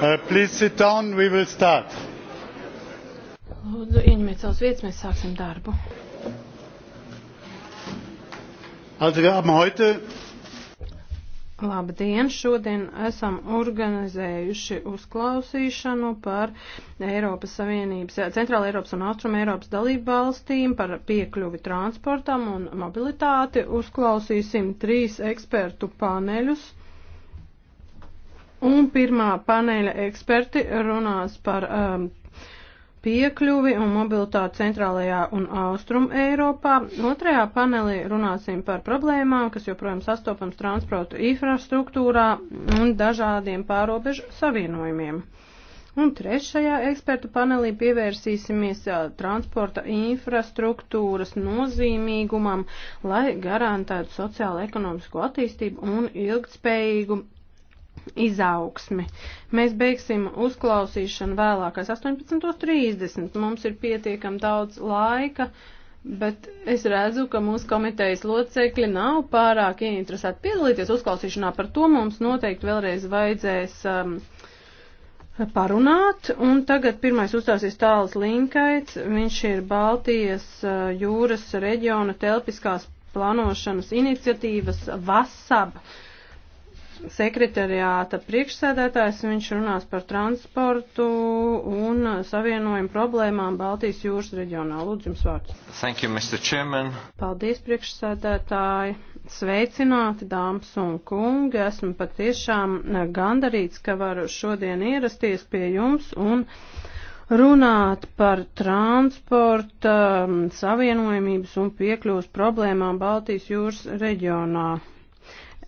Uh, please sit down, we will start. Lūdzu, ieņemiet savas vietas, mēs sāksim darbu. Also, wir haben heute Labdien! Šodien esam organizējuši uzklausīšanu par Eiropas Savienības, Centrāla Eiropas un Austruma Eiropas dalību valstīm par piekļuvi transportam un mobilitāti. Uzklausīsim trīs ekspertu paneļus Un pirmā paneļa eksperti runās par um, piekļuvi un mobilitāti centrālajā un austrum Eiropā. Otrajā panelī runāsim par problēmām, kas joprojām sastopams transportu infrastruktūrā un dažādiem pārobežu savienojumiem. Un trešajā ekspertu panelī pievērsīsimies uh, transporta infrastruktūras nozīmīgumam, lai garantētu sociālo ekonomisko attīstību un ilgtspējīgu izaugsmi. Mēs beigsim uzklausīšanu vēlākais 18.30. Mums ir pietiekam daudz laika, bet es redzu, ka mūsu komitejas locekļi nav pārāk ieinteresēti piedalīties uzklausīšanā. Par to mums noteikti vēlreiz vajadzēs um, parunāt. Un tagad pirmais uzstāsies tāls Linkaits. Viņš ir Baltijas uh, jūras reģiona telpiskās plānošanas iniciatīvas VASAB. Uh, sekretariāta priekšsēdētājs, viņš runās par transportu un savienojumu problēmām Baltijas jūras reģionā. Lūdzu, jums vārds. Thank you, Mr. Chairman. Paldies, priekšsēdētāji. Sveicināti, dāmas un kungi. Esmu patiešām gandarīts, ka varu šodien ierasties pie jums un runāt par transporta um, savienojumības un piekļūs problēmām Baltijas jūras reģionā.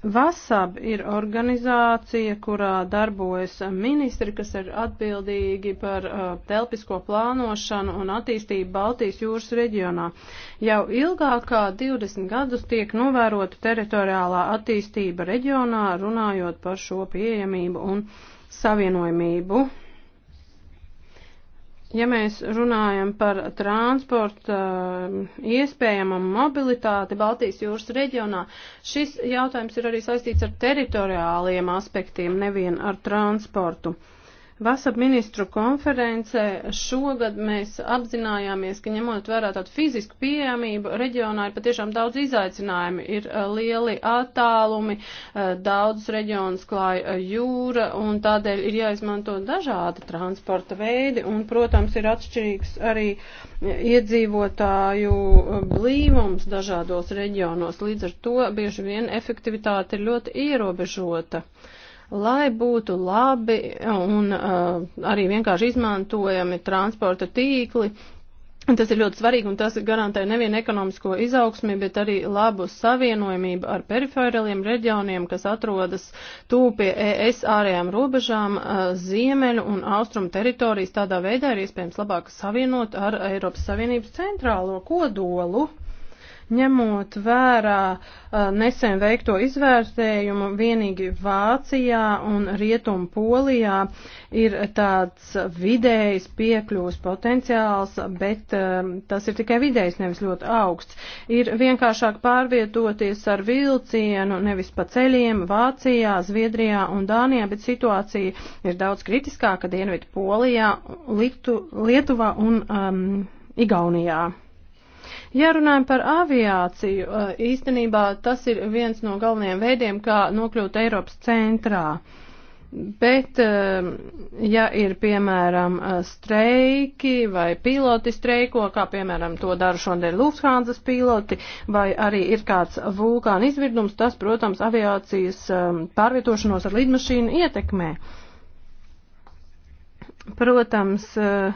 Vasab ir organizācija, kurā darbojas ministri, kas ir atbildīgi par uh, telpisko plānošanu un attīstību Baltijas jūras reģionā. Jau ilgāk kā 20 gadus tiek novērota teritoriālā attīstība reģionā, runājot par šo pieejamību un savienojamību. Ja mēs runājam par transporta um, iespējamam mobilitāti Baltijas jūras reģionā, šis jautājums ir arī saistīts ar teritoriāliem aspektiem, nevien ar transportu. Uh, Vasap ministru konferencē šogad mēs apzinājāmies, ka ņemot vērā tādu fizisku pieejamību, reģionā ir patiešām daudz izaicinājumi. Ir eh, lieli attālumi, eh, daudz reģionus klāja eh, jūra un tādēļ ir jāizmanto dažādi transporta veidi un, protams, ir atšķirīgs arī iedzīvotāju blīvums dažādos reģionos. Līdz ar to bieži vien efektivitāte ir ļoti ierobežota. Uh, lai būtu labi un uh, arī vienkārši izmantojami transporta tīkli. Tas ir ļoti svarīgi un tas garantē nevienu ekonomisko izaugsmi, bet arī labu savienojumību ar periferāliem reģioniem, kas atrodas tūp pie ES ārējām robežām, uh, ziemeļu un austrumu teritorijas. Tādā veidā ir iespējams labāk savienot ar Eiropas Savienības centrālo kodolu. Ņemot vērā uh, nesen veikto izvērtējumu, vienīgi Vācijā un Rietum Polijā ir tāds vidējs piekļūs potenciāls, bet um, tas ir tikai vidējs, nevis ļoti augsts. Ir vienkāršāk pārvietoties ar vilcienu, nevis pa ceļiem Vācijā, Zviedrijā un Dānijā, bet situācija ir daudz kritiskāka Dienvidu Polijā, Litu, Lietuvā un um, Igaunijā. Ja runājam par aviāciju, eh, īstenībā tas ir viens no galvenajiem veidiem, kā nokļūt Eiropas centrā. Bet, eh, ja ir, piemēram, eh, streiki vai piloti streiko, kā, piemēram, to dara šodien Lufthansa piloti, vai arī ir kāds vulkāna izvirdums, tas, protams, aviācijas pārvietošanos ar lidmašīnu ietekmē. Protams, uh,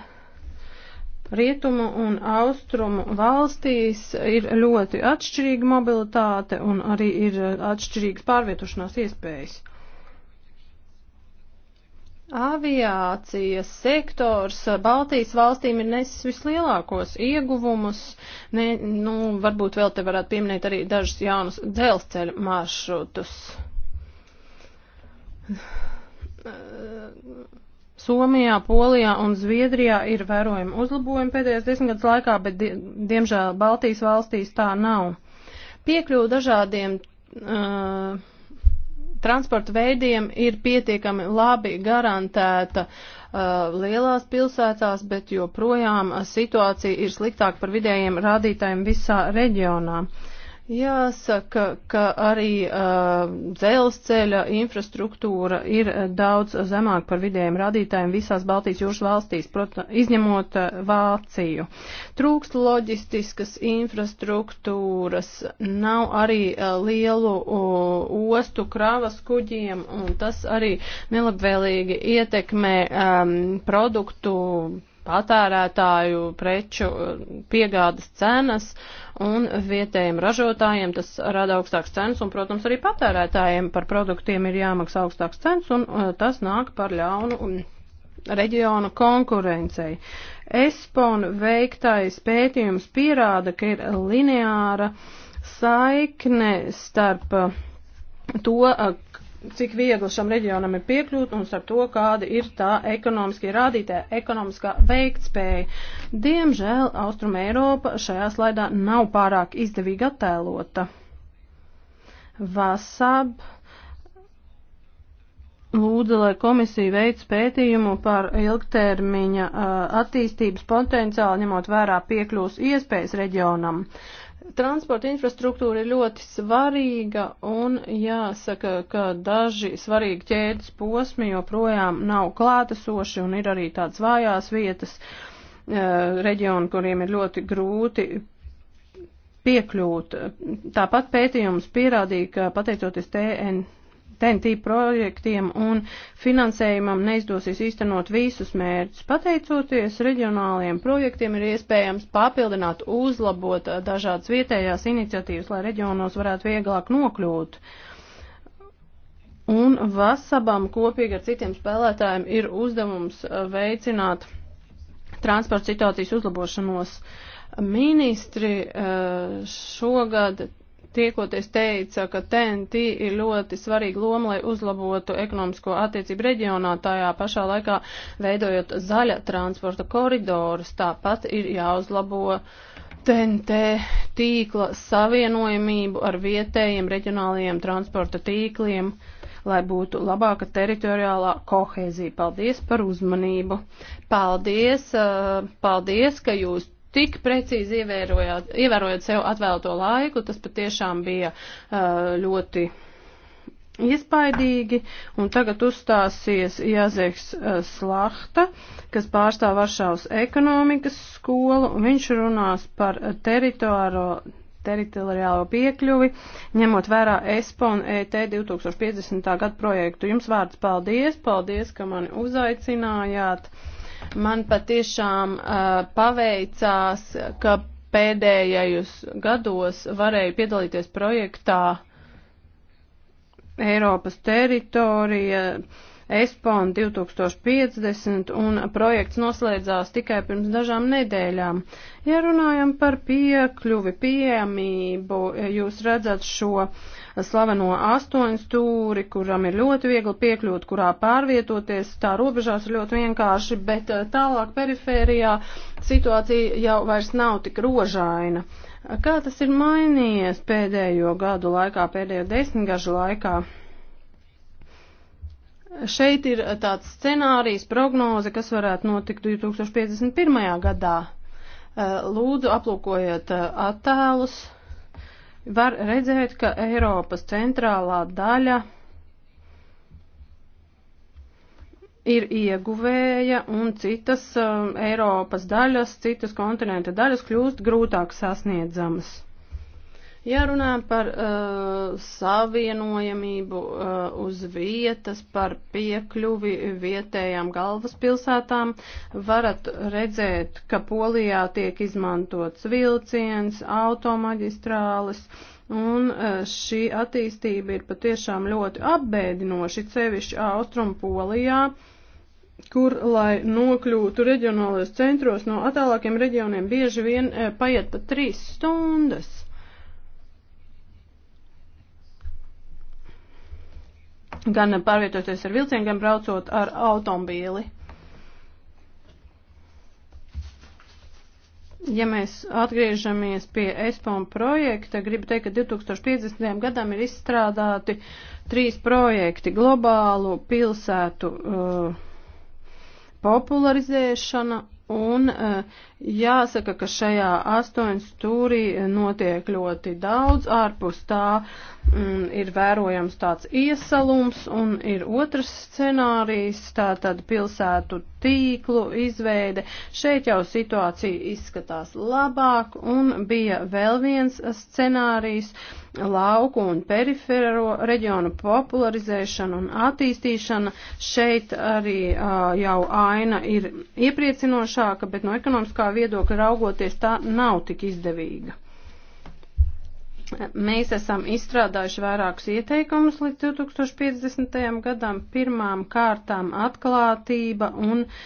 Rietumu un austrumu valstīs ir ļoti atšķirīga mobilitāte un arī ir atšķirīgas pārvietošanās iespējas. Aviācijas sektors Baltijas valstīm ir nesis vislielākos ieguvumus. Ne, nu, varbūt vēl te varētu pieminēt arī dažus jaunus dzelzceļa maršrutus. Uh, Somijā, Polijā un Zviedrijā ir vērojami uzlabojumi pēdējos desmitgadus laikā, bet diemžēl Baltijas valstīs tā nav. Piekļuvu dažādiem uh, transporta veidiem ir pietiekami labi garantēta uh, lielās pilsētās, bet joprojām uh, situācija ir sliktāka par vidējiem rādītājiem visā reģionā. Uh, Jāsaka, ka arī uh, dzelzceļa infrastruktūra ir uh, daudz zemāk par vidējiem rādītājiem visās Baltijas jūras valstīs, protams, izņemot uh, Vāciju. Trūkst loģistiskas infrastruktūras, nav arī uh, lielu uh, ostu kravas kuģiem, un tas arī nelabvēlīgi ietekmē um, produktu patērētāju preču uh, piegādas cenas. Uh, un vietējiem ražotājiem tas rada augstāks cenas, un, protams, arī patērētājiem par produktiem ir jāmaksā augstāks cenas, un uh, tas nāk par ļaunu um, reģionu konkurencei. ESPON veiktais pētījums pierāda, ka ir lineāra saikne starp uh, to, uh, cik viegli šam reģionam ir piekļūt un starp to, kāda ir tā ekonomiskie rādītāji, ekonomiskā veiktspēja. Diemžēl Austrum Eiropa šajā slaidā nav pārāk izdevīgi attēlota. Vasab lūdza, lai komisija veic pētījumu par ilgtermiņa uh, attīstības potenciālu, ņemot vērā piekļūs iespējas reģionam. Uh, Transporta infrastruktūra ir ļoti svarīga un jāsaka, ka daži svarīgi ķēdes posmi joprojām nav klātesoši un ir arī tādas vājās vietas eh, reģioni, kuriem ir ļoti grūti piekļūt. Tāpat pētījums pierādīja, ka pateicoties TNT TNT projektiem un finansējumam neizdosies īstenot visus mērķus. Pateicoties reģionāliem projektiem, ir iespējams papildināt, uzlabot dažādas vietējās iniciatīvas, lai reģionos varētu vieglāk nokļūt. Un Vasabam kopīgi ar citiem spēlētājiem ir uzdevums veicināt transporta situācijas uzlabošanos. Ministri šogad tiekoties teica, ka TNT ir ļoti svarīga loma, lai uzlabotu ekonomisko attiecību reģionā, tajā pašā laikā veidojot zaļa transporta koridorus, tāpat ir jāuzlabo TNT tīkla savienojamību ar vietējiem reģionālajiem transporta tīkliem lai būtu labāka teritoriālā kohēzija. Paldies par uzmanību. Paldies, eh, paldies, ka jūs tik precīzi ievērojot, ievērojot sev atvēlto laiku, tas patiešām bija ļoti iespaidīgi. Un tagad uzstāsies Jazeks Slahta, kas pārstāv Varšavas ekonomikas skolu, un viņš runās par teritoriālo teritoriālo piekļuvi, ņemot vērā ESPO un ET 2050. gadu projektu. Jums vārds paldies, paldies, ka mani uzaicinājāt. Uh, Man patiešām uh, paveicās, ka pēdējajos gados varēju piedalīties projektā Eiropas teritorija. ESPON 2050 un projekts noslēdzās tikai pirms dažām nedēļām. Ja runājam par piekļuvi, pieejamību, jūs redzat šo uh, slaveno astoņstūri, kuram ir ļoti viegli piekļūt, kurā pārvietoties. Tā robežās ir ļoti vienkārši, bet eh, tālāk perifērijā situācija jau vairs nav tik rožaina. Kā tas ir mainījies pēdējo gadu laikā, pēdējo desmitgažu laikā? Šeit ir eh, tāds scenārijs, prognoze, kas varētu notikt 2051. gadā. Eh, lūdzu, aplūkojiet attēlus var redzēt, ka Eiropas centrālā daļa ir ieguvēja un citas um, Eiropas daļas, citas kontinenta daļas kļūst grūtāk sasniedzamas. Ja runājam par uh, savienojamību uh, uz vietas, par piekļuvi vietējām galvaspilsētām, varat redzēt, ka Polijā tiek izmantots vilciens, automaģistrāles, un uh, šī attīstība ir patiešām ļoti apbēdinoši, cevišķi Austrum Polijā kur, lai nokļūtu reģionālajos centros no attālākiem reģioniem, bieži vien uh, paiet pat trīs stundas. gan pārvietoties ar vilcienu, gan braucot ar automobīli. Ja mēs atgriežamies pie ESPOM projekta, gribu teikt, ka 2050. gadam ir izstrādāti trīs projekti - globālu pilsētu uh, popularizēšana un uh, Jāsaka, ka šajā astoņu stūrī notiek ļoti daudz, ārpus tā mm, ir vērojams tāds iesalums un ir otrs scenārijs, tātad pilsētu tīklu izveide. Šeit jau situācija izskatās labāk un bija vēl viens scenārijs lauku un perifero reģionu popularizēšana un attīstīšana. Šeit arī uh, jau aina ir iepriecinošāka, bet no ekonomiskā viedokļa raugoties, tā nav tik izdevīga. Mēs esam izstrādājuši vairākus ieteikumus līdz 2050. gadam, pirmām kārtām atklātība un uh,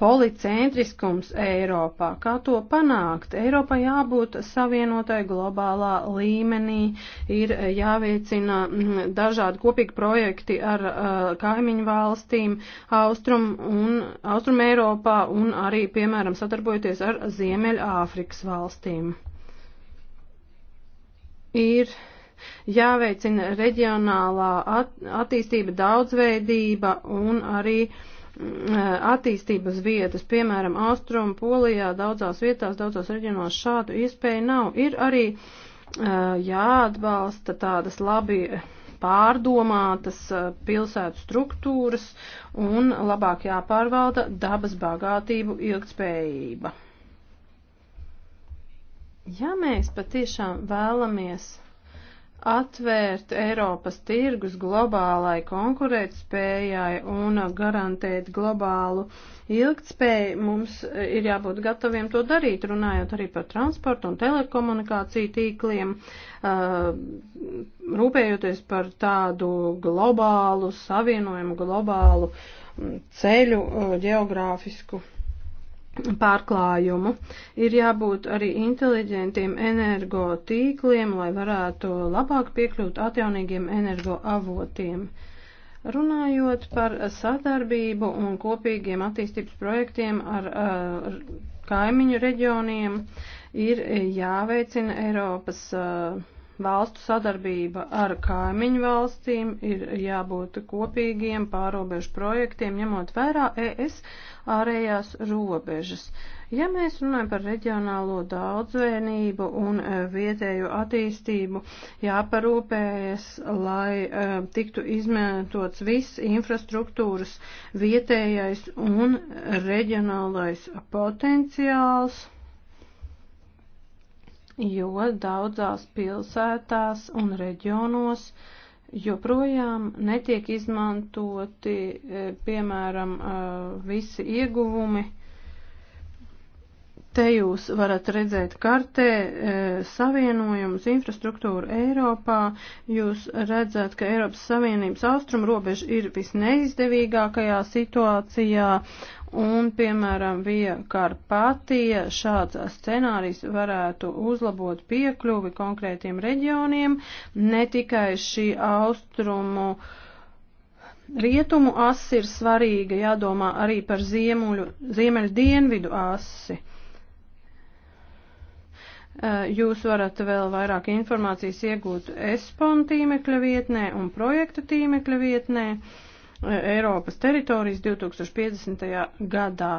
policentriskums Eiropā. Kā to panākt? Eiropā jābūt savienotai globālā līmenī, ir jāveicina mm, dažādi kopīgi projekti ar uh, kaimiņu valstīm Austrum, un, Austrum Eiropā un arī, piemēram, sadarbojoties ar Ziemeļa Āfrikas valstīm. Ir jāveicina reģionālā at attīstība, daudzveidība un arī uh, Mm, eh, attīstības vietas, piemēram, Austrum, Polijā, daudzās vietās, daudzās reģionos šādu iespēju nav. Ir arī eh, jāatbalsta tādas labi pārdomātas eh, pilsētu struktūras un labāk jāpārvalda dabas bagātību ilgtspējība. Ja mēs patiešām vēlamies atvērt Eiropas tirgus globālai konkurētspējai un garantēt globālu ilgtspēju, mums ir jābūt gataviem to darīt, runājot arī par transportu un telekomunikāciju tīkliem, uh, rūpējoties par tādu globālu savienojumu, globālu mm, ceļu uh, geogrāfisku pārklājumu. Ir jābūt arī inteliģentiem energotīkliem, lai varētu labāk piekļūt atjaunīgiem energoavotiem. Runājot par sadarbību un kopīgiem attīstības projektiem ar, ar kaimiņu reģioniem, ir jāveicina Eiropas uh, valstu sadarbība ar kaimiņu valstīm ir jābūt kopīgiem pārobežu projektiem, ņemot vērā ES ārējās robežas. Ja mēs runājam par reģionālo daudzvēnību un e, vietēju attīstību, jāparūpējas, lai uh, tiktu izmantots viss infrastruktūras vietējais un reģionālais potenciāls jo daudzās pilsētās un reģionos uh, joprojām netiek izmantoti, e, piemēram, e, visi ieguvumi. Te jūs varat redzēt kartē e, savienojumus infrastruktūru Eiropā. Jūs redzat, ka Eiropas Savienības austrumu robeža ir visneizdevīgākajā situācijā Un, piemēram, Vija Karpatija šāds scenārijs varētu uzlabot piekļuvi konkrētiem reģioniem, ne tikai šī austrumu uh, Rietumu asa ir svarīga, jādomā arī par ziemuļu, ziemeļu dienvidu asi. Jūs varat vēl vairāk informācijas iegūt ESPON tīmekļa vietnē un projekta tīmekļa vietnē. Uh, Eiropas teritorijas 2050. gadā.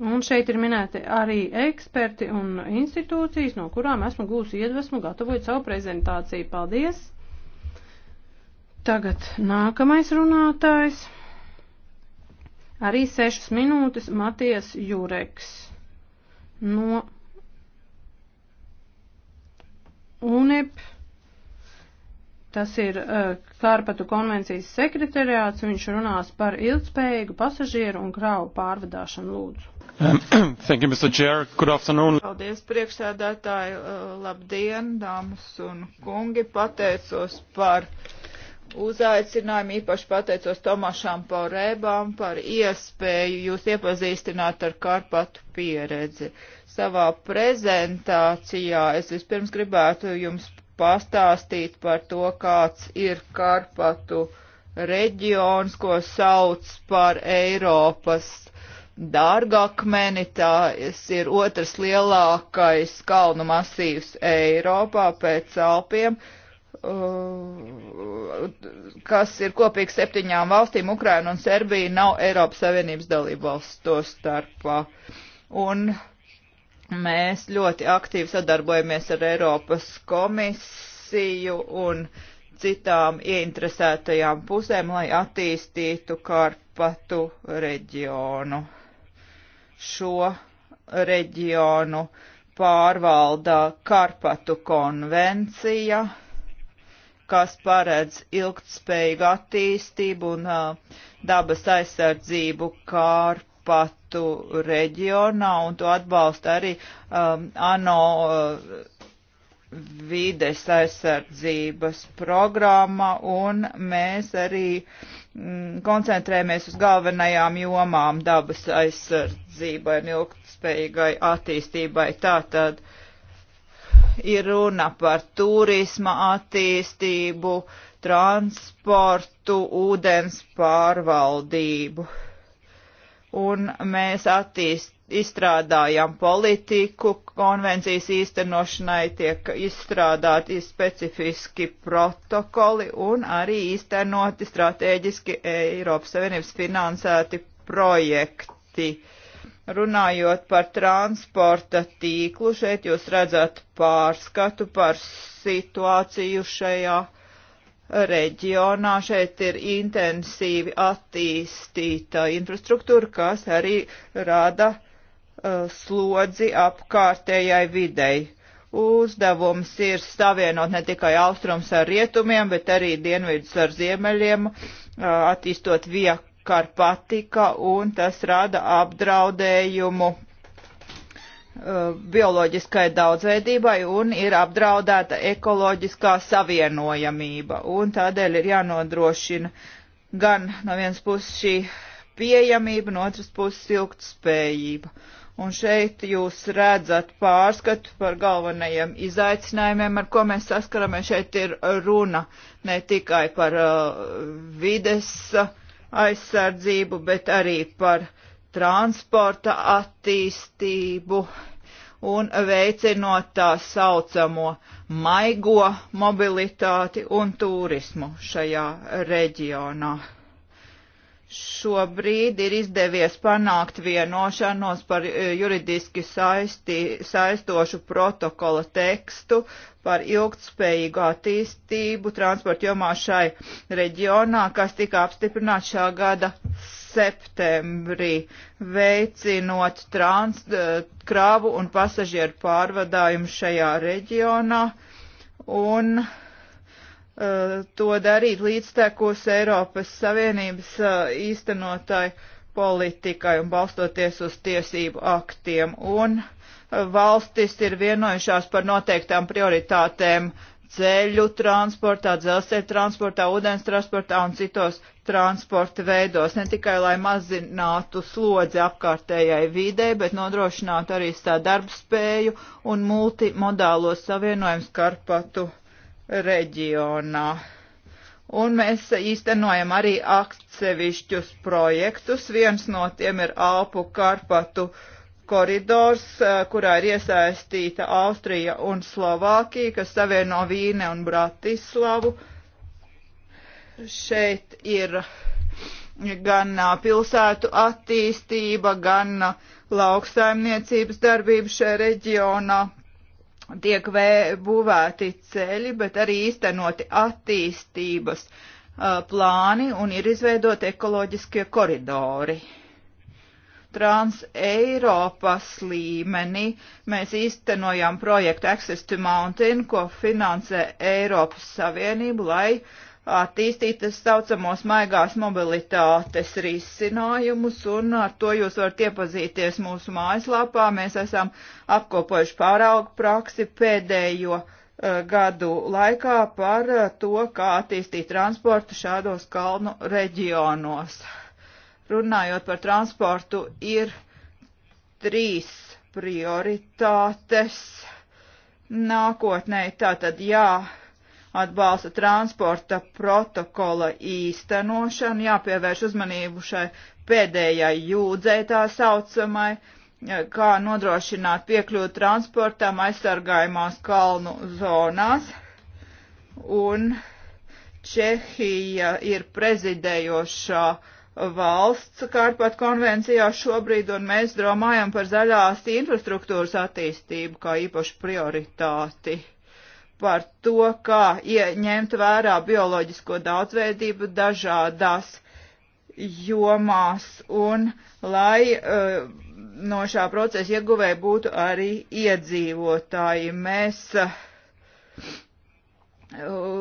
Un šeit ir minēti arī eksperti un institūcijas, no kurām esmu gūsi iedvesmu, gatavojot savu prezentāciju. Paldies! Tagad nākamais runātājs. Arī sešas minūtes Matijas Jureks no UNEP Tas ir uh, eh, Kārpatu konvencijas sekretariāts, viņš runās par ilgspējīgu pasažieru un kravu pārvadāšanu lūdzu. Thank you, Mr. Chair. Good afternoon. Paldies, priekšsēdētāji. Labdien, dāmas un kungi. Pateicos par uzaicinājumu. Īpaši pateicos Tomašām Paurēbām par iespēju jūs iepazīstināt ar Kārpatu pieredzi savā prezentācijā es vispirms gribētu jums pastāstīt par to, kāds ir Karpatu reģions, ko sauc par Eiropas dārgakmeni. Tas ir otrs lielākais kalnu masīvs Eiropā pēc Alpiem. Uh, kas ir kopīgs septiņām valstīm, Ukraina un Serbija, nav Eiropas Savienības dalību valsts to starpā. Un uh, Mēs ļoti aktīvi sadarbojamies ar Eiropas komisiju un citām ieinteresētajām pusēm, lai attīstītu Karpatu reģionu. Šo reģionu pārvalda Karpatu konvencija, kas paredz ilgtspējīgu attīstību un uh, dabas aizsardzību Karpatu vietu reģionā, un to atbalsta arī um, ANO uh, vides aizsardzības programma, un mēs arī mm, koncentrējamies uz galvenajām jomām dabas aizsardzībai un ilgtspējīgai attīstībai. Tātad ir runa par turisma attīstību, transportu, ūdens pārvaldību un mēs attīst, izstrādājam politiku konvencijas īstenošanai, tiek izstrādāti specifiski protokoli un arī īstenoti strateģiski Eiropas Savienības finansēti projekti. Runājot par transporta tīklu, šeit jūs redzat pārskatu par situāciju šajā reģionā. Šeit ir intensīvi attīstīta infrastruktūra, kas arī rada uh, slodzi apkārtējai videi. Uzdevums ir savienot ne tikai austrums ar rietumiem, bet arī dienvidus ar ziemeļiem, uh, attīstot viekarpatika, un tas rada apdraudējumu Uh, bioloģiskai daudzveidībai un ir apdraudēta ekoloģiskā savienojamība. Un tādēļ ir jānodrošina gan no vienas puses šī pieejamība, no otras puses ilgtspējība. Un šeit jūs redzat pārskatu par galvenajiem izaicinājumiem, ar ko mēs saskaramies. Šeit ir runa ne tikai par uh, vides uh, aizsardzību, bet arī par uh, transporta attīstību un veicinot tā saucamo maigo mobilitāti un turismu šajā reģionā. Šobrīd ir izdevies panākt vienošanos par eh, juridiski saisti, saistošu protokola tekstu par ilgtspējīgu attīstību transporta jomā šai reģionā, kas tika apstiprināts šā gada septembrī, veicinot trans, eh, kravu un pasažieru pārvadājumu šajā reģionā un uh, to darīt līdztekus Eiropas Savienības uh, īstenotai politikai un balstoties uz tiesību aktiem. Un, uh, valstis ir vienojušās par noteiktām prioritātēm ceļu transportā, dzelzceļa transportā, ūdens transportā un citos transporta veidos, ne tikai lai mazinātu slodzi apkārtējai videi, bet nodrošinātu arī sadarbspēju un multimodālo savienojumu Karpatu reģionā. Un mēs īstenojam arī atsevišķus projektus. Viens no tiem ir Alpu Karpatu uh, koridors, eh, kurā ir iesaistīta Austrija un Slovākija, kas savieno Vīne un Bratislavu. Šeit ir gan eh, pilsētu attīstība, gan eh, lauksaimniecības darbība šajā reģionā. Tiek būvēti ceļi, bet arī īstenoti attīstības plāni un ir izveidoti ekoloģiskie koridori. Uh, Trans-Eiropas līmenī mēs īstenojām projektu Access to Mountain, ko finansē Eiropas Savienību, lai attīstītu tas saucamos maigās mobilitātes risinājumus, un ar to jūs varat iepazīties mūsu mājaslapā. Mēs esam apkopojuši pāraugu praksi pēdējo eh, gadu laikā par eh, to, kā attīstīt transportu šādos kalnu reģionos runājot par transportu, ir trīs prioritātes nākotnē. Tātad jā, atbalsta transporta protokola īstenošanu, jāpievērš uzmanību šai pēdējai jūdzei tā saucamai, kā nodrošināt piekļūt transportam aizsargājumās kalnu zonās. Un Čehija ir prezidējošā uh, valsts kārpat konvencijā šobrīd, un mēs domājam par zaļās infrastruktūras attīstību kā īpašu prioritāti par to, kā ieņemt vērā bioloģisko daudzveidību dažādās jomās un lai uh, no šā procesa ieguvēja būtu arī iedzīvotāji. Mēs uh,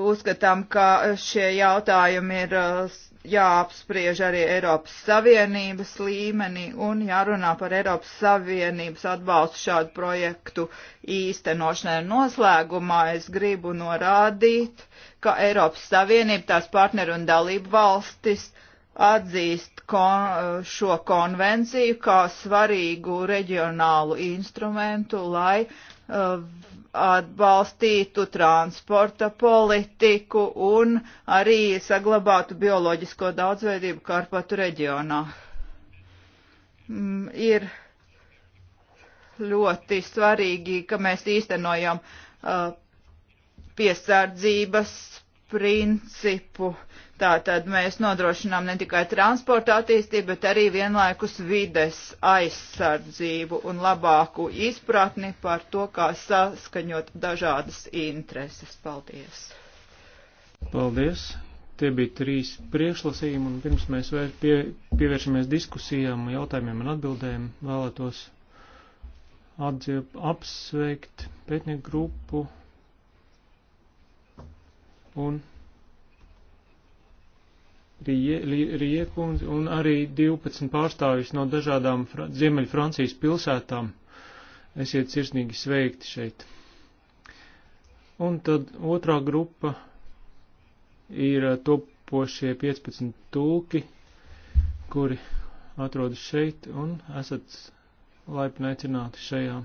uzskatām, ka šie jautājumi ir uh, jāapspriež arī Eiropas Savienības līmenī un jārunā par Eiropas Savienības atbalstu šādu projektu īstenošanai. Noslēgumā es gribu norādīt, ka Eiropas Savienība, tās partneru un dalību valstis atzīst kon šo konvenciju kā svarīgu reģionālu instrumentu, lai uh, atbalstītu transporta politiku un arī saglabātu bioloģisko daudzveidību Karpatu reģionā. Mm, ir ļoti svarīgi, ka mēs īstenojam uh, piesardzības principu. Uh, Tātad mēs nodrošinām ne tikai transporta attīstību, bet arī vienlaikus vides aizsardzību un labāku izpratni par to, kā saskaņot dažādas intereses. Paldies! Paldies! Tie bija trīs priekšlasījumi, un pirms mēs vēl pie, pievēršamies diskusijām, jautājumiem un atbildēm, vēlētos atdzīv, apsveikt pētnieku grupu un Riekundzi un arī 12 pārstāvjus no dažādām Fra Ziemeļa Francijas pilsētām. Esiet sirsnīgi sveikti šeit. Un tad otrā grupa ir topošie 15 tulki, kuri atrodas šeit un esat laipni aicināti šajā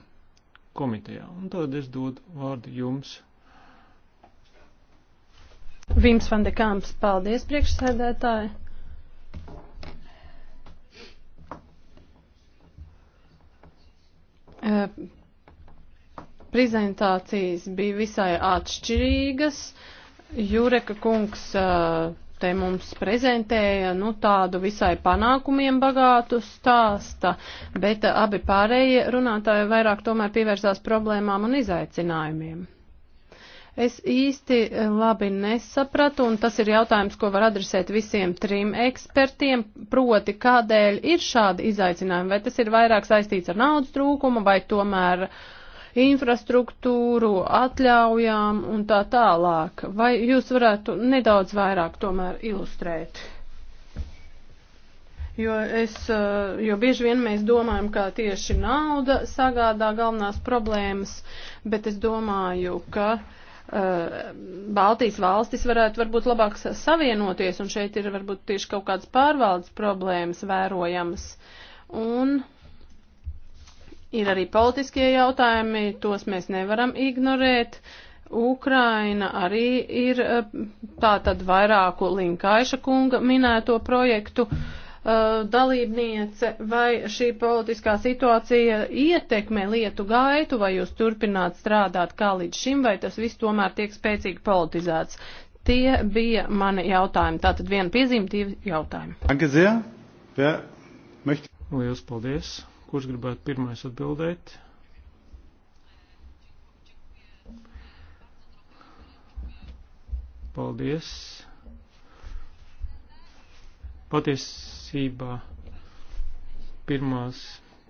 komitejā. Un tad es dodu vārdu jums. Vims van de Kamps, paldies priekšsēdētāji. Eh, prezentācijas bija visai atšķirīgas. Jureka kungs eh, te mums prezentēja nu, tādu visai panākumiem bagātu stāstu, bet eh, abi pārējie runātāji vairāk tomēr pievērsās problēmām un izaicinājumiem. Es īsti eh, labi nesapratu, un tas ir jautājums, ko var adresēt visiem trim ekspertiem, proti, kādēļ ir šādi izaicinājumi, vai tas ir vairāk saistīts ar naudas trūkumu, vai tomēr infrastruktūru, atļaujām un tā tālāk. Vai jūs varētu nedaudz vairāk tomēr ilustrēt? Jo, es, eh, jo bieži vien mēs domājam, ka tieši nauda sagādā galvenās problēmas, bet es domāju, ka uh, Eh, Baltijas valstis varētu varbūt labāk savienoties, un šeit ir varbūt tieši kaut kādas pārvaldes problēmas vērojamas. Un ir arī politiskie jautājumi, tos mēs nevaram ignorēt. Ukraina arī ir eh, tā tad vairāku Linkaiša kunga minēto projektu. Uh, Uh, dalībniece, vai šī politiskā situācija ietekmē lietu gaitu, vai jūs turpināt strādāt kā līdz šim, vai tas viss tomēr tiek spēcīgi politizēts. Tie bija mani jautājumi. Tātad viena piezīme, divi jautājumi. Lielas paldies. Kurš gribētu pirmais atbildēt? Paldies. Paties patiesībā pirmās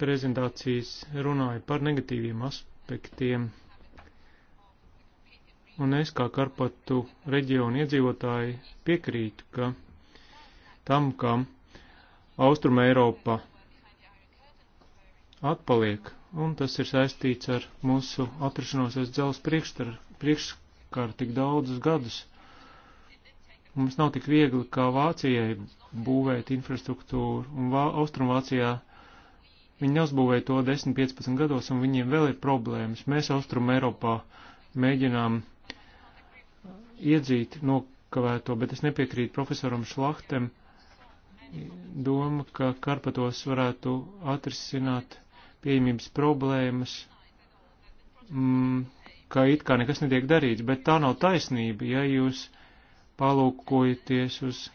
prezentācijas runāja par negatīviem aspektiem. Un es kā Karpatu reģionu iedzīvotāji piekrītu, ka tam, ka Austrum Eiropa atpaliek, un tas ir saistīts ar mūsu atrašanosies dzels priekškār tik daudzus gadus. Mums nav tik viegli kā Vācijai, būvēt infrastruktūru, un Austrumvācijā viņi neuzbūvēja to 10-15 gados, un viņiem vēl ir problēmas. Mēs Austrum Eiropā mēģinām iedzīt nokavēto, bet es nepiekrītu profesoram Šlachtem doma, ka Karpatos varētu atrisināt pieejamības problēmas, mm, ka it kā nekas netiek darīts, bet tā nav taisnība, ja jūs palūkojaties uz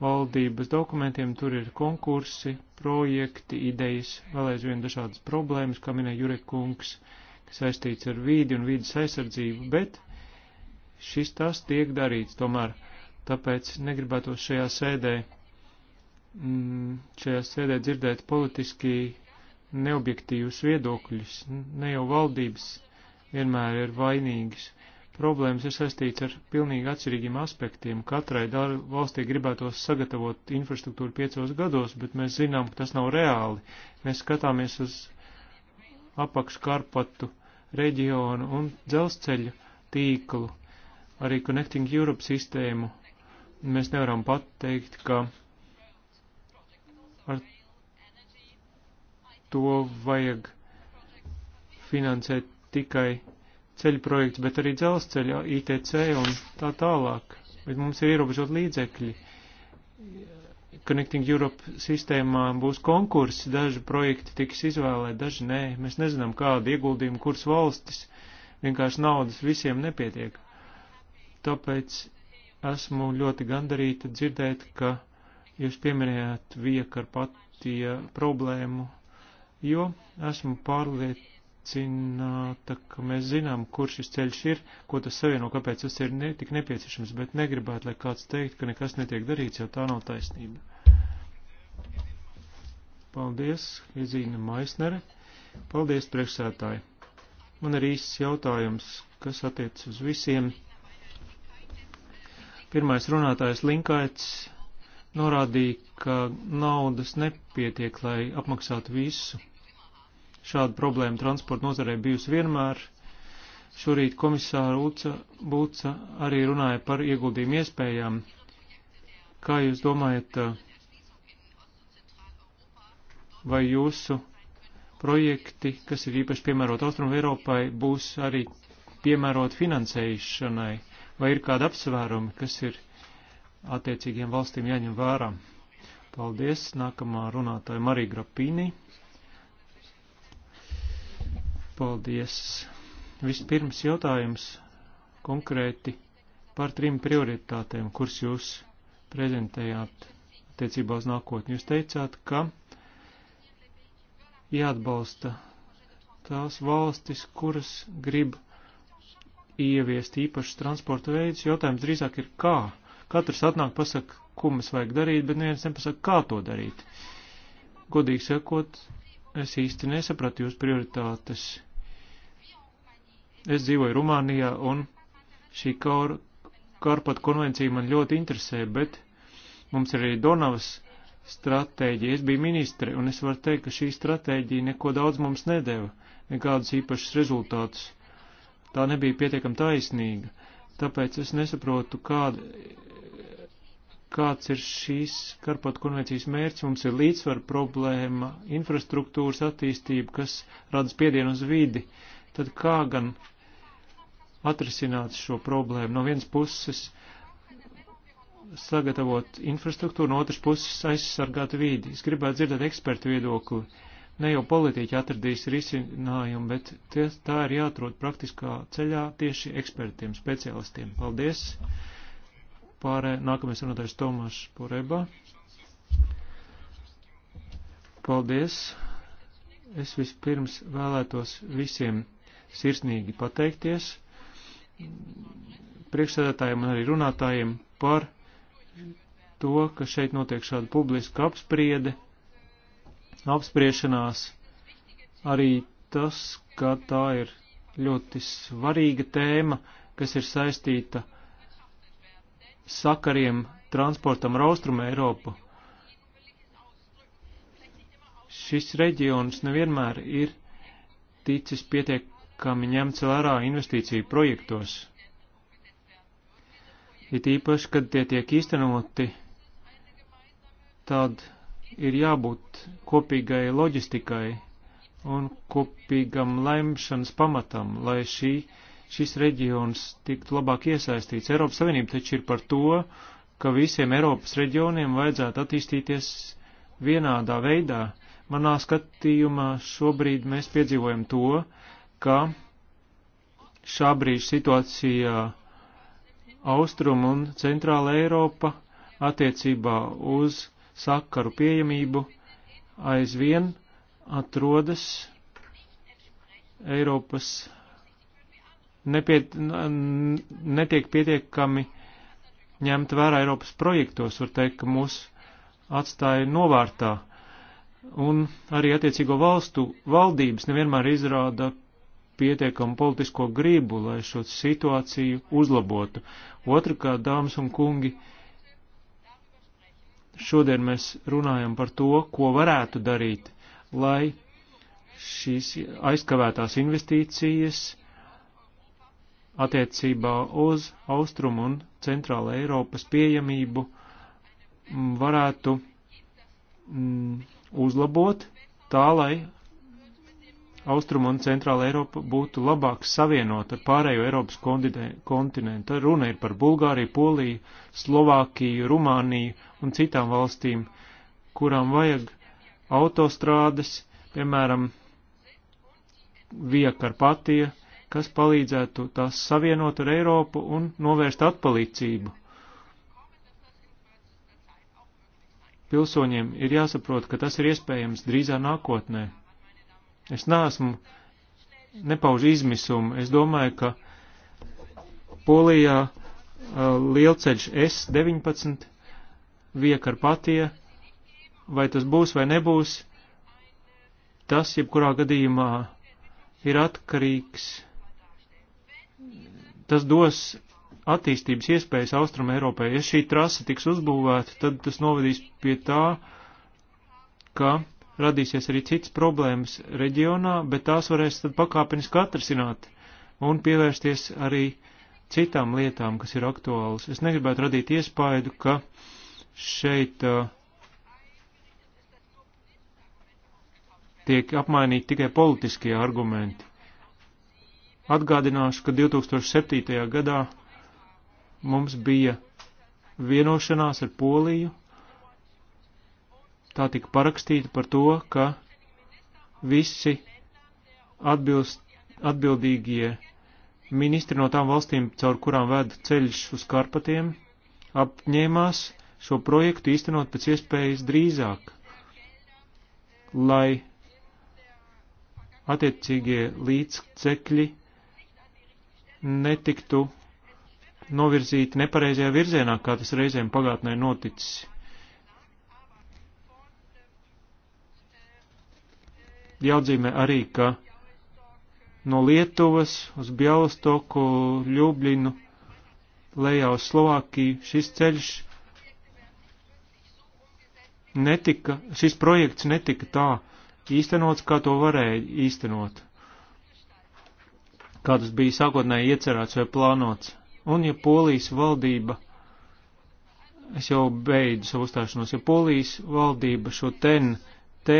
valdības dokumentiem, tur ir konkursi, projekti, idejas, vēl aizvien dažādas problēmas, kā minēja Jurek kungs, kas saistīts ar vīdi un vīdas aizsardzību, bet šis tas tiek darīts tomēr, tāpēc negribētos šajā sēdē, mm, šajā sēdē dzirdēt politiski neobjektīvus viedokļus, ne jau valdības vienmēr ir vainīgas problēmas ir saistīts ar pilnīgi atšķirīgiem aspektiem. Katrai valstī gribētos sagatavot infrastruktūru piecos gados, bet mēs zinām, ka tas nav reāli. Mēs skatāmies uz apakškarpatu reģionu un dzelzceļu tīklu, arī Connecting Europe sistēmu. Mēs nevaram pateikt, ka ar to vajag finansēt tikai ceļu projekts, bet arī dzelzceļa, ITC un tā tālāk. Bet mums ir ierobežot līdzekļi. Connecting Europe sistēmā būs konkursi, daži projekti tiks izvēlēti, daži nē. Mēs nezinām, kādu ieguldījumu, kuras valstis. Vienkārši naudas visiem nepietiek. Tāpēc esmu ļoti gandarīta dzirdēt, ka jūs pieminējāt viekarpatija problēmu, jo esmu pārliet, apliecināta, ka mēs zinām, kur šis ceļš ir, ko tas savieno, kāpēc tas ir ne, tik nepieciešams, bet negribētu, lai kāds teikt, ka nekas netiek darīts, jo tā nav taisnība. Paldies, Izīna Maisnere. Paldies, priekšsētāji. Man ir īsts jautājums, kas attiec uz visiem. Pirmais runātājs Linkaits norādīja, ka naudas nepietiek, lai apmaksātu visu Šāda problēma transporta nozarē bijusi vienmēr. Šorīt komisāra Uca Buca arī runāja par ieguldījumu iespējām. Kā jūs domājat, eh, vai jūsu projekti, kas ir īpaši piemērot Austrum Eiropai, būs arī piemērot finansēšanai, vai ir kādi apsvērumi, kas ir attiecīgiem valstīm jāņem vērā? Paldies, nākamā runātāja Marija Grapīnija. Paldies. Vispirms jautājums konkrēti par trim prioritātēm, kuras jūs prezentējāt attiecībā uz nākotni. Jūs teicāt, ka jāatbalsta tās valstis, kuras grib ieviest īpašas transporta veidus. Jautājums drīzāk ir kā. Katrs atnāk pasaka, ko mums vajag darīt, bet neviens nepasaka, kā to darīt. Godīgi sakot, es īsti nesapratu jūs prioritātes Es dzīvoju Rumānijā un šī kor, Karpat konvencija man ļoti interesē, bet mums ir arī Donavas stratēģija. Es biju ministre un es varu teikt, ka šī stratēģija neko daudz mums nedēva, nekādus īpašus rezultātus. Tā nebija pietiekam taisnīga, tāpēc es nesaprotu, kāda, kāds ir šīs Karpat konvencijas mērķis. Mums ir līdzsvar problēma, infrastruktūras attīstība, kas rada spiedienu uz vidi. Tad kā gan atrisināt šo problēmu. No vienas puses sagatavot infrastruktūru, no otras puses aizsargāt vīdi. Es gribētu dzirdēt ekspertu viedokli. Ne jau politiķi atradīs risinājumu, bet tie, tā ir jāatrod praktiskā ceļā tieši ekspertiem, speciālistiem. Paldies! Pārē nākamais runātājs Tomašs Poreba. Paldies! Es vispirms vēlētos visiem sirsnīgi pateikties priekšsēdētājiem un arī runātājiem par to, ka šeit notiek šāda publiska apspriede, apspriešanās, arī tas, ka tā ir ļoti svarīga tēma, kas ir saistīta sakariem transportam ar austrumu Eiropu. Šis reģions nevienmēr ir ticis pietiek kam ņemts vērā investīciju projektos. It īpaši, kad tie tiek īstenoti, tad ir jābūt kopīgai loģistikai un kopīgam lemšanas pamatam, lai šī, šis reģions tiktu labāk iesaistīts. Eiropas Savienība taču ir par to, ka visiem Eiropas reģioniem vajadzētu attīstīties vienādā veidā. Manā skatījumā šobrīd mēs piedzīvojam to, ka šā brīža situācija Austrum un Centrāla Eiropa attiecībā uz sakaru pieejamību aizvien atrodas Eiropas nepiet, netiek pietiekami ņemt vērā Eiropas projektos, var teikt, ka mūs atstāja novārtā. Un arī attiecīgo valstu valdības nevienmēr izrāda pietiekamu politisko gribu, lai šo situāciju uzlabotu. Otrakārt, dāmas un kungi, šodien mēs runājam par to, ko varētu darīt, lai šīs aizkavētās investīcijas attiecībā uz Austrumu un Centrāla Eiropas pieejamību mm, varētu mm, uzlabot tā, lai Austruma un Centrāla Eiropa būtu labāk savienota ar pārējo Eiropas kontinentu. Runa ir par Bulgāriju, Poliju, Slovākiju, Rumāniju un citām valstīm, kurām vajag autostrādes, piemēram, Via Karpatija, kas palīdzētu tās savienot ar Eiropu un novērst atpalīdzību. Pilsoņiem ir jāsaprot, ka tas ir iespējams drīzā nākotnē. Es neesmu, nepauž izmisumu. Es domāju, ka Polijā lielceļš S19 viekarpatie, vai tas būs vai nebūs, tas jebkurā gadījumā ir atkarīgs. Tas dos attīstības iespējas Austrum Eiropai. Ja šī trasa tiks uzbūvēta, tad tas novedīs pie tā, ka radīsies arī cits problēmas reģionā, bet tās varēs tad pakāpeniski atrasināt un pievērsties arī citām lietām, kas ir aktuālas. Es negribētu radīt iespaidu, ka šeit uh, tiek apmainīti tikai politiskie argumenti. Atgādināšu, ka 2007. gadā mums bija vienošanās ar Poliju tā tika parakstīta par to, ka visi atbilst, atbildīgie ministri no tām valstīm, caur kurām veda ceļš uz Karpatiem, apņēmās šo projektu īstenot pēc iespējas drīzāk, lai attiecīgie līdzcekļi netiktu novirzīti nepareizajā virzienā, kā tas reizēm pagātnē noticis. Jāatzīmē arī, ka no Lietuvas uz Bielostoku, Ljubļinu, lejā uz Slovākiju šis ceļš netika, šis projekts netika tā īstenots, kā to varēja īstenot, kā tas bija sākotnēji iecerēts vai plānots. Un ja polijas valdība, es jau beidzu savu uzstāšanos, ja polijas valdība šo ten T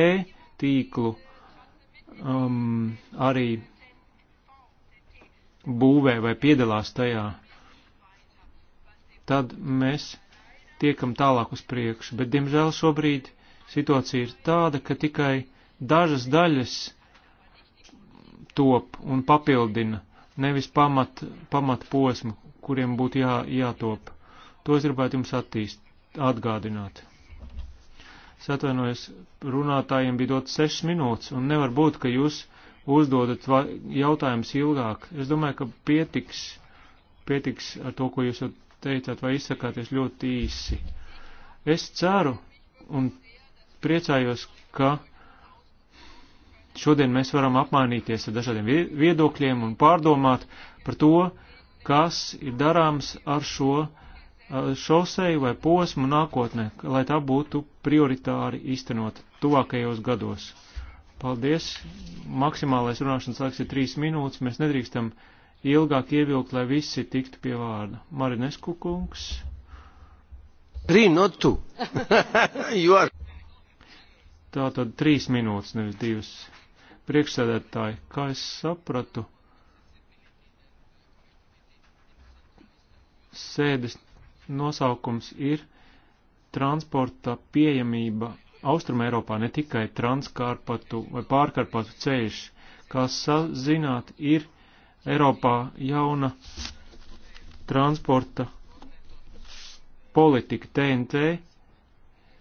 tīklu um, arī būvē vai piedalās tajā, tad mēs tiekam tālāk uz priekšu. Bet, diemžēl, šobrīd situācija ir tāda, ka tikai dažas daļas top un papildina, nevis pamat, pamat posmu, kuriem būtu jā, jātop. To es gribētu jums attīst, atgādināt. Es atvainojos, runātājiem bija dot 6 minūtes, un nevar būt, ka jūs uzdodat jautājumus ilgāk. Es domāju, ka pietiks, pietiks ar to, ko jūs jau teicāt, vai izsakāties ļoti īsi. Es ceru un priecājos, ka šodien mēs varam apmainīties ar dažādiem viedokļiem un pārdomāt par to, kas ir darāms ar šo Eh, šoseju vai posmu nākotnē, lai tā būtu prioritāri īstenot tuvākajos gados. Paldies! Maksimālais runāšanas laiks ir trīs minūtes. Mēs nedrīkstam ilgāk ievilkt, lai visi tiktu pie vārda. Marinesku kungs. Three, not two. you are. Tā tad trīs minūtes, nevis divas. Priekšsēdētāji, kā es sapratu, sēdes nosaukums ir transporta pieejamība Austrum Eiropā, ne tikai transkarpatu vai pārkarpatu ceļš, kas, zināt, ir Eiropā jauna transporta politika TNT,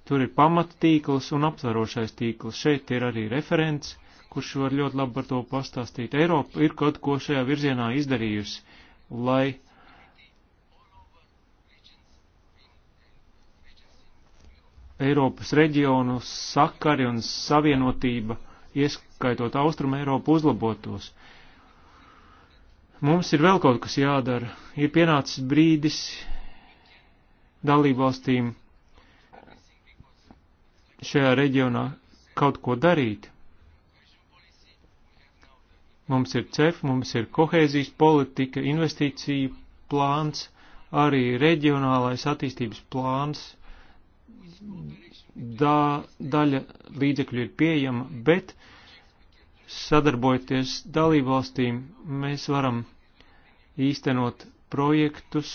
tur ir pamattīkls un aptvarošais tīkls. Šeit ir arī referents, kurš var ļoti labi par to pastāstīt. Eiropa ir kaut ko šajā virzienā izdarījusi, lai Eiropas reģionu sakari un savienotība, ieskaitot Austrum Eiropu, uzlabotos. Mums ir vēl kaut kas jādara. Ir pienācis brīdis dalībvalstīm šajā reģionā kaut ko darīt. Mums ir CEF, mums ir kohēzijas politika, investīciju plāns, arī reģionālais attīstības plāns da, daļa līdzekļu ir pieejama, bet sadarbojoties dalībvalstīm mēs varam īstenot projektus,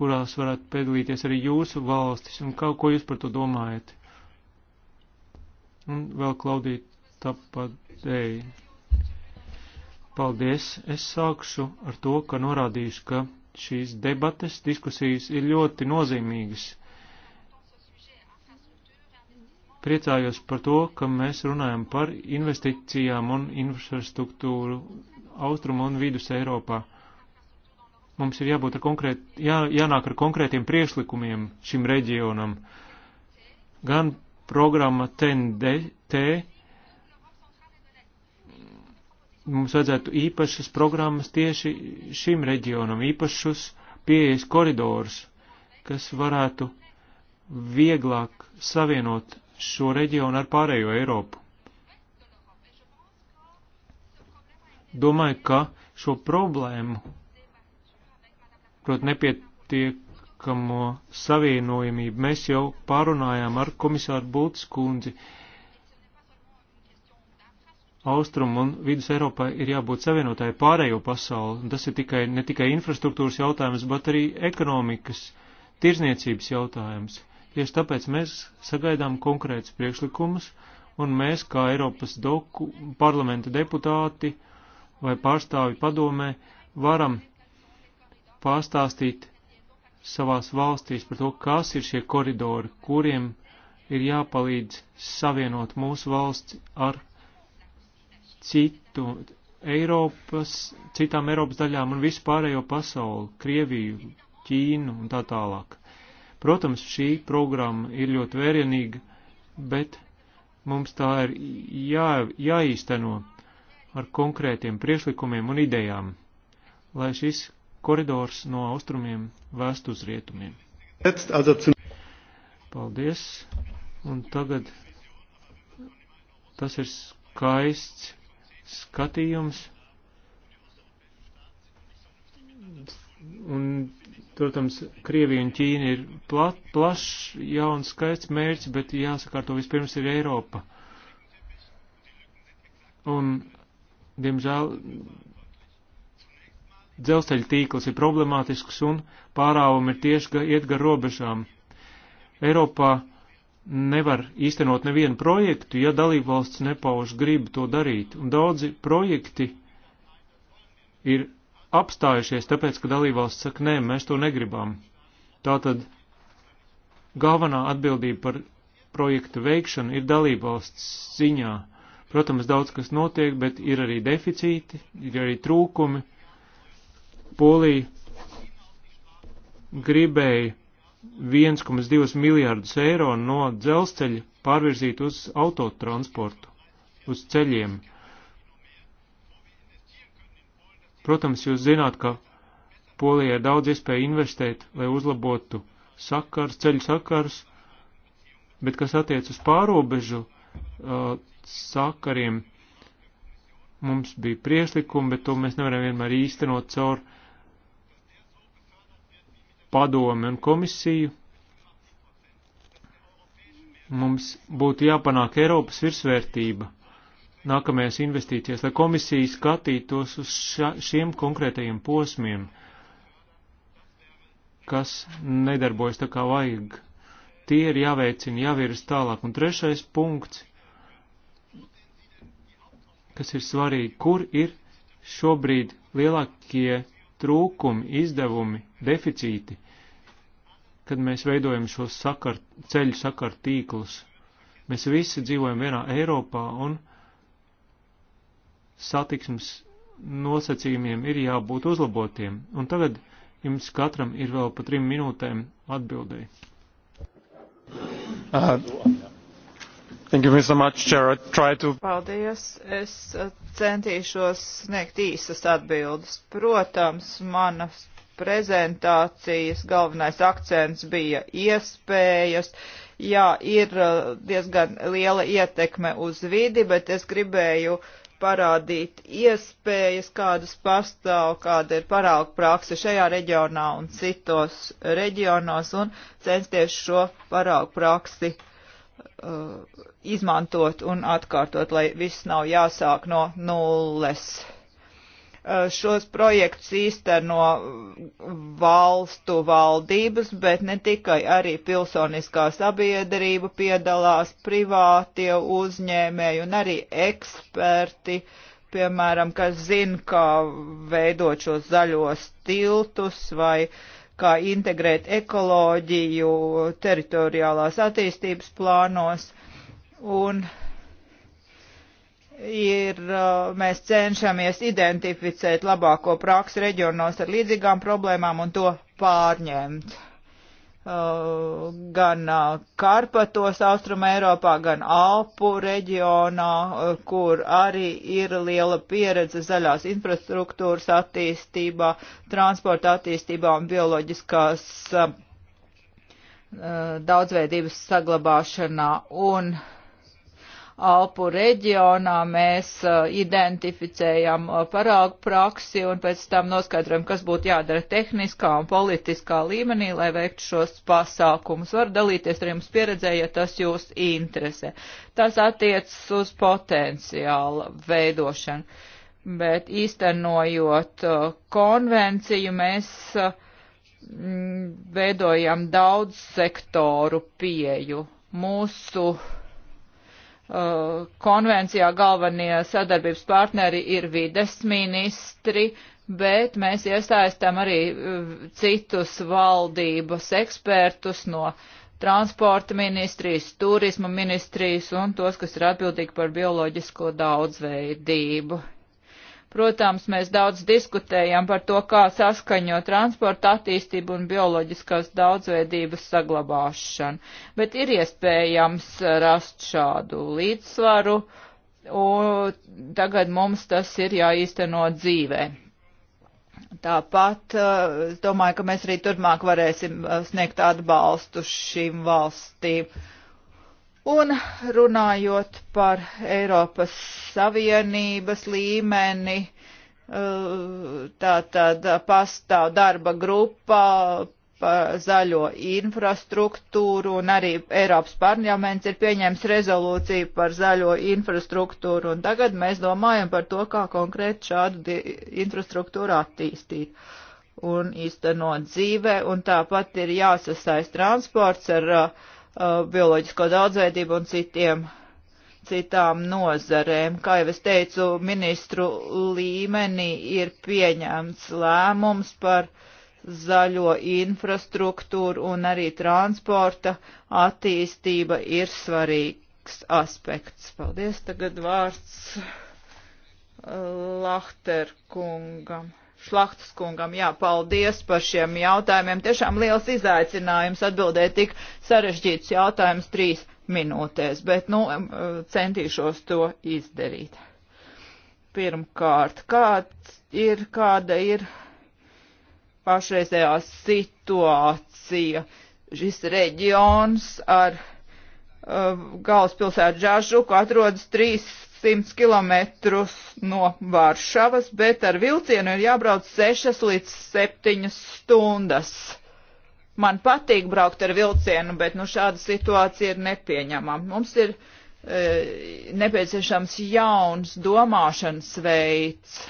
kurās varētu piedalīties arī jūsu valstis, un kā, ko jūs par to domājat? Un vēl Klaudīt tapadēji. Paldies! Es sākšu ar to, ka norādīšu, ka šīs debates, diskusijas ir ļoti nozīmīgas priecājos par to, ka mēs runājam par investīcijām un infrastruktūru austrumu un vidus Eiropā. Mums ir jābūt ar konkrēt, jā, jānāk ar konkrētiem priešlikumiem šim reģionam. Gan programma TNDT, mums vajadzētu īpašas programmas tieši šim reģionam, īpašus pieejas koridors, kas varētu vieglāk savienot šo reģionu ar pārējo Eiropu. Domāju, ka šo problēmu, protams, nepietiekamo savienojamību mēs jau pārunājām ar komisāru Bultas kundzi. Austrum un Vidus Eiropai ir jābūt savienotāji pārējo pasauli. Tas ir tikai, ne tikai infrastruktūras jautājums, bet arī ekonomikas, tirzniecības jautājums. Tieši tāpēc mēs sagaidām konkrētus priekšlikumus, un mēs, kā Eiropas doku, parlamenta deputāti vai pārstāvi padomē, varam pārstāstīt savās valstīs par to, kas ir šie koridori, kuriem ir jāpalīdz savienot mūsu valsts ar citu Eiropas, citām Eiropas daļām un visu pārējo pasauli, Krieviju, Ķīnu un tā tālāk. Protams, šī programma ir ļoti vērienīga, bet mums tā ir jā, jāīsteno ar konkrētiem priešlikumiem un idejām, lai šis koridors no austrumiem vēst uz rietumiem. Paldies! Un tagad tas ir skaists skatījums Un, protams, Krievija un Ķīna ir plat, plašs, jauns, skaists mērķis, bet jāsakārto vispirms ir Eiropa. Un, diemžēl, dzelzceļa tīkls ir problemātisks un pārāvumi ir tieši iet gar robežām. Eiropā nevar īstenot nevienu projektu, ja dalībvalsts nepauž gribu to darīt, un daudzi projekti ir apstājušies, tāpēc, ka dalībvalsts saka, nē, mēs to negribam. Tātad galvenā atbildība par projektu veikšanu ir dalībvalsts ziņā. Protams, daudz kas notiek, bet ir arī deficīti, ir arī trūkumi. Polija gribēja 1,2 miljārdus eiro no dzelzceļa pārvirzīt uz autotransportu, uz ceļiem. Protams, jūs zināt, ka Polijai ir daudz iespēju investēt, lai uzlabotu sakars, ceļu sakars, bet kas attiec uz pārobežu uh, sakariem, mums bija prieslikumi, bet to mēs nevaram vienmēr īstenot caur padomi un komisiju. Mums būtu jāpanāk Eiropas virsvērtība nākamajās investīcijās, lai komisija skatītos uz ša, šiem konkrētajiem posmiem, kas nedarbojas tā kā vajag. Tie ir jāveicina, jāviras tālāk. Un trešais punkts, kas ir svarīgi, kur ir šobrīd lielākie trūkumi, izdevumi, deficīti, kad mēs veidojam šos sakar, ceļu sakar tīklus. Mēs visi dzīvojam vienā Eiropā un satiksmes nosacījumiem ir jābūt uzlabotiem. Un tagad jums katram ir vēl pa trim minūtēm atbildēji. Uh, thank you so much, Chair. Try to... Paldies. Es uh, centīšos sniegt īsas atbildes. Protams, manas prezentācijas galvenais akcents bija iespējas. Jā, ir uh, diezgan liela ietekme uz vidi, bet es gribēju uh, parādīt iespējas, kādas pastāv, kāda ir parauga prakse šajā reģionā un citos reģionos un censties šo parauga praksi uh, izmantot un atkārtot, lai viss nav jāsāk no nulles. No Eh, šos projektus īsteno valstu valdības, bet ne tikai arī pilsoniskā sabiedrība piedalās, privātie uzņēmēji un arī eksperti, piemēram, kas zina, kā veidot šos zaļos tiltus vai kā integrēt ekoloģiju teritoriālās attīstības plānos. Un uh, ir, uh, mēs cenšamies identificēt labāko praksi reģionos ar līdzīgām problēmām un to pārņemt. Uh, gan uh, Karpatos, Austrum Eiropā, gan Alpu reģionā, kur arī ir liela pieredze zaļās infrastruktūras attīstībā, transporta attīstībā un bioloģiskās daudzveidības saglabāšanā. Un uh, Alpu reģionā mēs eh, identificējam eh, parāgu praksi un pēc tam noskaidrojam, kas būtu jādara tehniskā un politiskā līmenī, lai veiktu šos pasākumus. Var dalīties ar jums pieredzē, ja tas jūs interesē. Tas attiecas uz potenciāla veidošanu, bet īstenojot eh, konvenciju mēs mm, veidojam daudz sektoru pieju. Mūsu uh, Uh, konvencijā galvenie sadarbības partneri ir vides ministri, bet mēs iesaistām arī uh, citus valdības ekspertus no transporta ministrijas, turisma ministrijas un tos, kas ir atbildīgi par bioloģisko daudzveidību. Protams, mēs daudz diskutējam par to, kā saskaņo transporta attīstību un bioloģiskās daudzveidības saglabāšanu, bet ir iespējams rast šādu līdzsvaru, un tagad mums tas ir jāīsteno dzīvē. Tāpat e, es domāju, ka mēs arī turpmāk varēsim e, sniegt atbalstu šīm valstīm Un runājot par Eiropas Savienības līmeni, eh, tā tad pastāv darba grupā par zaļo infrastruktūru un arī Eiropas parlaments ir pieņēmis rezolūciju par zaļo infrastruktūru un tagad mēs domājam par to, kā konkrēti šādu infrastruktūru attīstīt un īstenot dzīvē un tāpat ir jāsasaist transports ar uh, Uh, bioloģisko daudzveidību un citiem, citām nozarēm. Kā jau es teicu, ministru līmenī ir pieņemts lēmums par zaļo infrastruktūru un arī transporta attīstība ir svarīgs aspekts. Paldies, tagad vārds uh, Lahterkungam. Šlachtas kungam, jā, paldies par šiem jautājumiem. Tiešām liels izaicinājums atbildēt tik sarežģītus jautājumus trīs minūtēs, bet, nu, eh, centīšos to izdarīt. Pirmkārt, kāds ir, kāda ir pašreizējā situācija? Šis reģions ar uh, galvaspilsētu Džažuku atrodas trīs 100 km no Varšavas, bet ar vilcienu ir jābrauc 6 līdz 7 stundas. Man patīk braukt ar vilcienu, bet nu, šāda situācija ir nepieņemama. Mums ir e, nepieciešams jauns domāšanas veids,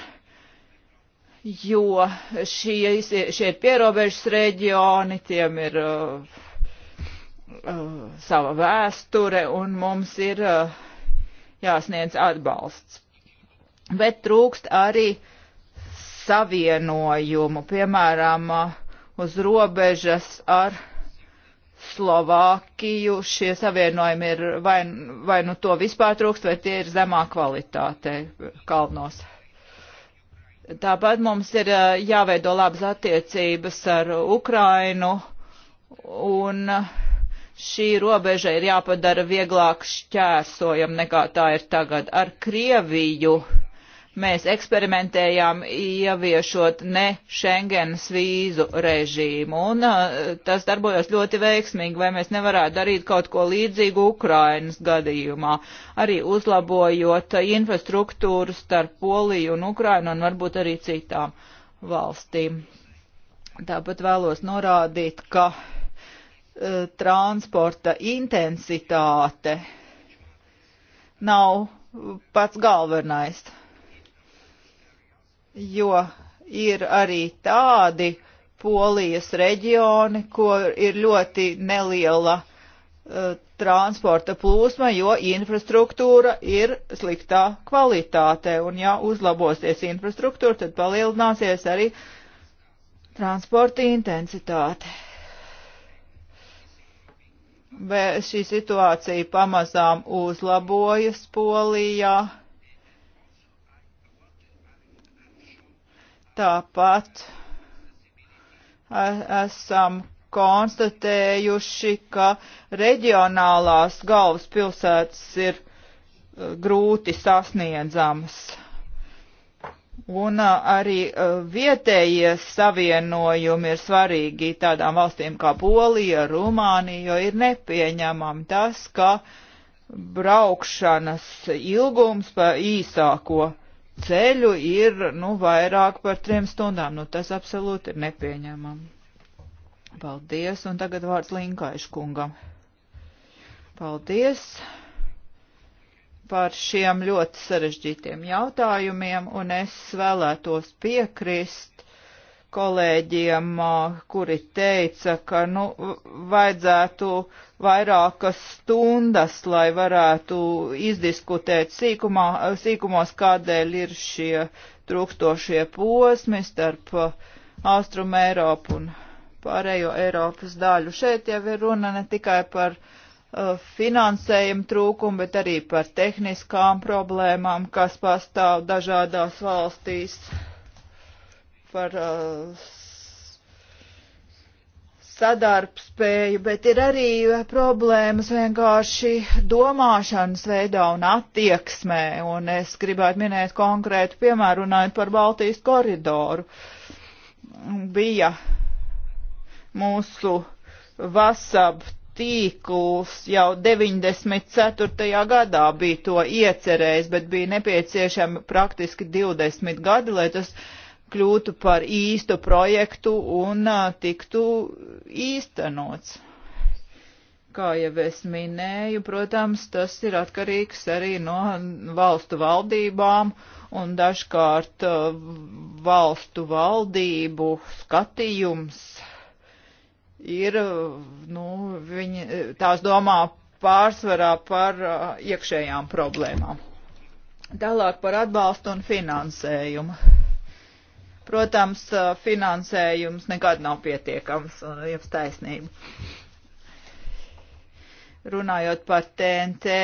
jo šie, šie ir pierobežas reģioni, tiem ir uh, uh, sava vēsture un mums ir. Uh, jāsniedz atbalsts. Bet trūkst arī savienojumu, piemēram, uz robežas ar Slovākiju šie savienojumi ir vai, vai nu to vispār trūkst, vai tie ir zemā kvalitāte kalnos. Tāpat mums ir eh, jāveido labas attiecības ar Ukrainu un uh, šī robeža ir jāpadara vieglāk šķērsojam nekā tā ir tagad. Ar Krieviju mēs eksperimentējām ieviešot ne Schengenas vīzu režīmu, un tas darbojas ļoti veiksmīgi, vai mēs nevarētu darīt kaut ko līdzīgu Ukrainas gadījumā, arī uzlabojot infrastruktūru starp Poliju un Ukrainu un varbūt arī citām valstīm. Tāpat vēlos norādīt, ka uh, E, transporta intensitāte nav pats galvenais, jo ir arī tādi polijas reģioni, kur ir ļoti neliela uh, transporta plūsma, jo infrastruktūra ir sliktā kvalitātē, un ja uzlabosies infrastruktūra, tad palielināsies arī transporta intensitāte šī situācija pamazām uzlabojas Polijā. Tāpat e, esam konstatējuši, ka reģionālās galvaspilsētas ir e, grūti sasniedzamas. Un arī vietējie savienojumi ir svarīgi tādām valstīm kā Polija, Rumānija, jo ir nepieņemam tas, ka braukšanas ilgums pa īsāko ceļu ir, nu, vairāk par trim stundām. Nu, tas absolūti ir nepieņemam. Paldies, un tagad vārds Linkaiškungam. Paldies par šiem ļoti sarežģītiem jautājumiem, un es vēlētos piekrist kolēģiem, kuri teica, ka nu, vajadzētu vairākas stundas, lai varētu izdiskutēt sīkumā, sīkumos, kādēļ ir šie trūkstošie posmi starp Austrumu Eiropu un pārējo Eiropas daļu. Šeit jau ir runa ne tikai par uh, Uh, finansējuma trūkumu, bet arī par tehniskām problēmām, kas pastāv dažādās valstīs, par uh, sadarbspēju, bet ir arī uh, problēmas vienkārši domāšanas veidā un attieksmē, un es gribētu minēt konkrētu piemēru runājot par Baltijas koridoru. Bija mūsu vasab tīkls jau 94. gadā bija to iecerējis, bet bija nepieciešami praktiski 20 gadi, lai tas kļūtu par īstu projektu un tiktu īstenots. Kā jau es minēju, protams, tas ir atkarīgs arī no valstu valdībām un dažkārt valstu valdību skatījums ir, nu, viņi tās domā pārsvarā par uh, iekšējām problēmām. Tālāk par atbalstu un finansējumu. Protams, uh, finansējums nekad nav pietiekams, uh, jeb taisnība. Runājot par TNT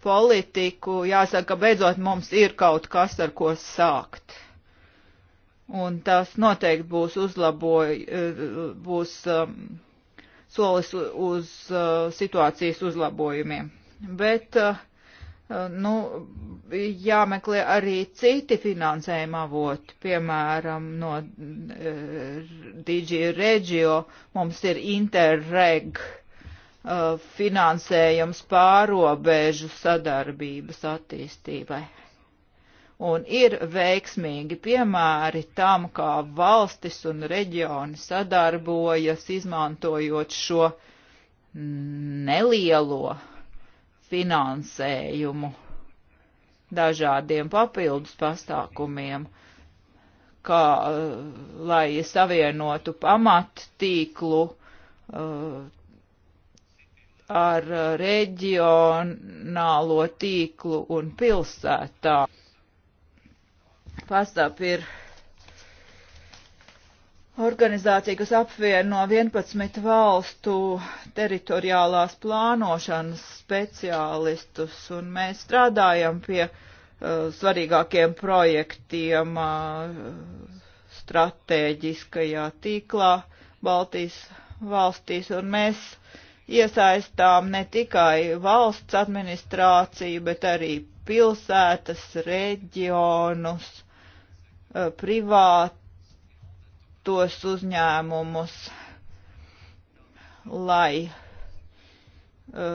politiku, jāsaka, beidzot mums ir kaut kas, ar ko sākt un tas noteikti būs uzlaboj, eh, būs um, solis uz uh, situācijas uzlabojumiem. Bet, uh, uh, nu, jāmeklē arī citi finansējuma avoti, piemēram, no uh, eh, DG Regio mums ir Interreg uh, finansējums pārobežu sadarbības attīstībai. Un ir veiksmīgi piemēri tam, kā valstis un reģioni sadarbojas, izmantojot šo nelielo finansējumu dažādiem papildus pasākumiem, kā eh, lai savienotu pamattīklu uh, ar reģionālo tīklu un pilsētā. PASTAP ir organizācija, kas apvieno 11 valstu teritoriālās plānošanas speciālistus, un mēs strādājam pie uh, svarīgākiem projektiem uh, stratēģiskajā tīklā Baltijas valstīs, un mēs iesaistām ne tikai valsts administrāciju, bet arī pilsētas, reģionus, Uh, privātos uzņēmumus, lai uh,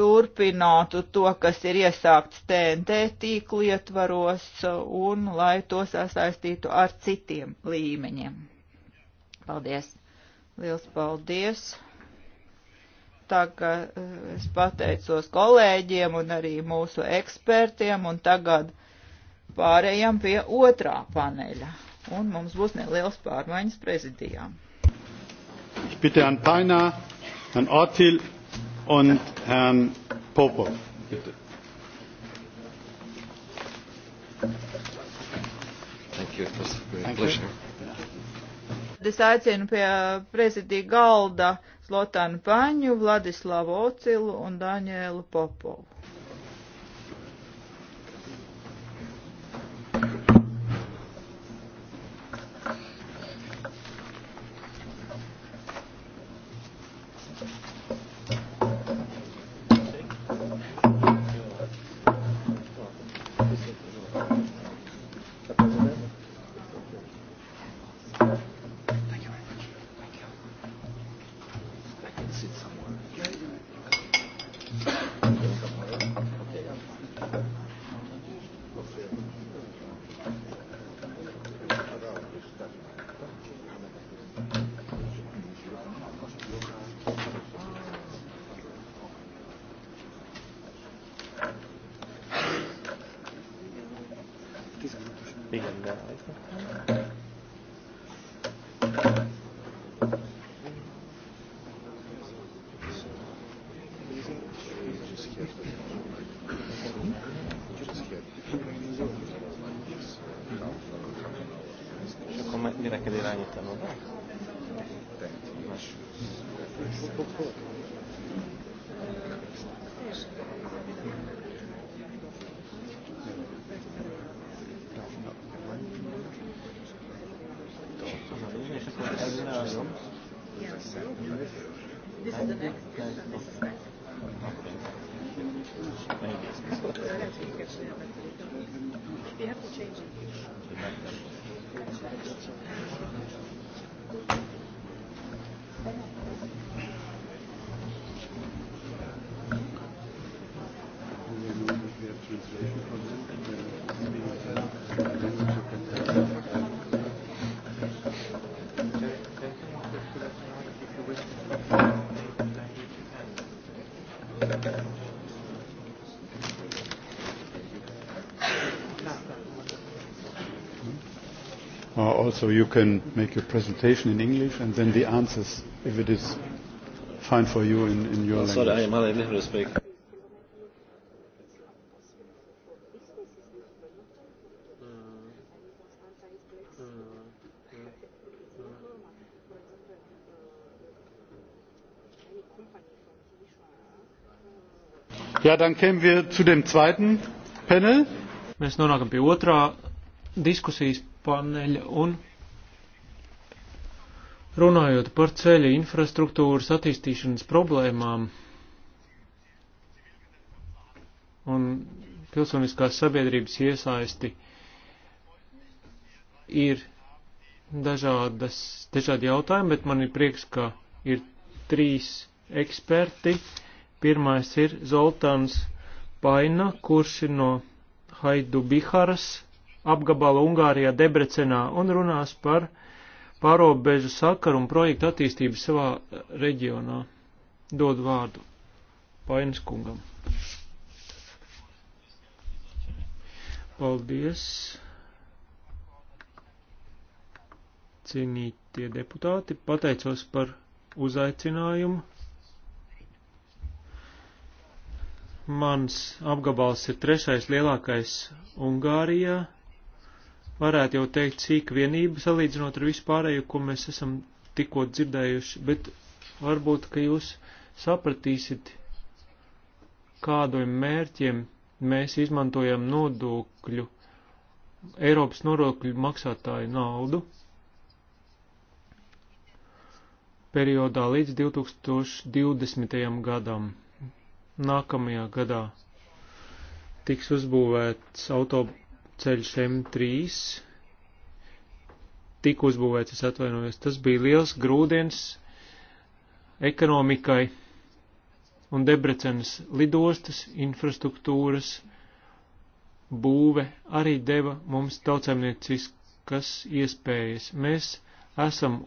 turpinātu to, kas ir iesākts TNT tīklu ietvaros uh, un lai to sasaistītu ar citiem līmeņiem. Paldies! Liels paldies! tā ka es pateicos kolēģiem un arī mūsu ekspertiem, un tagad pārējām pie otrā paneļa, un mums būs nelielas pārmaiņas prezidijām. Ich bitte Herrn Peiner, Herrn Ortil und Herrn Popov. Bitte. Thank you. It was a great pleasure. Es aicinu pie prezidija galda Slotanu Paņu, Vladislavu Ocilu un Danielu Popovu. so you can make your presentation in English and then the answers, if it is fine for you in, in your Sorry, language. Sorry, I'm not able to speak. Ja, dann kämen wir zu dem zweiten Panel. Mēs nonākam pie otrā diskusijas paneļa un Runājot par ceļa infrastruktūras attīstīšanas problēmām un pilsoniskās sabiedrības iesaisti, ir dažādas, dažādi jautājumi, bet man ir prieks, ka ir trīs eksperti. Pirmais ir Zoltāns Paina, kurš ir no Haidu Biharas apgabala Ungārijā Debrecenā un runās par uh, pārobežu sakaru un projektu attīstību savā reģionā. Dod vārdu Painas kungam. Paldies, cienītie deputāti, pateicos par uzaicinājumu. Mans apgabals ir trešais lielākais Ungārijā varētu jau teikt sīka vienība, salīdzinot ar vispārējo, ko mēs esam tikko dzirdējuši, bet varbūt, ka jūs sapratīsiet, kādiem mērķiem mēs izmantojam nodokļu, Eiropas nodokļu maksātāju naudu periodā līdz 2020. gadam. Nākamajā gadā tiks uzbūvēts autobus ceļš M3 tika uzbūvēts, es atvainojos. Tas bija liels grūdienis ekonomikai un Debrecenas lidostas infrastruktūras būve arī deva mums tautsēmnieciskas iespējas. Mēs esam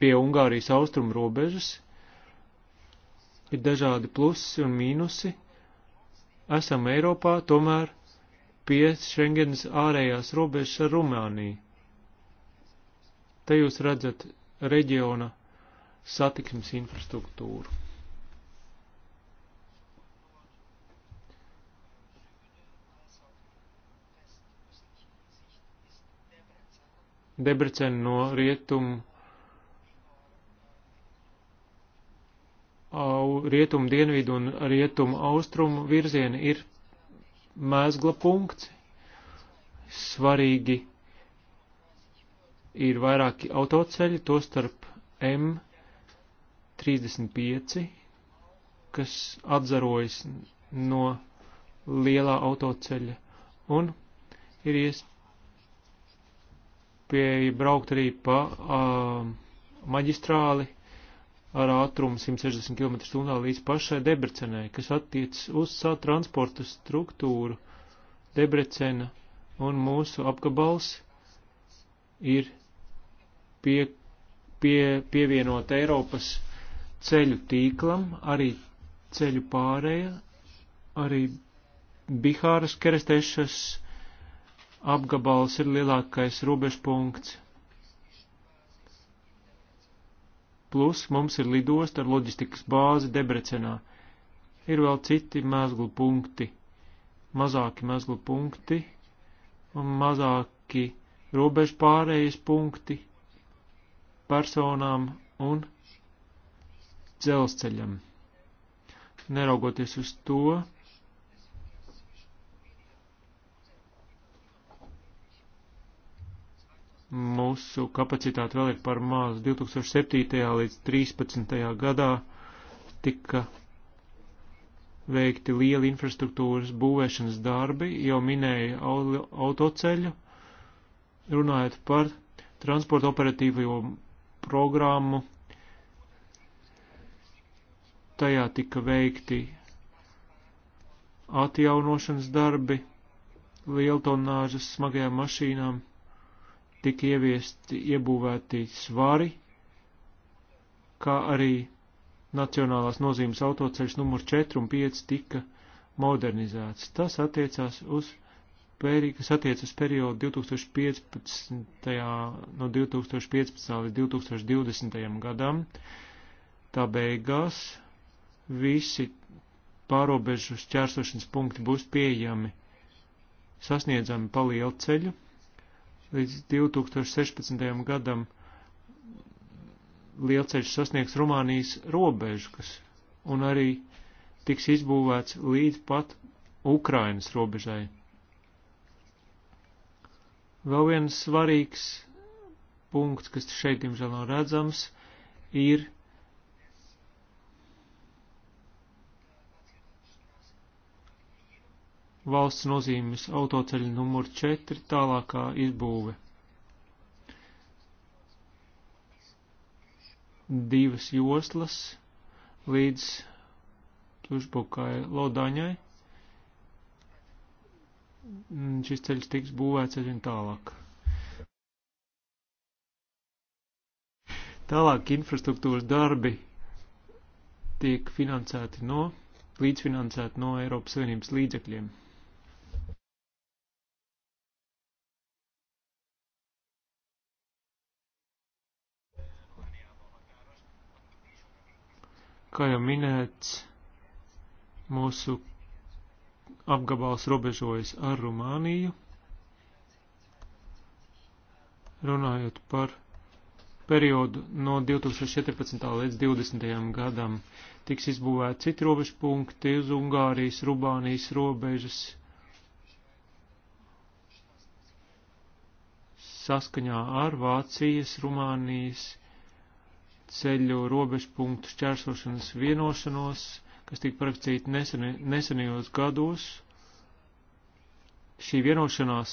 pie Ungārijas austrumu robežas, ir dažādi plusi un mīnusi esam Eiropā tomēr pie Schengenas ārējās robežas ar Rumāniju. Te jūs redzat reģiona satiksmes infrastruktūru. Debrecen no rietumu rietumu dienvidu un rietumu austrumu virzieni ir mēzgla punkts. Svarīgi ir vairāki autoceļi, to starp M35, kas atzarojas no lielā autoceļa, un ir iespēja braukt arī pa uh, maģistrāli ar ātrumu 160 km/h līdz pašai Debrecenai, kas attiecas uz savu transporta struktūru. Debrecena un mūsu apgabals ir pie, pie, pievienot Eiropas ceļu tīklam, arī ceļu pārēja, arī Bihāras kerestešas apgabals ir lielākais robežpunkts plus mums ir lidosta ar loģistikas bāzi Debrecenā. Ir vēl citi mēzglu punkti, mazāki mēzglu punkti un mazāki robežu pārējas punkti personām un dzelzceļam. Neraugoties uz to, mūsu kapacitāte vēl ir par mazu. 2007. līdz 2013. gadā tika veikti lieli infrastruktūras būvēšanas darbi, jau minēja autoceļu, runājot par transporta operatīvo programmu. Tajā tika veikti atjaunošanas darbi, lieltonāžas smagajām mašīnām, tika ieviesti iebūvēti svari, kā arī nacionālās nozīmes autoceļš numur 4 un 5 tika modernizēts. Tas attiecās uz, kas attiec uz periodu 2015. no 2015. līdz 2020. gadam. Tā beigās visi pārobežu šķērsošanas punkti būs pieejami sasniedzami pa lielu ceļu līdz 2016. gadam lielceļš sasniegs Rumānijas robežu, kas un arī tiks izbūvēts līdz pat Ukrainas robežai. Vēl viens svarīgs punkts, kas šeit, diemžēl, nav redzams, ir valsts nozīmes autoceļa numur 4 tālākā izbūve. Divas joslas līdz Tušbukai Lodaņai. Šis ceļš tiks būvēts aizvien tālāk. Tālāk infrastruktūras darbi tiek finansēti no, līdzfinansēti no Eiropas Savienības līdzekļiem. kā jau minēts, mūsu apgabals robežojas ar Rumāniju. Runājot par periodu no 2014. līdz 2020. gadam, tiks izbūvēti citi robežu punkti uz Ungārijas, Rubānijas robežas saskaņā ar Vācijas, Rumānijas ceļu robežu punktu šķērsošanas vienošanos, kas tika parakstīta neseni, nesenajos gados. Šī vienošanās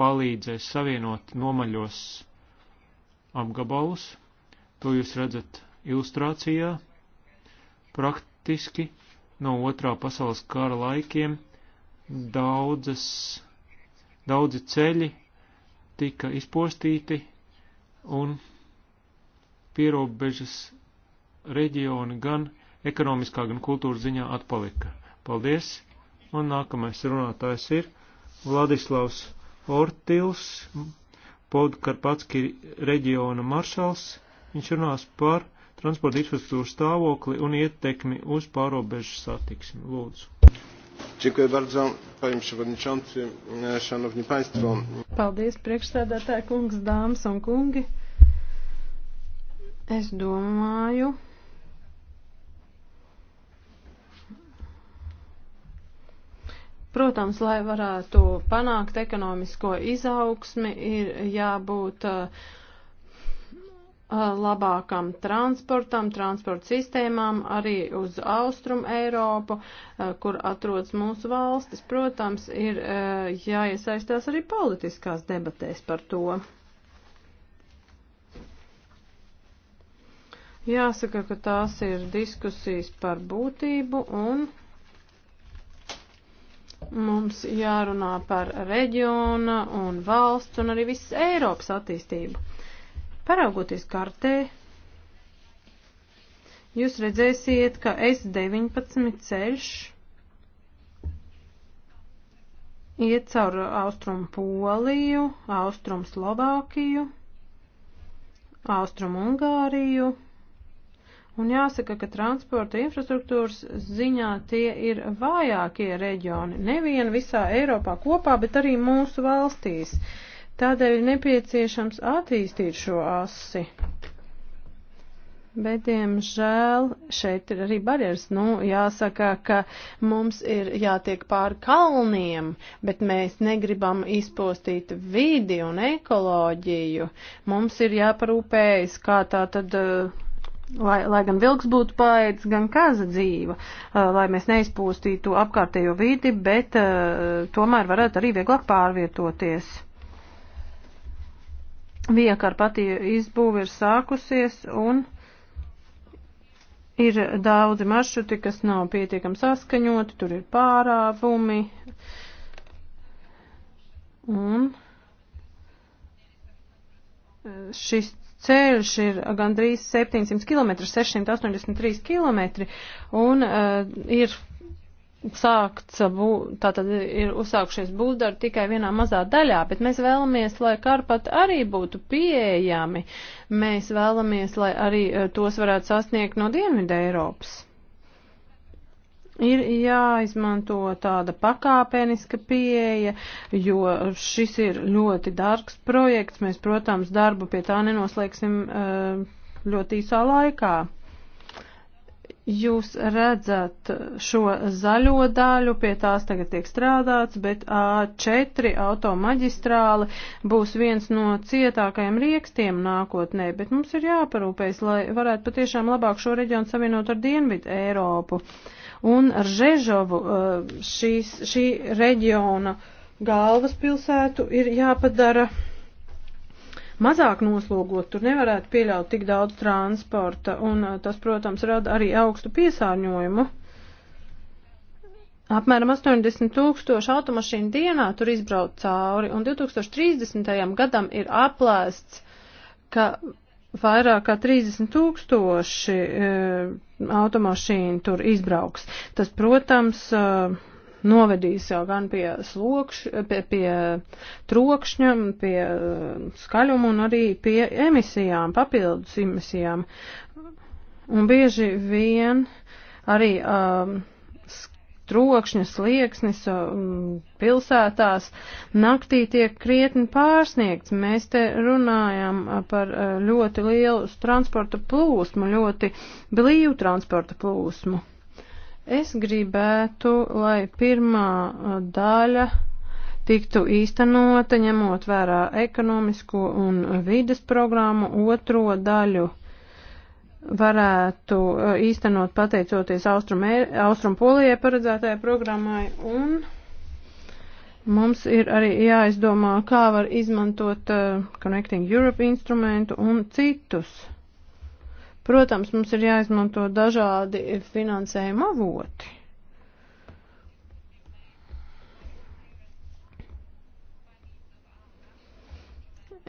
palīdzēs savienot nomaļos apgabalus. To jūs redzat ilustrācijā. Praktiski no otrā pasaules kara laikiem daudzas, daudzi ceļi tika izpostīti un pierobežas reģioni gan ekonomiskā, gan kultūras ziņā atpalika. Paldies! Un nākamais runātājs ir Vladislavs Ortils, Podkarpatski reģiona maršals. Viņš runās par transporta infrastruktūras stāvokli un ietekmi uz pārobežu satiksmi. Lūdzu! Dziękuję bardzo, panie przewodniczący, e, szanowni państwo. Paldies, priekšsēdētāji kungs, dāmas un kungi. Es domāju, Protams, lai varētu panākt ekonomisko izaugsmi, ir jābūt uh, Uh, labākam transportam, transporta sistēmām arī uz Austrum Eiropu, uh, kur atrodas mūsu valstis. Protams, ir uh, jāiesaistās arī politiskās debatēs par to. Jāsaka, ka tās ir diskusijas par būtību un mums jārunā par reģiona un valsts un arī visas Eiropas attīstību. Paraugoties kartē, jūs redzēsiet, ka S19 ceļš iet caur austrumu Poliju, austrumu Slovākiju, austrumu Ungāriju, un jāsaka, ka transporta infrastruktūras ziņā tie ir vājākie reģioni, nevien visā Eiropā kopā, bet arī mūsu valstīs. Uh, Tādēļ ir nepieciešams attīstīt šo asi. Bet, diemžēl, šeit ir arī barjeras. Nu, jāsaka, ka mums ir jātiek pāri kalniem, bet mēs negribam izpostīt vidi un ekoloģiju. Mums ir jāparūpējas, kā tā tad. Eh, lai, lai gan vilks būtu paēdis, gan kaza dzīva, eh, lai mēs neizpūstītu apkārtējo vidi, bet eh, tomēr varētu arī vieglāk pārvietoties viekarpatija izbūve ir sākusies un ir daudzi maršruti, kas nav pietiekami saskaņoti, tur ir pārāvumi un šis ceļš ir gandrīz 700 km, 683 km, un uh, ir sākts, tātad ir uzsākušies būvdarbi tikai vienā mazā daļā, bet mēs vēlamies, lai karpat arī būtu pieejami. Mēs vēlamies, lai arī e, tos varētu sasniegt no Dienvidē Eiropas. Ir jāizmanto tāda pakāpeniska pieeja, jo šis ir ļoti dārgs projekts. Mēs, protams, darbu pie tā nenoslēgsim e, ļoti īsā laikā. Jūs redzat šo zaļo daļu, pie tās tagad tiek strādāts, bet A4 automaģistrāle būs viens no cietākajiem riekstiem nākotnē, bet mums ir jāparūpējas, lai varētu patiešām labāk šo reģionu savienot ar Dienvidu Eiropu. Un ar Žežovu uh, šīs, šī reģiona galvaspilsētu ir jāpadara mazāk noslogot, tur nevarētu pieļaut tik daudz transporta, un uh, tas, protams, rada arī augstu piesārņojumu. Apmēram 80 tūkstoši automašīnu dienā tur izbrauc cauri, un 2030. gadam ir aplēsts, ka vairāk kā 30 tūkstoši e, automašīnu tur izbrauks. Tas, protams, e, novedīs jau gan pie, slokš, pie, pie trokšņa, pie eh, skaļuma un arī pie emisijām, papildus emisijām. Un bieži vien arī um, trokšņa slieksnis um, pilsētās naktī tiek krietni pārsniegts. Mēs te runājam eh, par eh, ļoti lielu transporta plūsmu, ļoti blīvu transporta plūsmu. Es gribētu, lai pirmā uh, daļa tiktu īstenota, ņemot vērā ekonomisko un vides programmu, otro daļu varētu uh, īstenot pateicoties Austrum, Austrum Polijai paredzētajai programmai un mums ir arī jāizdomā, kā var izmantot uh, Connecting Europe instrumentu un citus. Protams, mums ir jāizmanto dažādi finansējuma avoti.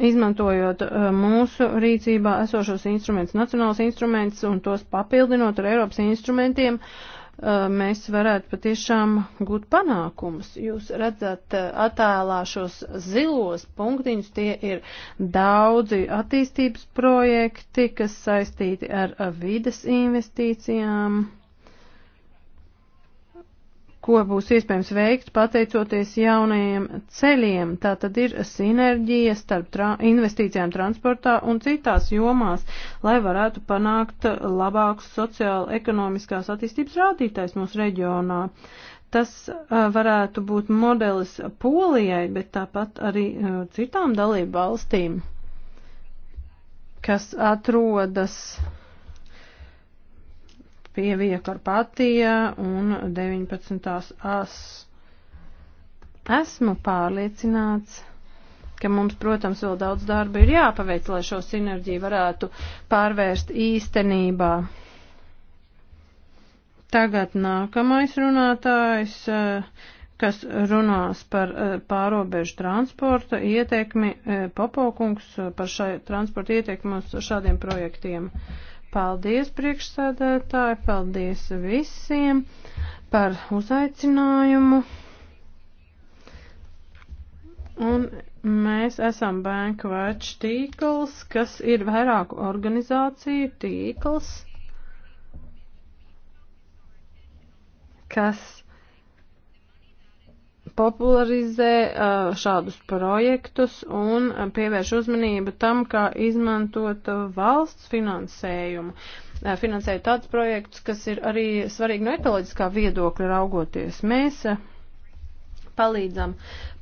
Izmantojot uh, mūsu rīcībā esošos instrumentus, nacionālus instrumentus un tos papildinot ar Eiropas instrumentiem, uh, mēs varētu patiešām gūt panākumus. Jūs redzat attēlā šos zilos punktiņus, tie ir daudzi attīstības projekti, kas saistīti ar vides investīcijām ko būs iespējams veikt pateicoties jaunajiem ceļiem. Tā tad ir sinerģija starp tra investīcijām transportā un citās jomās, lai varētu panākt labākus sociāla-ekonomiskās attīstības rādītājs mūsu reģionā. Tas eh, varētu būt modelis Polijai, bet tāpat arī eh, citām dalību valstīm, kas atrodas pie Viekarpatija un 19. as. Esmu pārliecināts, ka mums, protams, vēl daudz darba ir jāpaveic, lai šo sinerģiju varētu pārvērst īstenībā. Tagad nākamais runātājs, eh, kas runās par eh, pārobežu transporta ietekmi, eh, Popokungs par šai transporta ietekmi uz šādiem projektiem. Paldies priekšsēdētāji, paldies visiem par uzaicinājumu. Un mēs esam Bankwatch tīkls, kas ir vairāku organizāciju tīkls, kas popularizē šādus projektus un pievērš uzmanību tam, kā izmantot valsts finansējumu. Finansēja tāds projekts, kas ir arī svarīgi no ekoloģiskā viedokļa raugoties. Mēs palīdzam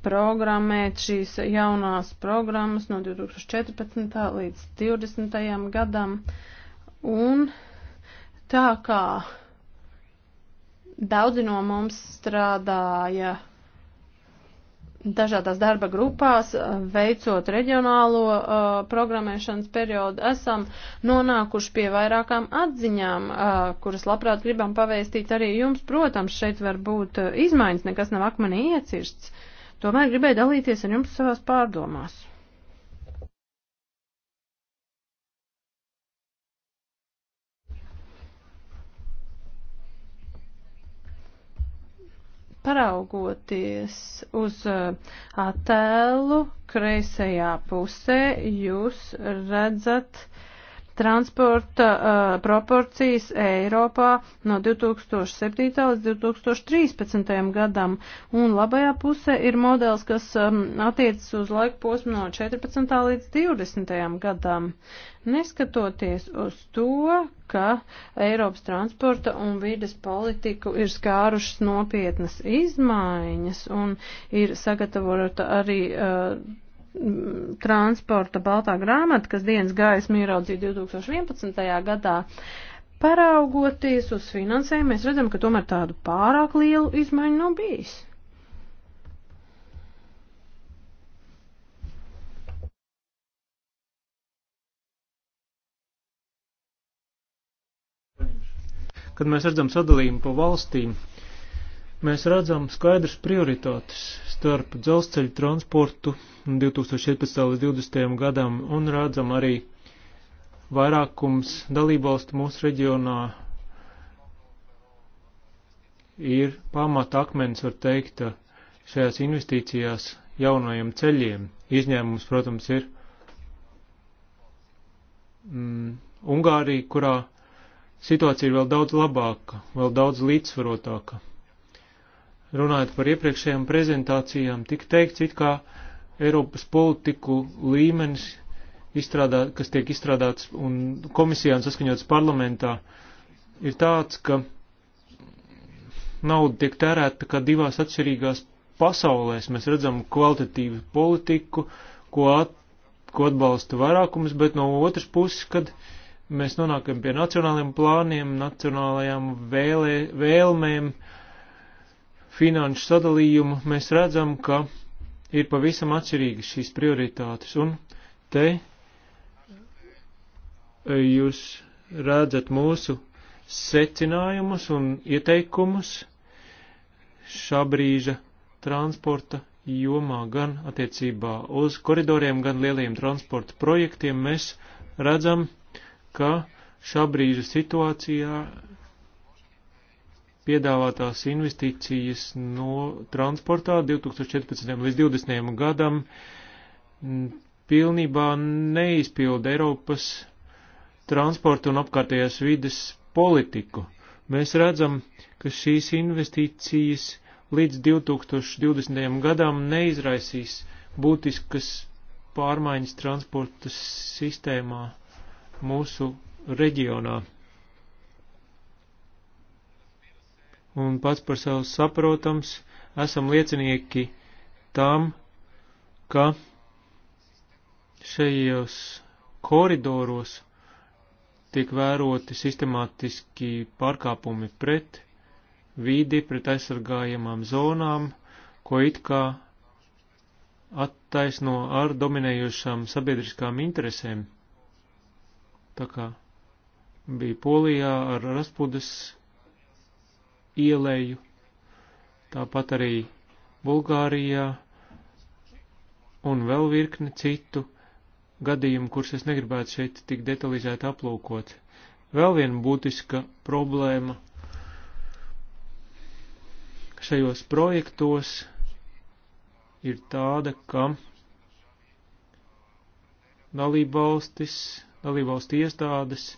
programmēt šīs jaunās programmas no 2014. līdz 2020. gadam. Un tā kā daudzi no mums strādāja dažādās darba grupās, eh, veicot reģionālo uh, programmēšanas periodu, esam nonākuši pie vairākām atziņām, uh, kuras labprāt gribam pavēstīt arī jums. Protams, šeit var būt uh, izmaiņas, nekas nav akmenī iecirsts. Tomēr gribēju dalīties ar jums savās pārdomās. Paraugoties uz uh, attēlu kreisajā pusē, jūs redzat transporta uh, proporcijas Eiropā no 2007. līdz 2013. gadam, un labajā pusē ir modelis, kas um, attiecas uz laiku posmu no 14. līdz 20. gadam. Neskatoties uz to, ka Eiropas transporta un vides politiku ir skārušas nopietnas izmaiņas un ir sagatavota arī uh, transporta baltā grāmata, kas dienas gaismu ieraudzīja 2011. gadā, paraugoties uz finansējumu, mēs redzam, ka tomēr tādu pārāk lielu izmaiņu nav bijis. Kad mēs redzam sadalījumu pa valstīm, mēs redzam skaidrs prioritātes starp dzelzceļu transportu 2014. līdz 2020. gadam un redzam arī vairākums dalībvalstu mūsu reģionā ir pamata akmens, var teikt, šajās investīcijās jaunajiem ceļiem. Izņēmums, protams, ir mm, Ungārija, kurā situācija ir vēl daudz labāka, vēl daudz līdzsvarotāka runājot par iepriekšējām prezentācijām, tika teikts, it kā Eiropas politiku līmenis, izstrādā, kas tiek izstrādāts un komisijā un saskaņots parlamentā, ir tāds, ka nauda tiek tērēta kā divās atšķirīgās pasaulēs. Mēs redzam kvalitatīvu politiku, ko, at, ko atbalsta vairākums, bet no otras puses, kad mēs nonākam pie nacionāliem plāniem, nacionālajām vēlē, vēlmēm, uh, finanšu sadalījumu, mēs redzam, ka ir pavisam atšķirīgas šīs prioritātes. Un te e, jūs redzat mūsu secinājumus un ieteikumus šā brīža transporta jomā gan attiecībā uz koridoriem, gan lielajiem transporta projektiem. Mēs redzam, ka šā brīža situācijā piedāvātās investīcijas no transportā 2014. līdz 2020. gadam pilnībā neizpilda Eiropas transporta un apkārtējās vides politiku. Mēs redzam, ka šīs investīcijas līdz 2020. gadam neizraisīs būtiskas pārmaiņas transporta sistēmā mūsu reģionā. un pats par sevi saprotams, esam liecinieki tam, ka šajos koridoros tiek vēroti sistemātiski pārkāpumi pret vīdi, pret aizsargājamām zonām, ko it kā attaisno ar dominējošām sabiedriskām interesēm. Tā kā bija Polijā ar Raspudas ieleju, tāpat arī Bulgārijā un vēl virkni citu gadījumu, kurus es negribētu šeit tik detalizēti aplūkot. Vēl viena būtiska problēma šajos projektos ir tāda, ka dalībvalstis, dalībvalstu iestādes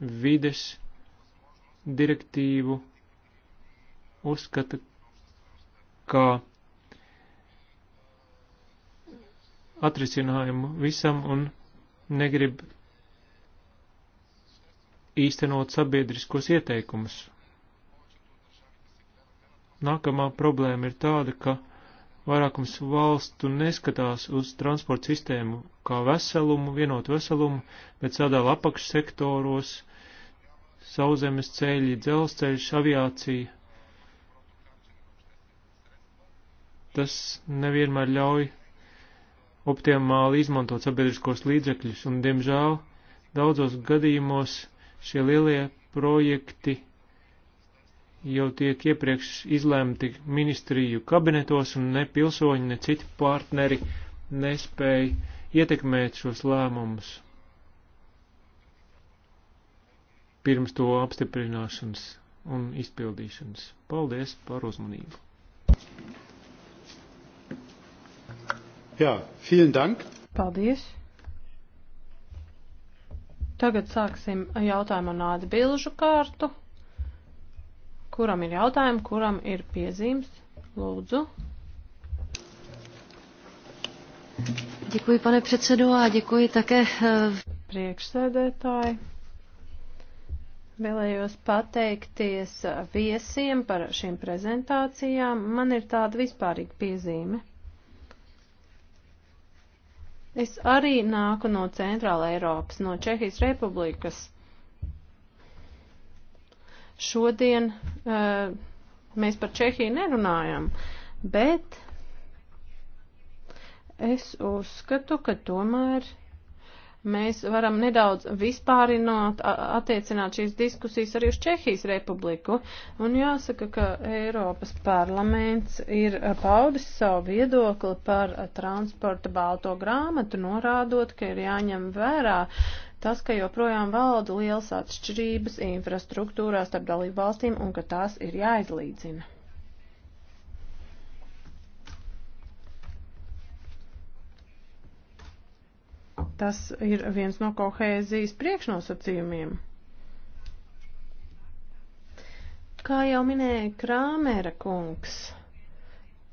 vides direktīvu uzskata, kā atrisinājumu visam un negrib īstenot sabiedriskos ieteikumus. Nākamā problēma ir tāda, ka vairākums valstu neskatās uz transporta sistēmu kā veselumu, vienotu veselumu, bet sadala apakšsektoros, sauzemes ceļi, dzelzceļš, aviācija. Tas nevienmēr ļauj optimāli izmantot sabiedriskos līdzekļus, un, diemžēl, daudzos gadījumos šie lielie projekti jau tiek iepriekš izlemti ministriju kabinetos un ne pilsoņi, ne citi partneri nespēja ietekmēt šos lēmumus pirms to apstiprināšanas un izpildīšanas. Paldies par uzmanību! Jā, vielen dank! Paldies! Tagad sāksim jautājumu un atbilžu kārtu. Kuram ir jautājumi, kuram ir piezīmes? Lūdzu. Děkuji, pane předsedo, a děkuji také. Eh, Priekšsēdētāji, vēlējos pateikties viesiem par šīm prezentācijām. Man ir tāda vispārīga piezīme. Es arī nāku no Centrāla Eiropas, no Čehijas Republikas. Šodien uh, mēs par Čehiju nerunājam, bet es uzskatu, ka tomēr mēs varam nedaudz vispārināt, attiecināt šīs diskusijas arī uz Čehijas republiku. Un jāsaka, ka Eiropas parlaments ir paudis savu viedokli par transporta balto grāmatu, norādot, ka ir jāņem vērā tas, ka joprojām valda liels atšķirības infrastruktūrā starp dalību valstīm un ka tās ir jāizlīdzina. Tas ir viens no kohēzijas priekšnosacījumiem. Kā jau minēja Krāmēra kungs,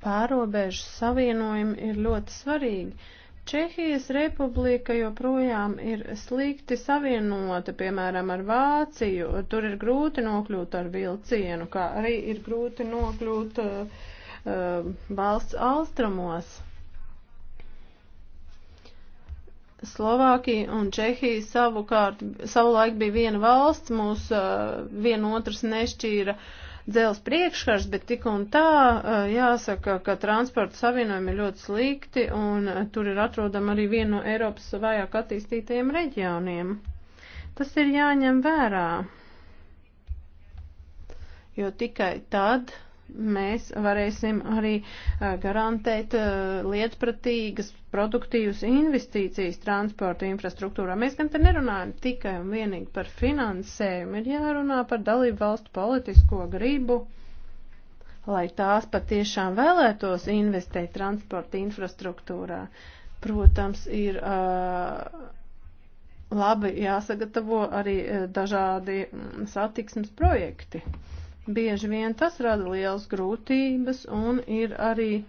pārobežu savienojumi ir ļoti svarīgi Čehijas republika joprojām ir slikti savienota, piemēram, ar Vāciju. Tur ir grūti nokļūt ar vilcienu, kā arī ir grūti nokļūt uh, uh, valsts austrumos. Slovākija un Čehija savukārt savulaik bija viena valsts, mūs uh, eh, vienotras nešķīra uh, dzels priekškars, bet tik un tā jāsaka, ka transporta savienojumi ir ļoti slikti un tur ir atrodama arī viena no Eiropas vājāk attīstītajiem reģioniem. Tas ir jāņem vērā, jo tikai tad mēs varēsim arī garantēt lietpratīgas, produktīvas investīcijas transporta infrastruktūrā. Mēs gan te nerunājam tikai un vienīgi par finansējumu, ir jārunā par dalību valstu politisko gribu, lai tās patiešām vēlētos investēt transporta infrastruktūrā. Protams, ir. Uh, Labi, jāsagatavo arī dažādi satiksmes projekti. Uh, Bieži vien tas rada lielas grūtības un ir arī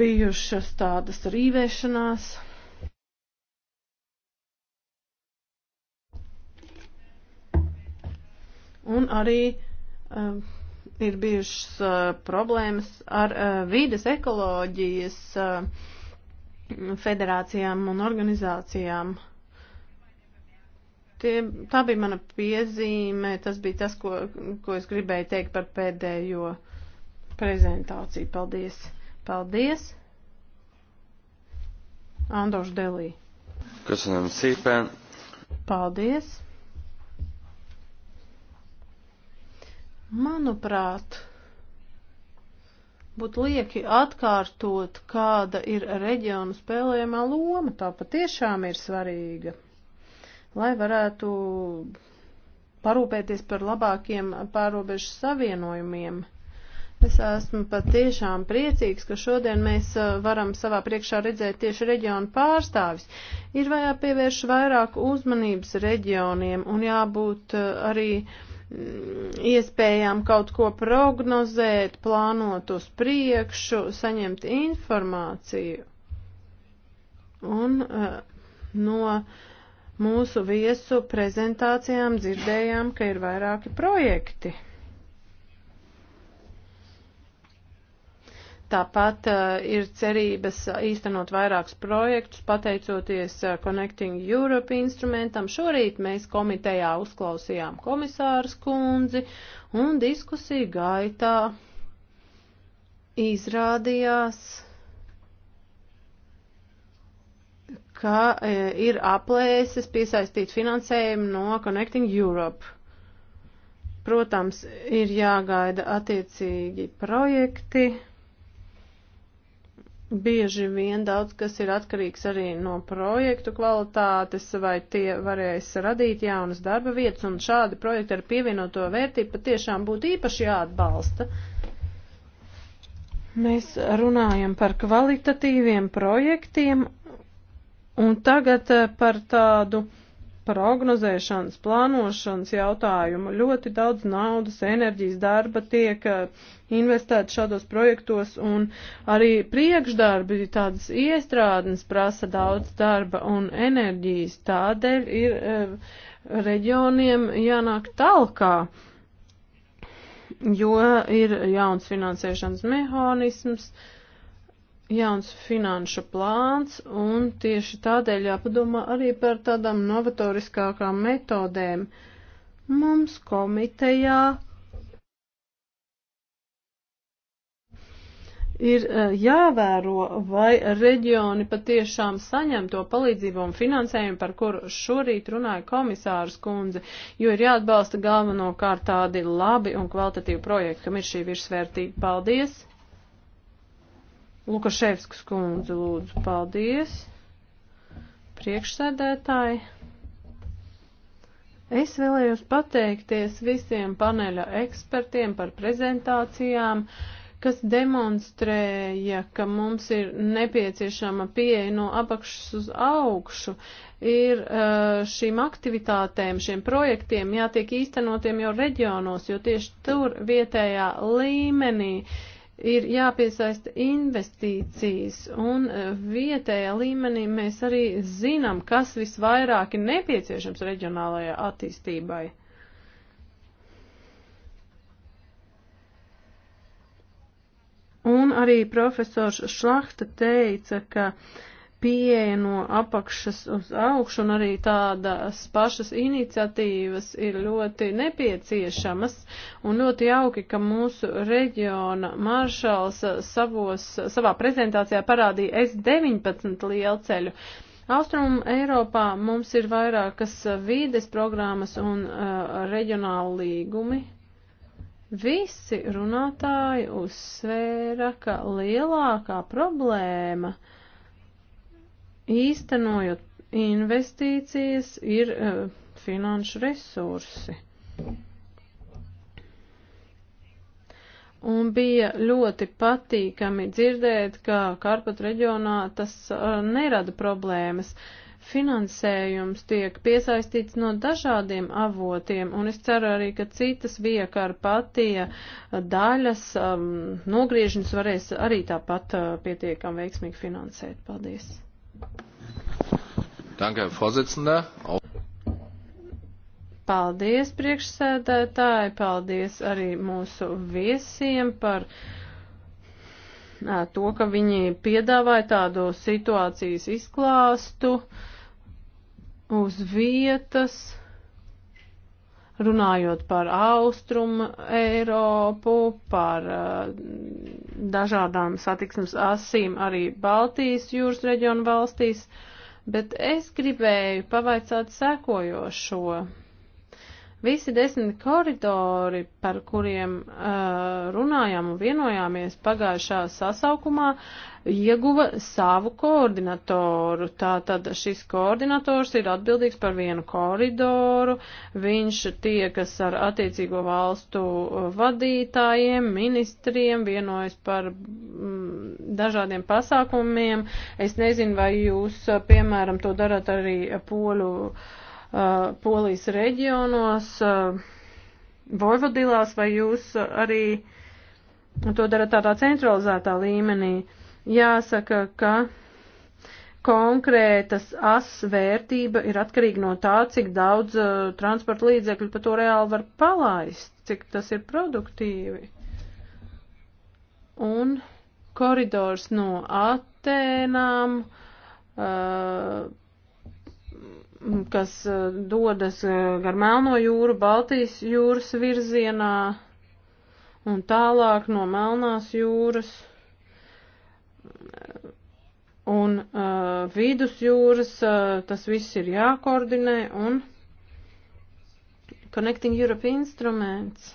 bijušas tādas rīvēšanās. Un arī uh, ir bijušas uh, problēmas ar uh, vides ekoloģijas uh, federācijām un organizācijām. Uh, Tie, tā bija mana piezīme, tas bija tas, ko, ko es gribēju teikt par pēdējo prezentāciju. Paldies! Paldies! Andoš Delī. Köszönöm szépen. Paldies. Manuprāt, būtu lieki atkārtot, kāda ir reģionu spēlējumā loma. Tā patiešām ir svarīga lai varētu parūpēties par labākiem pārobežu savienojumiem. Es esmu patiešām priecīgs, ka šodien mēs eh, varam savā priekšā redzēt tieši reģionu pārstāvis. Ir vajag pievērš vairāk uzmanības reģioniem un jābūt eh, arī mm, iespējām kaut ko prognozēt, plānot uz priekšu, saņemt informāciju. Un eh, no mūsu viesu prezentācijām dzirdējām, ka ir vairāki projekti. Tāpat uh, ir cerības īstenot vairākus projektus, pateicoties uh, Connecting Europe instrumentam. Šorīt mēs komitejā uzklausījām komisārs kundzi un diskusiju gaitā izrādījās, ka e, ir aplēses piesaistīt finansējumu no Connecting Europe. Protams, ir jāgaida attiecīgi projekti. Bieži vien daudz kas ir atkarīgs arī no projektu kvalitātes, vai tie varēs radīt jaunas darba vietas, un šādi projekti ar pievienoto vērtību patiešām būtu īpaši jāatbalsta. Mēs runājam par kvalitatīviem projektiem, Un tagad eh, par tādu prognozēšanas, plānošanas jautājumu. Ļoti daudz naudas, enerģijas, darba tiek eh, investēt šādos projektos, un arī priekšdarbi, tādas iestrādnes prasa daudz darba un enerģijas. Tādēļ ir eh, reģioniem jānāk talkā, jo ir jauns finansēšanas mehānisms, uh, jauns finanšu plāns, un tieši tādēļ jāpadomā arī par tādām novatoriskākām metodēm. Mums komitejā ir e, jāvēro, vai reģioni patiešām saņem to palīdzību un finansējumu, par kuru šorīt runāja komisārs kundze, jo ir jāatbalsta galvenokārt tādi labi un kvalitatīvi projekti, kam ir šī virsvērtība. Paldies! Lukaševskas kundze, lūdzu, paldies. Priekšsēdētāji. Es vēlējos pateikties visiem paneļa ekspertiem par prezentācijām, kas demonstrēja, ka mums ir nepieciešama pieeja no apakšas uz augšu. Ir eh, šīm aktivitātēm, šiem projektiem jātiek īstenotiem jau reģionos, jo tieši tur vietējā līmenī uh, ir jāpiesaista investīcijas, un e, vietējā līmenī mēs arī zinām, kas visvairāk ir nepieciešams reģionālajai attīstībai. Un arī profesors Šlachta teica, ka uh, pieeja no apakšas uz augšu un arī tādas pašas iniciatīvas ir ļoti nepieciešamas un ļoti jauki, ka mūsu reģiona maršals savos, savā prezentācijā parādīja S19 lielceļu. Austrumu Eiropā mums ir vairākas vīdes programmas un uh, reģionāli līgumi, Visi runātāji uzsvēra, ka lielākā problēma uh, īstenojot investīcijas, ir uh, finanšu resursi. Un bija ļoti patīkami dzirdēt, ka Karpat reģionā tas uh, nerada problēmas. Finansējums tiek piesaistīts no dažādiem avotiem, un es ceru arī, ka citas viekarpatija daļas um, nogriežņus varēs arī tāpat uh, eh, pietiekam veiksmīgi finansēt. Paldies! Danke, Vorsitzender. Paldies, priekšsēdētāji, paldies arī mūsu viesiem par to, ka viņi piedāvāja tādu situācijas izklāstu uz vietas runājot par austrumu Eiropu, par uh, dažādām satiksmes asīm arī Baltijas jūras reģionu valstīs, bet es gribēju pavaicāt sekojošo. Visi desmit koridori, par kuriem uh, runājām un vienojāmies pagājušā sasaukumā, uh, ieguva savu koordinatoru. Tātad šis koordinators ir atbildīgs par vienu koridoru, viņš tiekas ar attiecīgo valstu vadītājiem, ministriem, vienojas par mm, dažādiem pasākumiem. Es nezinu, vai jūs, piemēram, to darat arī poļu, uh, polijas reģionos. Uh, Vojvodilās vai jūs arī to darat tādā centralizētā līmenī? Jāsaka, ka konkrētas asvērtība ir atkarīga no tā, cik daudz uh, transporta līdzekļu pa to reāli var palaist, cik tas ir produktīvi. Un koridors no Atēnām, uh, kas uh, dodas uh, gar Melno jūru, Baltijas jūras virzienā un tālāk no Melnās jūras un uh, vidusjūras, uh, tas viss ir jākoordinē un Connecting Europe instruments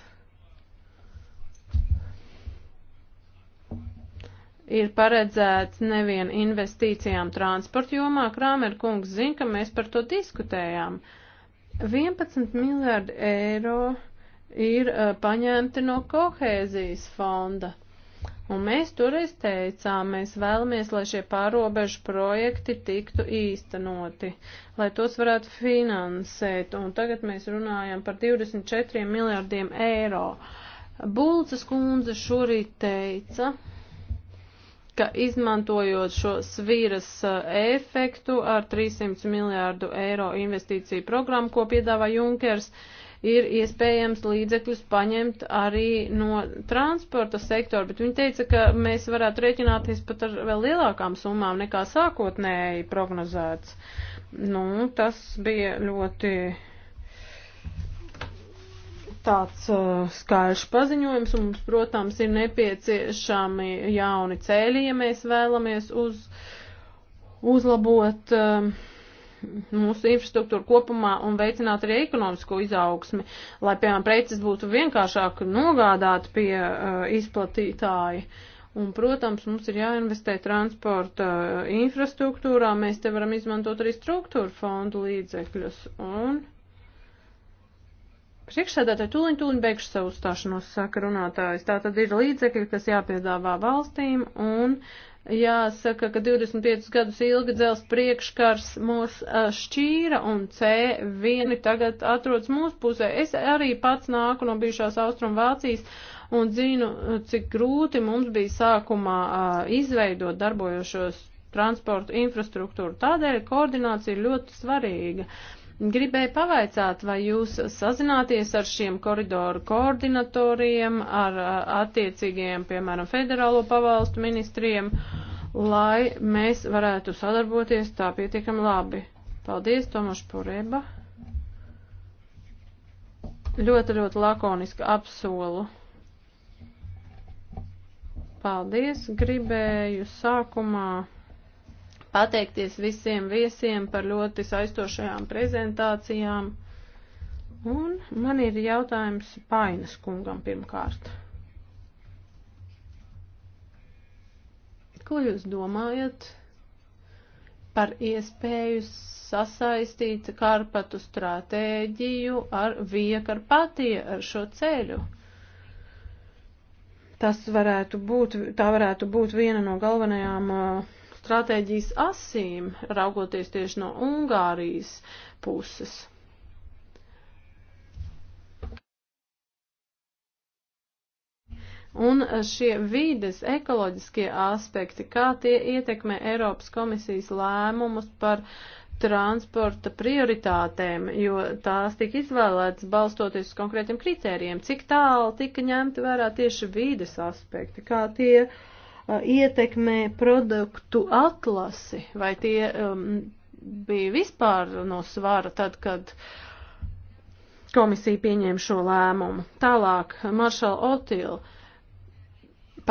ir paredzēts nevien investīcijām transporta jomā. Krāmer kungs zina, ka mēs par to diskutējām. 11 miljārdi eiro ir uh, paņemti no kohēzijas fonda. Un mēs toreiz teicām, mēs vēlamies, lai šie pārobežu projekti tiktu īstenoti, lai tos varētu finansēt. Un tagad mēs runājam par 24 miljārdiem eiro. Bulces kundze šorīt teica, ka izmantojot šo svīras eh, efektu ar 300 miljārdu eiro investīciju programmu, ko piedāvā Junkers, uh, ir iespējams līdzekļus paņemt arī no transporta sektora, bet viņi teica, ka mēs varētu rēķināties pat ar vēl lielākām summām nekā sākotnēji prognozēts. Nu, tas bija ļoti tāds uh, skaļš paziņojums, un mums, protams, ir nepieciešami jauni ceļi, ja mēs vēlamies uz, uzlabot uh, mūsu infrastruktūru kopumā un veicināt arī ekonomisko izaugsmi, lai, piemēram, preces būtu vienkāršāk nogādāt pie uh, izplatītāji. Un, protams, mums ir jāinvestē transporta uh, infrastruktūrā, mēs te varam izmantot arī struktūra fondu līdzekļus. Un priekšsēdētāji tūliņ, tūliņ beigšu savu stāšanos, saka runātājs. Tā tad ir līdzekļi, kas jāpiedāvā valstīm un uh, Jāsaka, ka 25 gadus ilga dzels priekškars mūs šķīra un C1 tagad atrodas mūsu pusē. Es arī pats nāku no bijušās Austrum Vācijas un zinu, cik grūti mums bija sākumā izveidot darbojošos transportu infrastruktūru. Tādēļ koordinācija ir ļoti svarīga. Uh, Gribēju pavaicāt, vai jūs sazināties ar šiem koridoru koordinatoriem, ar attiecīgajiem, piemēram, federālo pavalstu ministriem, lai mēs varētu sadarboties tā pietiekami labi. Paldies, Tomaš Poreba. Ļoti, ļoti lakoniski apsolu. Paldies, gribēju sākumā pateikties visiem viesiem par ļoti saistošajām prezentācijām. Un man ir jautājums Painas kungam pirmkārt. Ko jūs domājat par iespēju sasaistīt Karpatu stratēģiju ar Viekarpatie, ar šo ceļu? Tas varētu būt, tā varētu būt viena no galvenajām uh, stratēģijas asīm, raugoties tieši no Ungārijas puses. Un šie vides ekoloģiskie aspekti, kā tie ietekmē Eiropas komisijas lēmumus par transporta prioritātēm, jo tās tika izvēlētas balstoties uz konkrētiem kritērijiem, cik tālu tika ņemti vērā tieši vides aspekti, kā tie uh, Uh, ietekmē produktu atlasi, vai tie um, bija vispār no svara tad, kad komisija pieņēma šo lēmumu. Tālāk, Maršala Otila.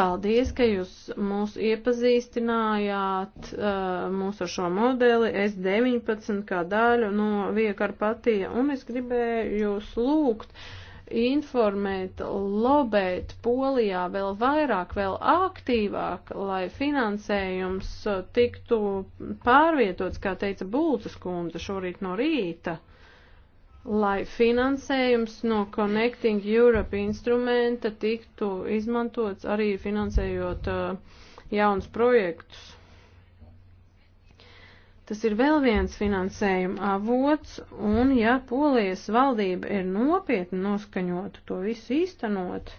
Paldies, ka jūs mūs iepazīstinājāt, uh, mūsu ar šo modeli S19 kā daļu no viekarpatija, un es gribēju jūs lūgt, uh, informēt, lobēt Polijā vēl vairāk, vēl aktīvāk, lai finansējums uh, tiktu pārvietots, kā teica Bultas kundze šorīt no rīta, lai finansējums no Connecting Europe instrumenta tiktu izmantots arī finansējot uh, jaunus projektus. Tas ir vēl viens finansējuma avots, un ja polijas valdība ir nopietni noskaņota to visu īstenot,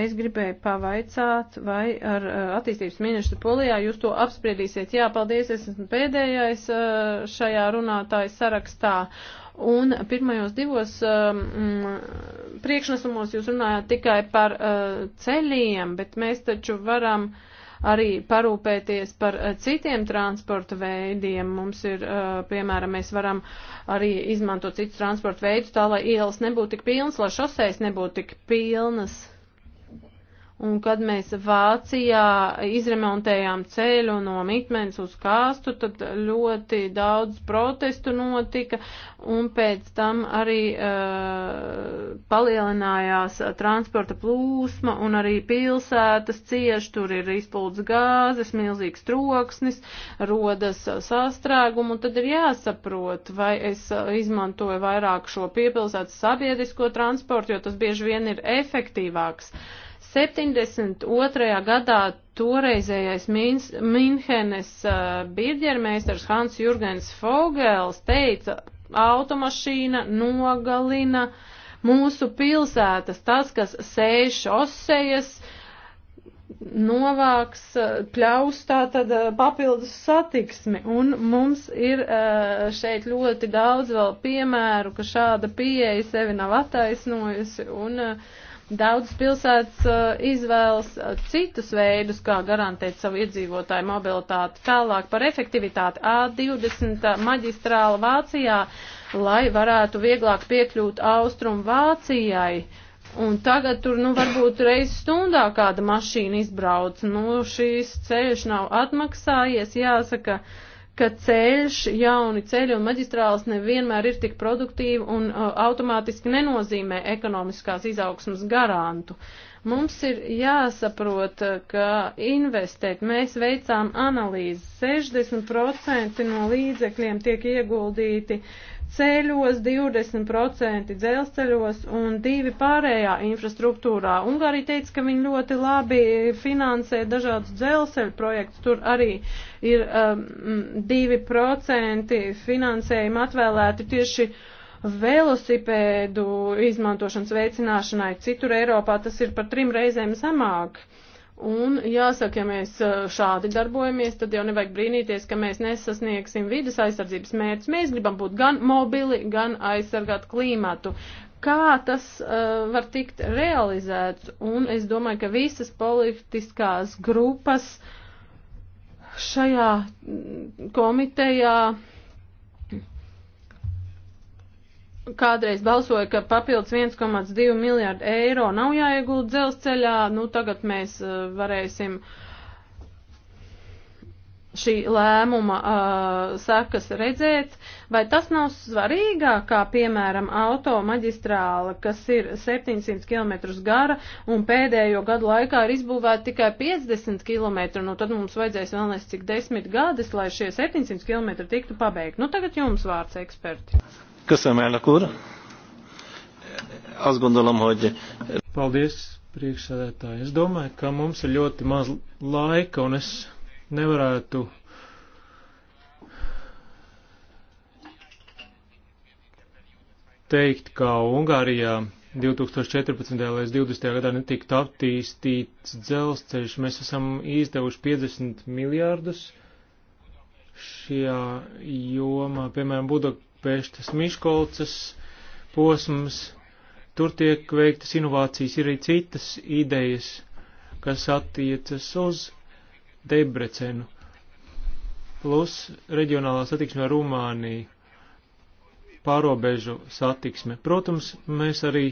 Es gribēju pavaicāt, vai ar eh, attīstības ministru polijā jūs to apspriedīsiet. Jā, paldies, es esmu pēdējais eh, šajā runātāju sarakstā. Un pirmajos divos eh, mm, priekšnesumos jūs runājāt tikai par uh, ceļiem, bet mēs taču varam uh, arī parūpēties par eh, citiem transporta veidiem. Mums ir, eh, piemēram, mēs varam arī izmantot citu transporta veidu tā, lai ielas nebūtu tik pilnas, lai šoseis nebūtu tik pilnas. Un kad mēs Vācijā izremontējām ceļu no mitmens uz kāstu, tad ļoti daudz protestu notika, un pēc tam arī uh, palielinājās transporta plūsma, un arī pilsētas cieši, tur ir izplūdes gāzes, milzīgs troksnis, rodas sastrēgumu, un tad ir jāsaprot, vai es izmantoju vairāk šo piepilsētas sabiedrisko transportu, jo tas bieži vien ir efektīvāks. Uh, 72. gadā toreizējais Minhenes uh, birģermeistars Hans Jurgens Fogels teica, automašīna nogalina mūsu pilsētas, tas, kas sēž osejas, novāks, uh, pļaus tā tad uh, papildus satiksmi. Un mums ir šeit ļoti daudz vēl piemēru, ka šāda pieeja sevi nav attaisnojusi. Un, uh, Daudz pilsētas uh, izvēlas uh, citus veidus, kā garantēt savu iedzīvotāju mobilitāti. Tālāk par efektivitāti A20 uh, maģistrāla Vācijā, lai varētu vieglāk piekļūt Austrum Vācijai. Un tagad tur, nu, varbūt reiz stundā kāda mašīna izbrauc. Nu, šīs ceļš nav atmaksājies, jāsaka. Uh, ka ceļš, jauni ceļi un maģistrāls nevienmēr ir tik produktīvi un uh, automātiski nenozīmē ekonomiskās izaugsmas garantu. Mums ir jāsaprot, uh, ka investēt mēs veicām analīzi. 60% no līdzekļiem tiek ieguldīti ceļos, 20% dzelzceļos un 2% pārējā infrastruktūrā. Ungārija teica, ka viņi ļoti labi finansē dažādus dzelzceļu projektus. Tur arī ir um, 2% finansējuma atvēlēti tieši velosipēdu izmantošanas veicināšanai. Citur Eiropā tas ir par trim reizēm samāk. Un jāsaka, ja mēs uh, šādi darbojamies, tad jau nevajag brīnīties, ka mēs nesasniegsim vidas aizsardzības mērķus. Mēs gribam būt gan mobili, gan aizsargāt klīmatu. Kā tas uh, var tikt realizēts? Un es domāju, ka visas politiskās grupas šajā mm, komitejā uh, kādreiz balsoja, ka papildus 1,2 miljārdu eiro nav jāiegūt dzelzceļā, nu tagad mēs uh, varēsim šī lēmuma uh, sekas redzēt, vai tas nav svarīgāk, kā piemēram auto maģistrāla, kas ir 700 km gara un pēdējo gadu laikā ir izbūvēta tikai 50 km, nu tad mums vajadzēs vēl nes cik desmit gadus, lai šie 700 km tiktu pabeigti. Nu tagad jums vārds eksperti. Köszönöm, elnök úr. Azt gondolom, hogy... Paldies, priekšsēdētāji. Es domāju, ka mums ir ļoti maz laika, un es nevarētu teikt, ka Ungārijā 2014. līdz 2020. gadā netiktu attīstīts dzelzceļš. Mēs esam izdevuši 50 miljārdus šajā jomā, piemēram, Budapestā. Pēštas Miškolcas posms, tur tiek veiktas inovācijas, ir arī citas idejas, kas attiecas uz Debrecenu, plus reģionālā satiksme ar Rumāniju, pārobežu satiksme. Protams, mēs arī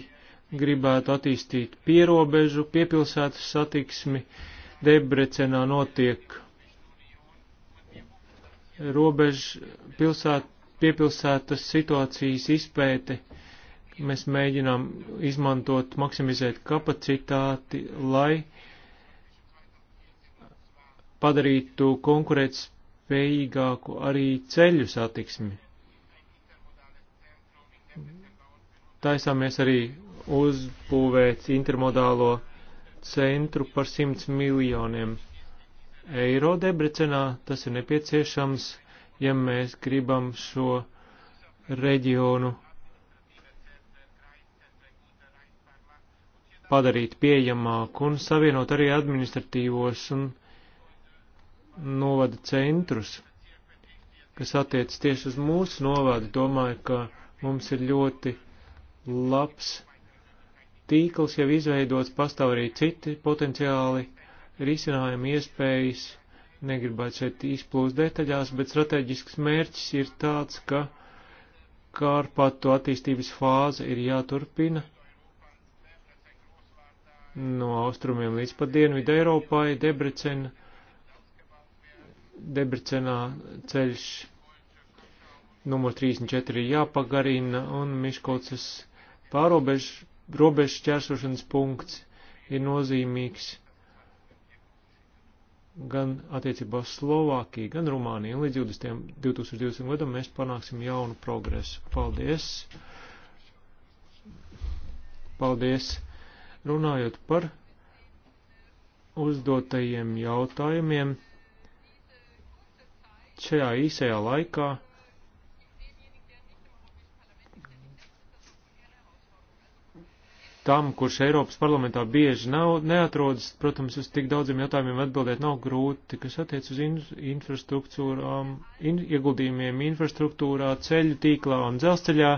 gribētu attīstīt pierobežu, piepilsētas satiksmi, Debrecenā notiek robežu pilsētu piepilsētas situācijas izpēte. Mēs mēģinām izmantot, maksimizēt kapacitāti, lai padarītu konkurētspējīgāku arī ceļu satiksmi. Taisāmies arī uzbūvēt intermodālo centru par 100 miljoniem eiro Debrecenā. Tas ir nepieciešams ja mēs gribam šo reģionu padarīt pieejamāku un savienot arī administratīvos un novada centrus, kas attiec tieši uz mūsu novadu. Domāju, ka mums ir ļoti labs tīkls jau izveidots, pastāv arī citi potenciāli risinājumi iespējas negribētu šeit izplūst detaļās, bet strateģisks mērķis ir tāds, ka Kārpātu attīstības fāze ir jāturpina no austrumiem līdz pat dienvidu Eiropai, Debrecena, Debrecenā ceļš numur 34 jāpagarina un Miškolces pārobežu robežu šķērsošanas punkts ir nozīmīgs gan attiecībā uz Slovākiju, gan Rumāniju. Līdz 20, 2020 gadam mēs panāksim jaunu progresu. Paldies! Paldies! Runājot par uzdotajiem jautājumiem, šajā īsajā laikā tam, kurš Eiropas parlamentā bieži nav, neatrodas, protams, uz tik daudziem jautājumiem atbildēt nav grūti, kas attiec uz in, infrastruktūrām, um, in, ieguldījumiem infrastruktūrā, ceļu tīklā un dzelzceļā.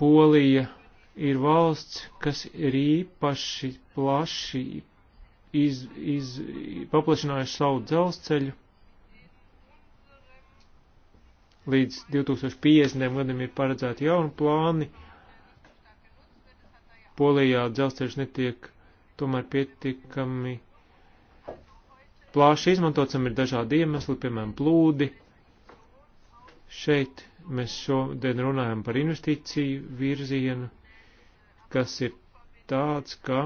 Polija ir valsts, kas ir īpaši plaši iz, iz, paplašinājuši savu dzelzceļu. Līdz 2050. gadam ir paredzēti jauni plāni. Polijā dzelzceļš netiek tomēr pietiekami plāši izmantots, ir dažādi iemesli, piemēram, plūdi. Šeit mēs šodien runājam par investīciju virzienu, kas ir tāds, ka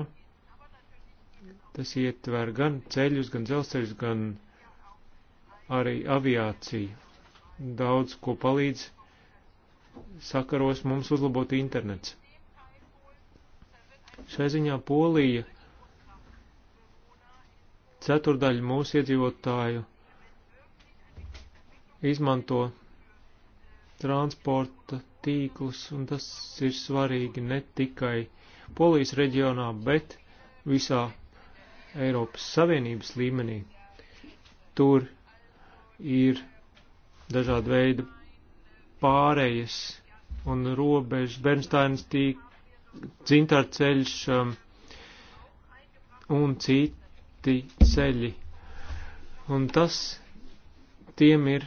tas ietver gan ceļus, gan dzelzceļus, gan arī aviāciju. Daudz ko palīdz sakaros mums uzlabot internets. Šai ziņā Polija ceturdaļu mūsu iedzīvotāju izmanto transporta tīklus, un tas ir svarīgi ne tikai Polijas reģionā, bet visā Eiropas Savienības līmenī. Tur ir dažāda veida pārējas un robežas, Bernsteinas tīk, dzintarceļš um, un citi ceļi. Un tas tiem ir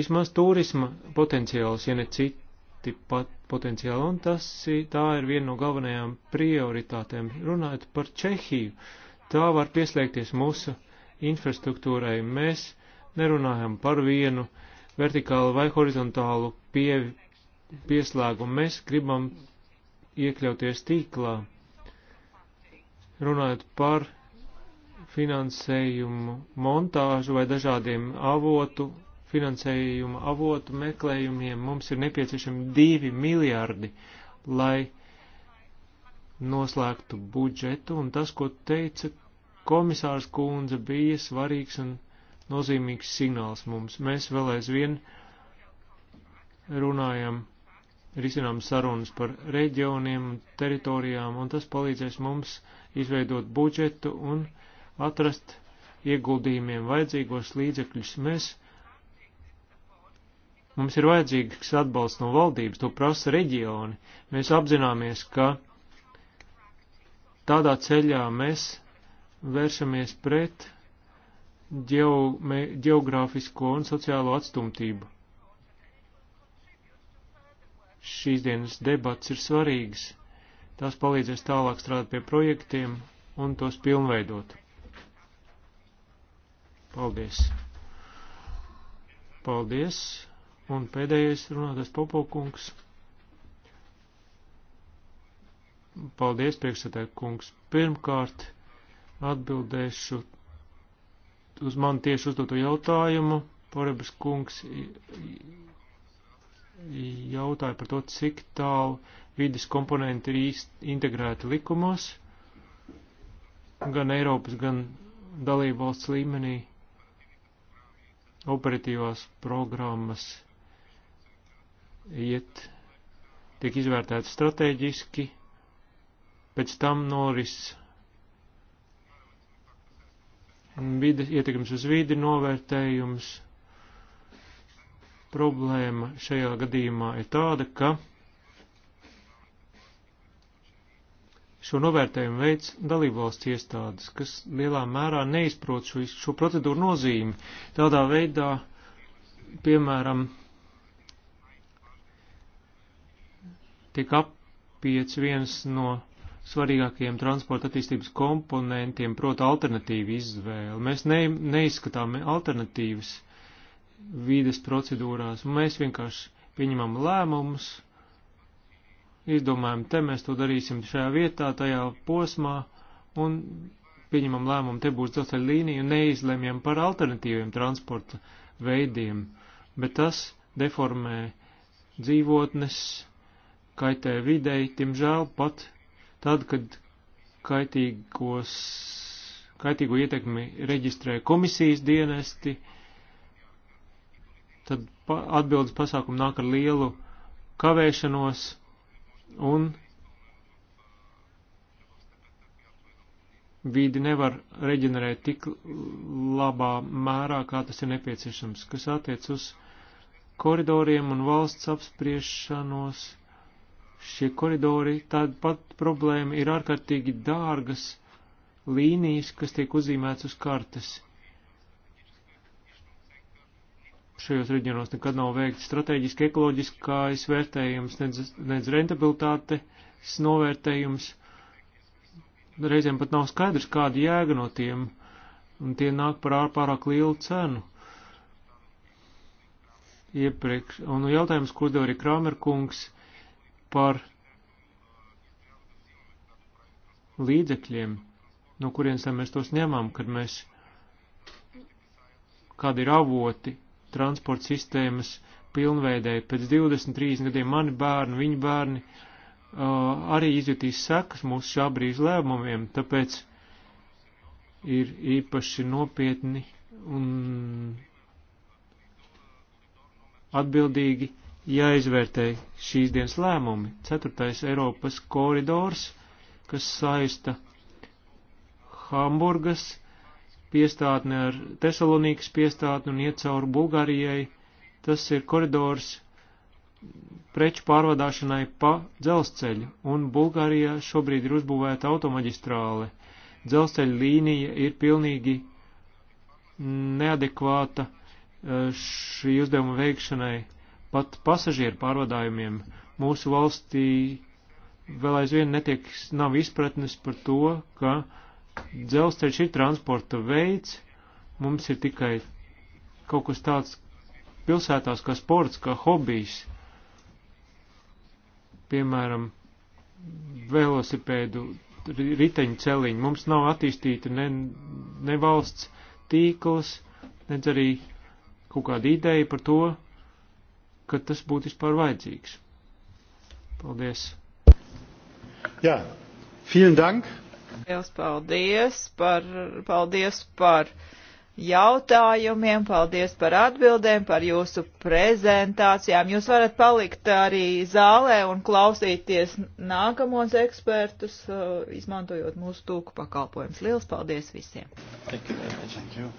vismaz turisma potenciāls, ja ne citi pat potenciāli, un tas tā ir viena no galvenajām prioritātēm. Runājot par Čehiju, tā var pieslēgties mūsu infrastruktūrai. Mēs nerunājam par vienu vertikālu vai horizontālu pie, pieslēgumu. Mēs gribam iekļauties tīklā. Runājot par finansējumu montāžu vai dažādiem avotu, finansējuma avotu meklējumiem, mums ir nepieciešami divi miljardi, lai noslēgtu budžetu, un tas, ko teica komisārs kundze, bija svarīgs un nozīmīgs signāls mums. Mēs vēl aizvien runājam risinām sarunas par reģioniem, teritorijām, un tas palīdzēs mums izveidot budžetu un atrast ieguldījumiem vajadzīgos līdzekļus. Mēs, mums ir vajadzīgs atbalsts no valdības, to prasa reģioni. Mēs apzināmies, ka tādā ceļā mēs vēršamies pret ģeogrāfisko un sociālo atstumtību šīs dienas debats ir svarīgas. Tās palīdzēs tālāk strādāt pie projektiem un tos pilnveidot. Paldies! Paldies! Un pēdējais runātājs Popokungs. Paldies, priekšsēdētāj kungs. Pirmkārt, atbildēšu uz man tieši uzdoto jautājumu. Porebas kungs jautāja par to, cik tālu vidas komponenti ir īsti integrēti likumos, gan Eiropas, gan dalību valsts līmenī, operatīvās programmas iet, tiek izvērtētas strateģiski, pēc tam noris vides ietekmes uz vidi novērtējums Problēma šajā gadījumā ir tāda, ka šo novērtējumu veids dalībvalsts iestādes, kas lielā mērā neizprot šo, šo procedūru nozīmi. Tādā veidā, piemēram, tiek apiec viens no svarīgākajiem transporta attīstības komponentiem, proti alternatīvu izvēli. Mēs ne, neizskatām alternatīvas vīdes procedūrās. Mēs vienkārši pieņemam lēmumus, izdomājam, te mēs to darīsim šajā vietā, tajā posmā, un pieņemam lēmumu, te būs dzelzceļa līnija, un neizlemjam par alternatīviem transporta veidiem, bet tas deformē dzīvotnes, kaitē videi, timžēl pat tad, kad kaitīgos, kaitīgo ietekmi reģistrē komisijas dienesti, uh, tad atbildes pasākumi nāk ar lielu kavēšanos un vīdi nevar reģenerēt tik labā mērā, kā tas ir nepieciešams, kas attiec uz koridoriem un valsts apspriešanos. Šie koridori, tāda pat problēma ir ārkārtīgi dārgas līnijas, kas tiek uzīmēts uz kartes. šajos reģionos nekad nav veikts strateģiski ekoloģiskais vērtējums, nedz, nedz rentabilitātes novērtējums. Reizēm pat nav skaidrs, kāda jēga no tiem, un tie nāk par ārpārāk lielu cenu. Iepriekš, un jautājums, ko uzdeva arī Kramerkungs par līdzekļiem, no kurienes mēs tos ņemam, kad mēs, kādi ir avoti, transporta sistēmas pilnveidēji. Pēc 20-30 gadiem mani bērni, viņu bērni uh, arī izjutīs sekas mūsu šā brīža lēmumiem, tāpēc ir īpaši nopietni un atbildīgi jāizvērtē šīs dienas lēmumi. Ceturtais Eiropas koridors, kas saista Hamburgas, piestātni ar Tesalonīkas piestātni un iet cauri Bulgārijai. Tas ir koridors preču pārvadāšanai pa dzelzceļu, un Bulgārijā šobrīd ir uzbūvēta automaģistrāle. Dzelzceļa līnija ir pilnīgi neadekvāta e, šī uzdevuma veikšanai, pat pasažieru pārvadājumiem. Mūsu valstī vēl aizvien netiek, nav izpratnes par to, ka uh, dzelzceļš ir transporta veids, mums ir tikai kaut kas tāds pilsētās kā sports, kā hobijs. Piemēram, velosipēdu riteņu celiņi. Mums nav attīstīta ne, ne valsts tīkls, nedz arī kaut kāda ideja par to, ka tas būtu vispār vajadzīgs. Paldies! Jā, ja, vielen dank! Liels paldies par, paldies par jautājumiem, paldies par atbildēm, par jūsu prezentācijām. Jūs varat palikt arī zālē un klausīties nākamos ekspertus, uh, izmantojot mūsu tūku pakalpojumus. Liels paldies visiem! Thank you, thank you.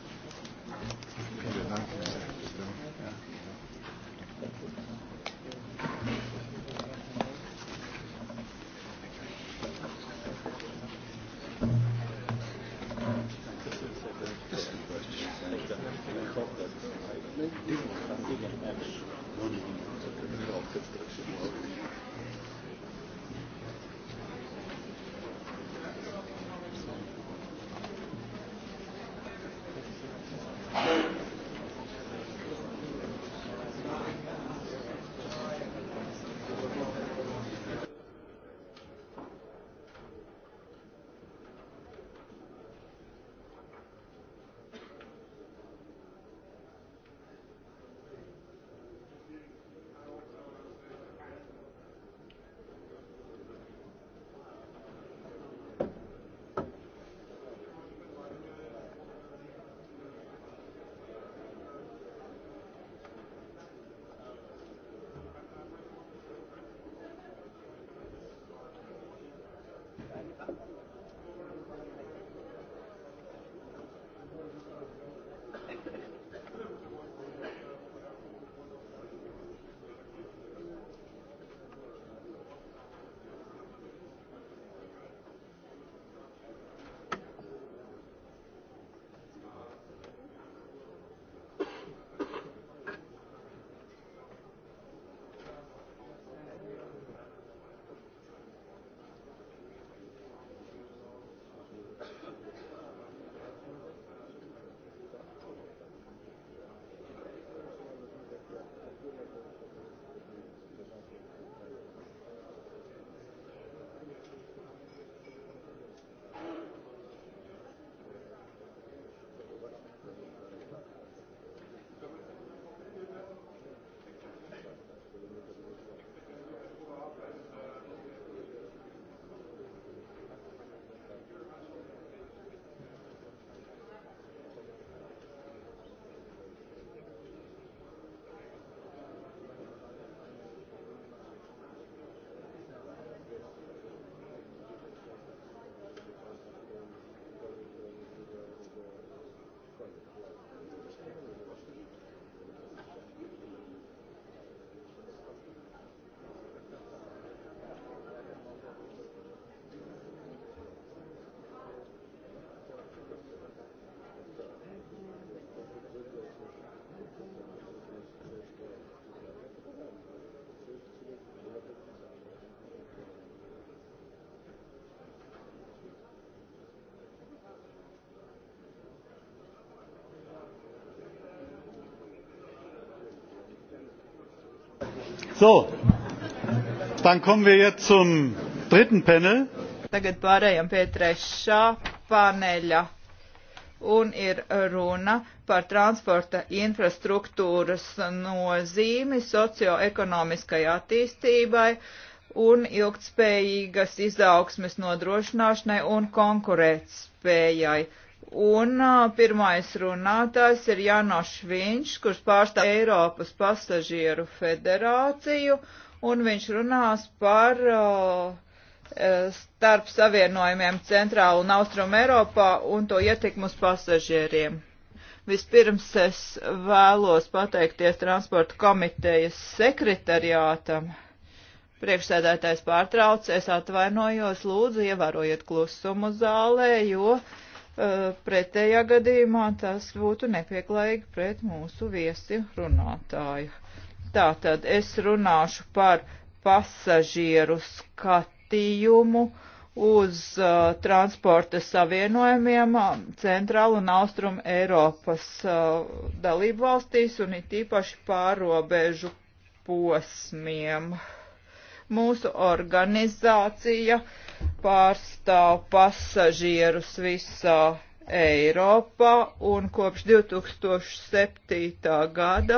So, dann kommen wir jetzt zum dritten Panel. Tagad pārējām pie trešā paneļa un ir runa par transporta infrastruktūras nozīmi socioekonomiskai attīstībai un ilgtspējīgas izaugsmes nodrošināšanai un konkurētspējai. Un pirmais runātājs ir Janoš Viņš, kurš pārstāv Eiropas pasažieru federāciju, un viņš runās par uh, starp savienojumiem Centrālu un Austrum Eiropā un to ietekmu uz pasažieriem. Vispirms es vēlos pateikties transporta komitejas sekretariātam. Priekšsēdētājs pārtrauc, es atvainojos, lūdzu ievērojiet klusumu zālē, jo uh, Eh, pretējā gadījumā tas būtu nepieklājīgi pret mūsu viesi runātāju. Tātad es runāšu par pasažieru skatījumu uz uh, transporta savienojumiem eh, centrāla un austrum Eiropas uh, dalību valstīs un it īpaši pārobežu posmiem. Mūsu organizācija uh, pārstāv pasažierus visā Eiropā un kopš 2007. gada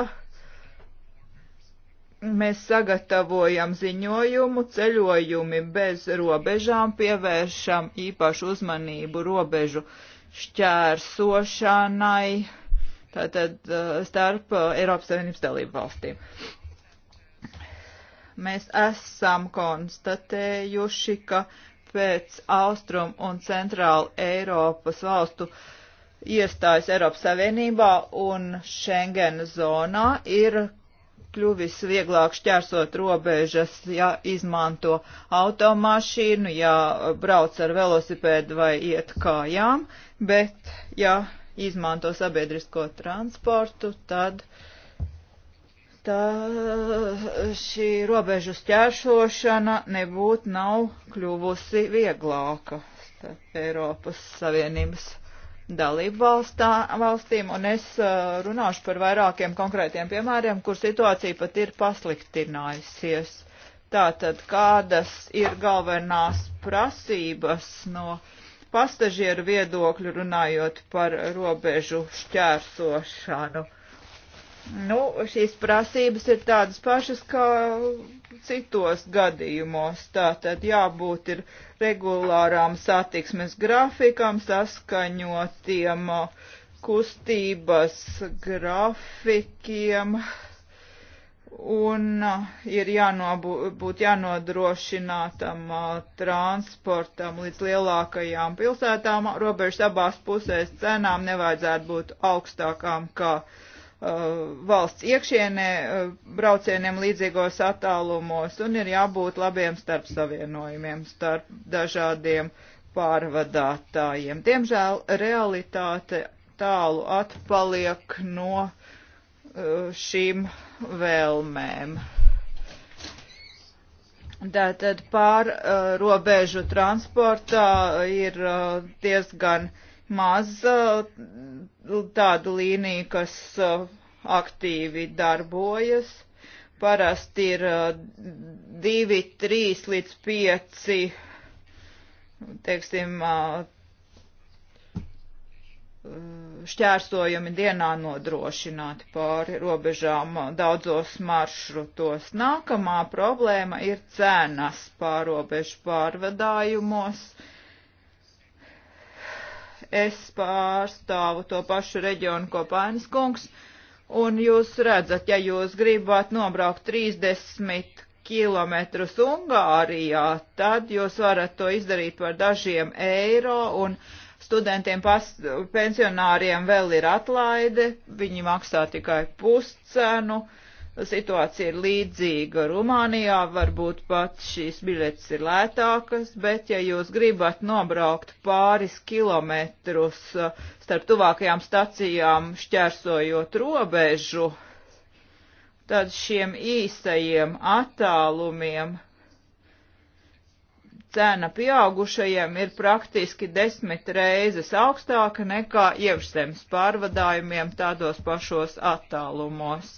mēs sagatavojam ziņojumu, ceļojumi bez robežām, pievēršam īpašu uzmanību robežu šķērsošanai, tātad eh, starp eh, Eiropas Savienības dalību valstīm. Mēs esam konstatējuši, ka pēc Austrum un Centrāla Eiropas valstu iestājas Eiropas Savienībā un Schengena zonā ir kļuvis vieglāk šķērsot robežas, ja izmanto automašīnu, ja brauc ar velosipēdu vai iet kājām, bet ja izmanto sabiedrisko transportu, tad uh, tā šī robežu šķēršošana nebūt nav kļuvusi vieglāka starp Eiropas Savienības dalību valstā, valstīm, un es runāšu par vairākiem konkrētiem piemēriem, kur situācija pat ir pasliktinājusies. Tātad, kādas ir galvenās prasības no pasažieru viedokļu runājot par robežu šķērsošanu? Uh, Nu, šīs prasības ir tādas pašas kā citos gadījumos. Tātad jābūt ir regulārām satiksmes grafikam, saskaņotiem uh, kustības grafikiem un uh, ir jānobūt jānodrošinātam uh, transportam līdz lielākajām pilsētām. Robežas abās pusēs cenām nevajadzētu būt augstākām kā. Ka Uh, valsts iekšienē uh, braucieniem līdzīgos attālumos un ir jābūt labiem starp savienojumiem, starp dažādiem pārvadātājiem. Diemžēl realitāte tālu atpaliek no uh, šīm vēlmēm. Tātad pār robežu transportā ir diezgan uh, maz uh, tādu līniju, kas uh, aktīvi darbojas. Parasti ir uh, divi, trīs līdz pieci, teiksim, šķērsojumi dienā nodrošināti pāri robežām daudzos maršrutos. Nākamā problēma ir cenas pārobežu pārvadājumos. Uh, es pārstāvu to pašu reģionu, ko Painis kungs, un jūs redzat, ja jūs gribat nobraukt 30 kilometrus Ungārijā, tad jūs varat to izdarīt par dažiem eiro, un studentiem pas, pensionāriem vēl ir atlaide, viņi maksā tikai puscenu. Uh, situācija ir līdzīga Rumānijā, varbūt pat šīs biļetes ir lētākas, bet ja jūs gribat nobraukt pāris kilometrus uh, starp tuvākajām stacijām šķērsojot robežu, tad šiem īsajiem attālumiem cena pieaugušajiem ir praktiski desmit reizes augstāka nekā iekšzemes pārvadājumiem tādos pašos attālumos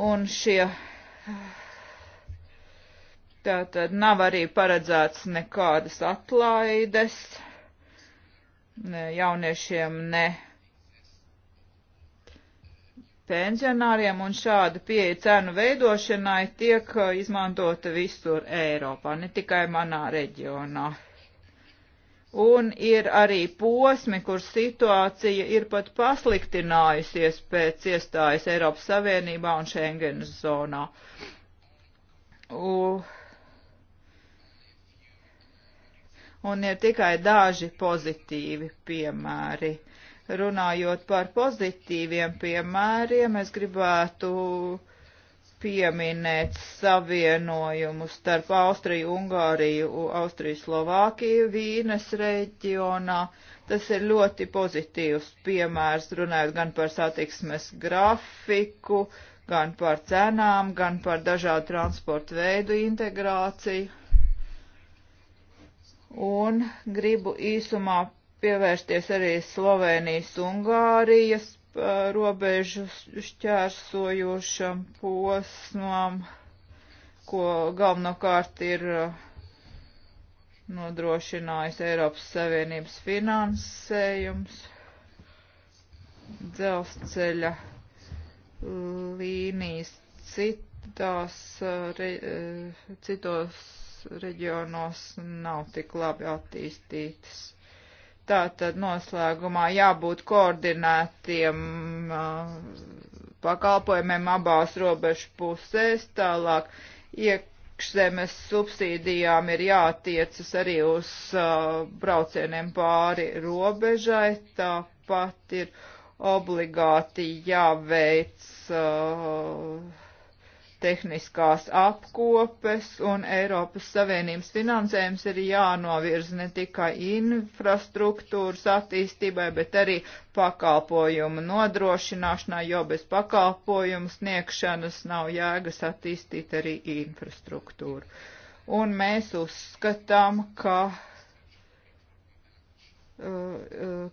Un šie tātad nav arī paredzēts nekādas atlaides ne jauniešiem, ne pensionāriem, un šāda pieeja cenu veidošanai tiek uh, izmantota visur Eiropā, ne tikai manā reģionā. Un ir arī posmi, kur situācija ir pat pasliktinājusies pēc iestājas Eiropas Savienībā un Schengenas zonā. U, un ir tikai daži pozitīvi piemēri. Runājot par pozitīviem piemēriem, es gribētu uh, pieminēt savienojumu starp Austriju, Ungāriju, Austriju, Slovākiju, Vīnes reģionā. Tas ir ļoti pozitīvs piemērs, runājot gan par satiksmes grafiku, gan par cenām, gan par dažādu transportu veidu integrāciju. Un gribu īsumā pievērsties arī Slovenijas, Ungārijas robežu šķērsojošam posmam, ko galvenokārt ir uh, nodrošinājis Eiropas Savienības finansējums, dzelzceļa uh, līnijas citās, uh, re, citos reģionos nav tik labi attīstītas. Tātad noslēgumā jābūt koordinētiem uh, pakalpojumiem abās robežu pusēs, tālāk iekšzemes subsīdijām ir jātiecas arī uz uh, braucieniem pāri robežai, tāpat ir obligāti jāveic uh, tehniskās apkopes un Eiropas Savienības finansējums ir jānovirz ne tikai infrastruktūras attīstībai, bet arī pakalpojumu nodrošināšanai, jo bez pakalpojumu sniegšanas nav jēgas attīstīt arī infrastruktūru. Un mēs uzskatām, ka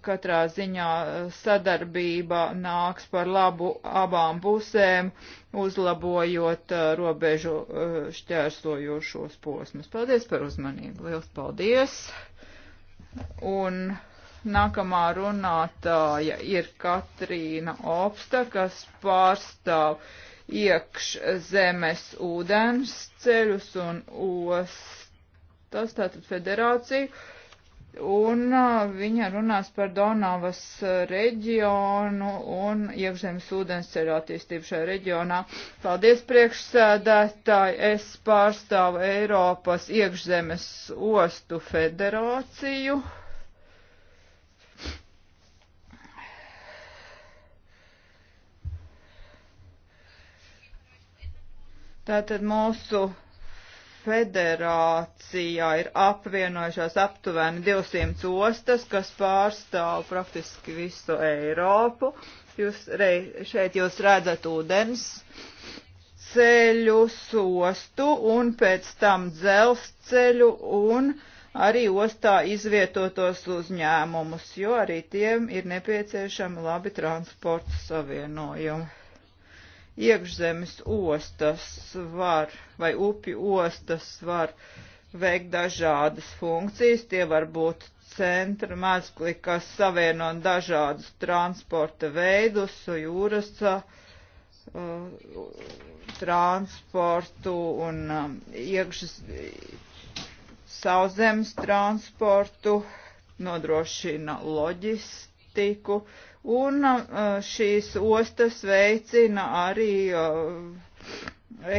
katrā ziņā sadarbība nāks par labu abām pusēm, uzlabojot uh, robežu uh, šķērsojošos posmus. Paldies par uzmanību. Liels paldies. Un nākamā runātāja ir Katrīna Opsta, kas pārstāv iekš zemes ūdens ceļus un ostas, tātad federāciju un viņa runās par Donavas reģionu un iekšzemes ūdensceļu attīstību šajā reģionā. Paldies priekšsēdētāji, es pārstāvu Eiropas iekšzemes ostu federāciju. Tātad mūsu federācijā ir apvienojušās aptuveni 200 ostas, kas pārstāv praktiski visu Eiropu. Jūs rei, šeit jūs redzat ūdens ceļu, sostu un pēc tam dzelzceļu un arī ostā izvietotos uzņēmumus, jo arī tiem ir nepieciešami labi transporta savienojumi iekšzemes ostas var vai upju ostas var veikt dažādas funkcijas, tie var būt centra mezgli, kas savieno dažādus transporta veidus, jūras uh, transportu un um, iekšas sauszemes transportu, nodrošina loģistiku. Uh, Un uh, šīs ostas veicina arī uh,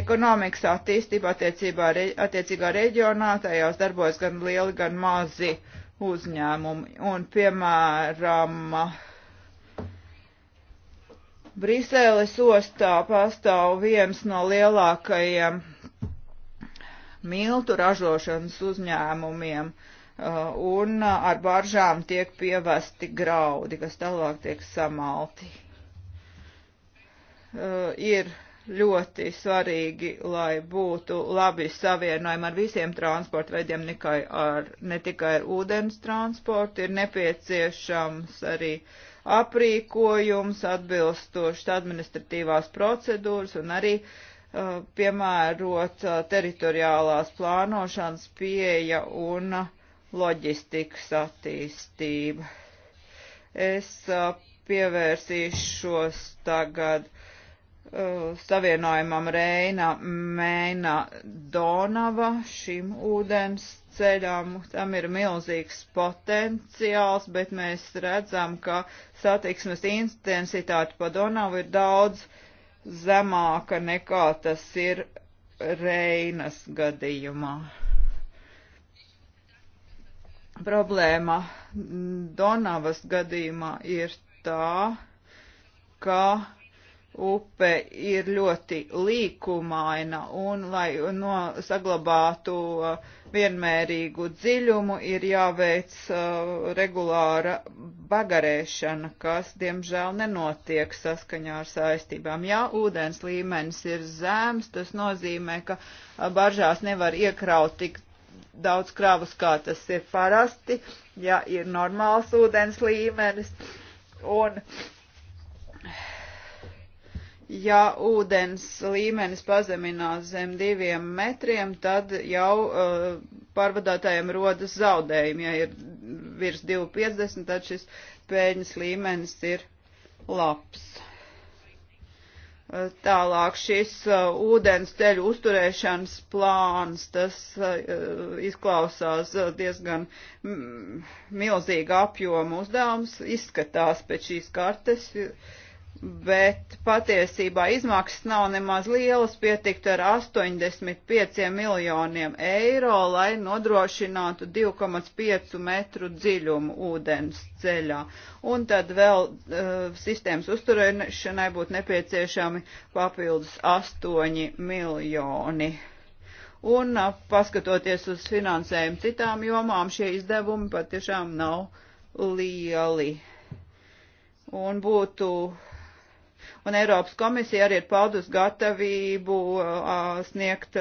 ekonomikas attīstību attiecībā, attiecīgā reģionā, tajās darbojas gan lieli, gan mazi uzņēmumi. Un, piemēram, Briseles ostā pastāv viens no lielākajiem miltu ražošanas uzņēmumiem uh, Uh, un uh, ar baržām tiek pievesti graudi, kas tālāk tiek samalti. Uh, ir ļoti svarīgi, lai būtu labi savienojumi ar visiem transporta veidiem, ar, ne tikai ar ūdens transportu, ir nepieciešams arī aprīkojums, atbilstošas administratīvās procedūras un arī uh, piemērot uh, teritoriālās plānošanas pieeja un uh, loģistikas attīstība. Es pievērsīšos tagad uh, savienojumam Reina Mēna Donava, šim ūdens ceļam. Tam ir milzīgs potenciāls, bet mēs redzam, ka satiksmes intensitāte pa Donavu ir daudz zemāka nekā tas ir Reinas gadījumā. Problēma Donavas gadījumā ir tā, ka upe ir ļoti līkumaina un, lai no, saglabātu uh, vienmērīgu dziļumu, ir jāveic uh, regulāra bagarēšana, kas, diemžēl, nenotiek saskaņā ar saistībām. Ja ūdens līmenis ir zems, tas nozīmē, ka baržās nevar iekraut tik daudz kravas, kā tas ir parasti, ja ir normāls ūdens līmenis. Un ja ūdens līmenis pazeminās zem diviem metriem, tad jau uh, pārvadātājiem rodas zaudējumi. Ja ir virs 2,50, tad šis pēļņas līmenis ir labs. Tālāk šis uh, ūdens ceļu uzturēšanas plāns, tas uh, izklausās uh, diezgan mm, milzīga apjoma uzdevums, izskatās pēc šīs kartes bet patiesībā izmaksas nav nemaz lielas, pietikt ar 85 miljoniem eiro, lai nodrošinātu 2,5 metru dziļumu ūdens ceļā. Un tad vēl uh, sistēmas uzturēšanai būtu nepieciešami papildus 8 miljoni. Un uh, paskatoties uz finansējumu citām jomām, šie izdevumi patiešām nav lieli. Un būtu uh, un Eiropas komisija arī ir paudus gatavību sniegt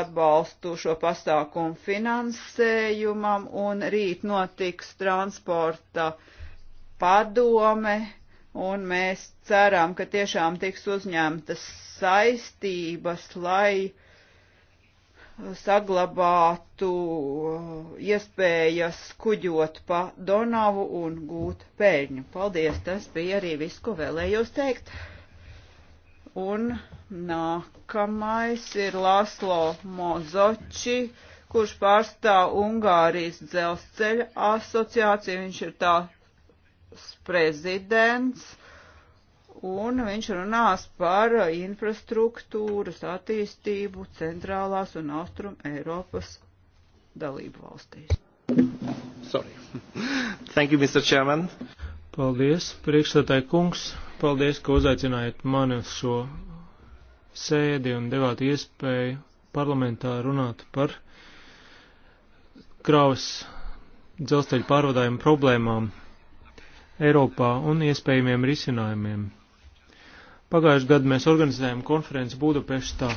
atbalstu šo pasākumu finansējumam, un rīt notiks transporta padome, un mēs ceram, ka tiešām tiks uzņemtas saistības, lai uh, saglabātu uh, iespējas kuģot pa Donavu un gūt pēļņu. Paldies, tas bija arī viss, ko vēlējos teikt. Un nākamais ir Laslo Mozoči, kurš pārstāv Ungārijas dzelzceļa asociāciju. Viņš ir tās prezidents un viņš runās par infrastruktūras attīstību centrālās un austrum Eiropas dalību valstīs. Sorry. Thank you, Mr. Chairman. Paldies, priekšstādāji kungs. Paldies, ka uzaicinājāt mani uz šo sēdi un devāt iespēju parlamentā runāt par kravas dzelzceļa pārvadājumu problēmām Eiropā un iespējamiem risinājumiem. Pagājušajā gadā mēs organizējām konferenci Budapeštā,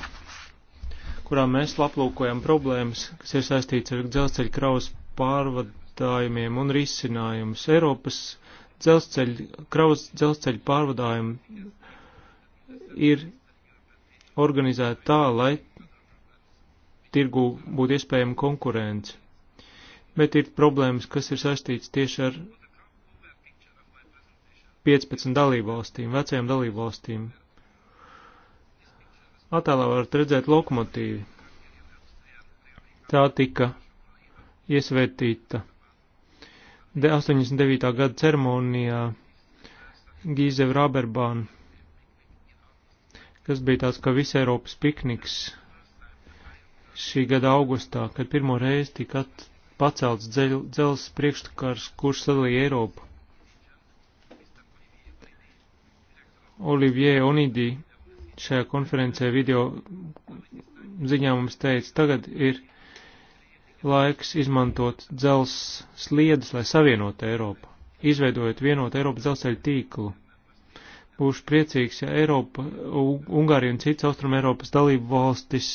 kurā mēs aplūkojam problēmas, kas ir saistīts ar dzelzceļa kraus pārvadājumiem un risinājumus. Eiropas dzelzceļa, kraus dzelzceļa pārvadājumi ir organizēti tā, lai tirgu būtu iespējama konkurence. Bet ir problēmas, kas ir saistīts tieši ar 15 dalībvalstīm, vecajām dalībvalstīm. Attēlā varat redzēt lokomotīvi. Tā tika iesvērtīta 89. gada ceremonijā Gīzev Raberbāna, kas bija tāds kā visa Eiropas pikniks šī gada augustā, kad pirmo reizi tika pacelts dzelzs priekštakars, kurš sadalīja Eiropu. Olivier Onidī šajā konferencē video ziņā mums teica, tagad ir laiks izmantot dzels sliedas, lai savienotu Eiropu, izveidojot vienotu Eiropas dzelzceļu tīklu. Būšu priecīgs, ja Eiropa, Ungārija un citas Austrum Eiropas dalību valstis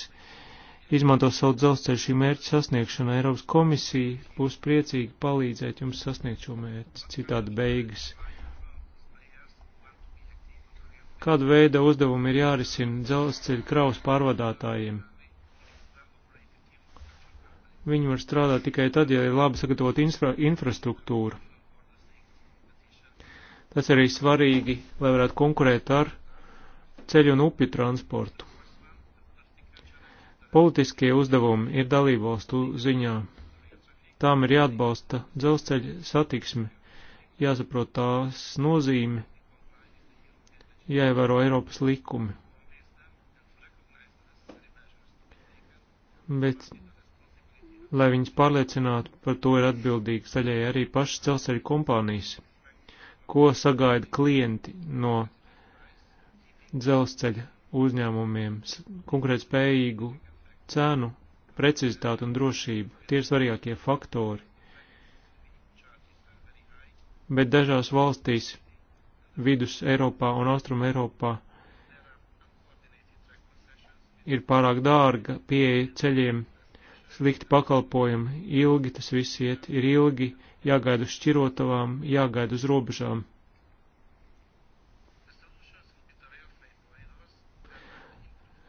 izmanto savu dzelzceļu šī mērķa sasniegšanu. Eiropas komisija būs priecīgi palīdzēt jums sasniegt šo mērķi, citādi beigas kāda veida uzdevumi ir jārisina dzelzceļa kraus pārvadātājiem. Viņi var strādāt tikai tad, ja ir labi sagatavot infra infrastruktūru. Tas arī svarīgi, lai varētu konkurēt ar ceļu un upju transportu. Politiskie uzdevumi ir dalībvalstu ziņā. Tām ir jāatbalsta dzelzceļa satiksme, jāsaprot tās nozīme jāievēro Eiropas likumi. Bet, lai viņas pārliecinātu, par to ir atbildīgi saļai arī pašas celseļu kompānijas. Ko sagaida klienti no dzelzceļa uzņēmumiem konkrēt spējīgu cenu, precizitāti un drošību. Tie ir svarīgākie faktori. Bet dažās valstīs vidus Eiropā un austrum Eiropā ir pārāk dārga pieeja ceļiem, slikti pakalpojumi, ilgi tas viss iet, ir ilgi jāgaida uz šķirotavām, jāgaida uz robežām.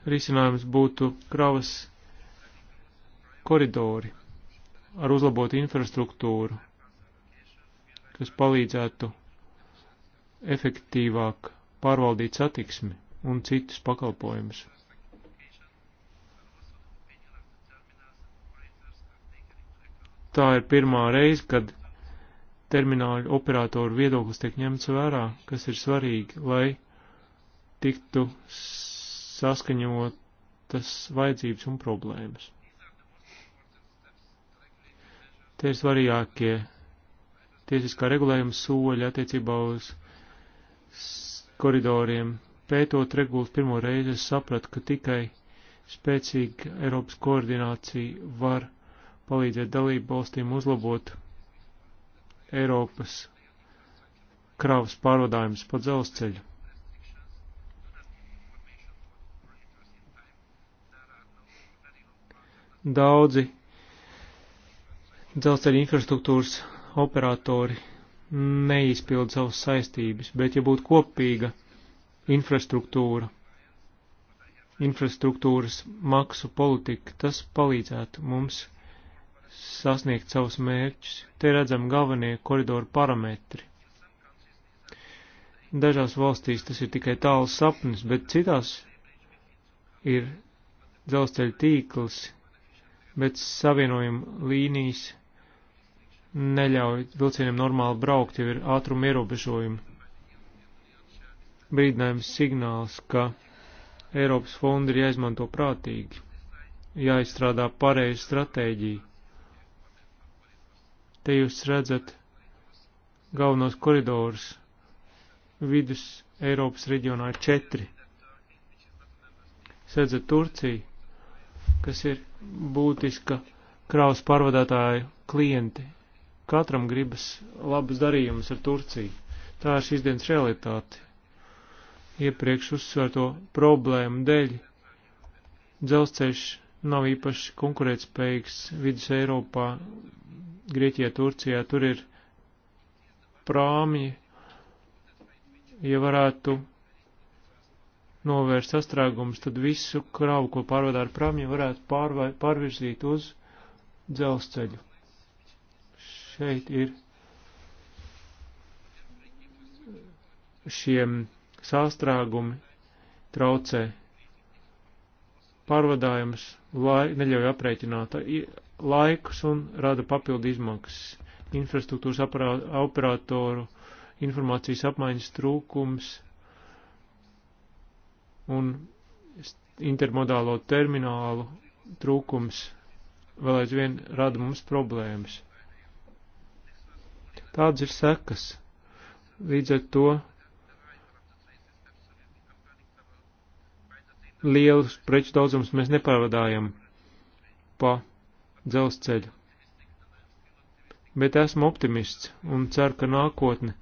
Risinājums būtu kravas koridori ar uzlabotu infrastruktūru, kas palīdzētu efektīvāk pārvaldīt satiksmi un citus pakalpojumus. Tā ir pirmā reize, kad termināļu operatoru viedoklis tiek ņemts vērā, kas ir svarīgi, lai tiktu saskaņotas vajadzības un problēmas. Tie ir svarīgākie tiesiskā regulējuma soļi attiecībā uz koridoriem. Pētot regulas pirmo reizi, es sapratu, ka tikai spēcīga Eiropas koordinācija var palīdzēt dalību valstīm uzlabot Eiropas kravas pārvadājumus pa dzelzceļu. Daudzi dzelzceļa infrastruktūras operatori neizpild savas saistības, bet ja būtu kopīga infrastruktūra, infrastruktūras maksu politika, tas palīdzētu mums sasniegt savus mērķus. Te redzam galvenie koridoru parametri. Dažās valstīs tas ir tikai tāls sapnis, bet citās ir dzelzceļa tīkls, bet savienojuma līnijas neļauj vilcieniem normāli braukt, jau ir ātruma ierobežojumi. Brīdinājums signāls, ka Eiropas fondi ir jāizmanto prātīgi, jāizstrādā pareizi stratēģija. Te jūs redzat galvenos koridorus. Vidus Eiropas reģionā ir četri. Sēdzat Turciju, kas ir būtiska kraus pārvadātāju klienti Katram gribas labas darījumus ar Turciju. Tā ir šīs dienas realitāte. Iepriekš uzsvērto problēmu dēļ dzelzceļš nav īpaši konkurētspējīgs vidus Eiropā, Grieķijā, Turcijā. Tur ir prāmji, ja varētu novērst sastrēgumus, tad visu kravu, ko pārvadā ar prāmju, varētu pārvai, pārvirzīt uz dzelzceļu šeit ir šiem sāstrāgumi traucē pārvadājums, lai neļauj aprēķināt laikus un rada papildu izmaksas. Infrastruktūras operatoru informācijas apmaiņas trūkums un intermodālo terminālu trūkums vēl aizvien rada mums problēmas. Tāds ir sekas. Līdz ar to lielus preču daudzums mēs nepārvadājam pa dzelzceļu. Bet esmu optimists un ceru, ka nākotne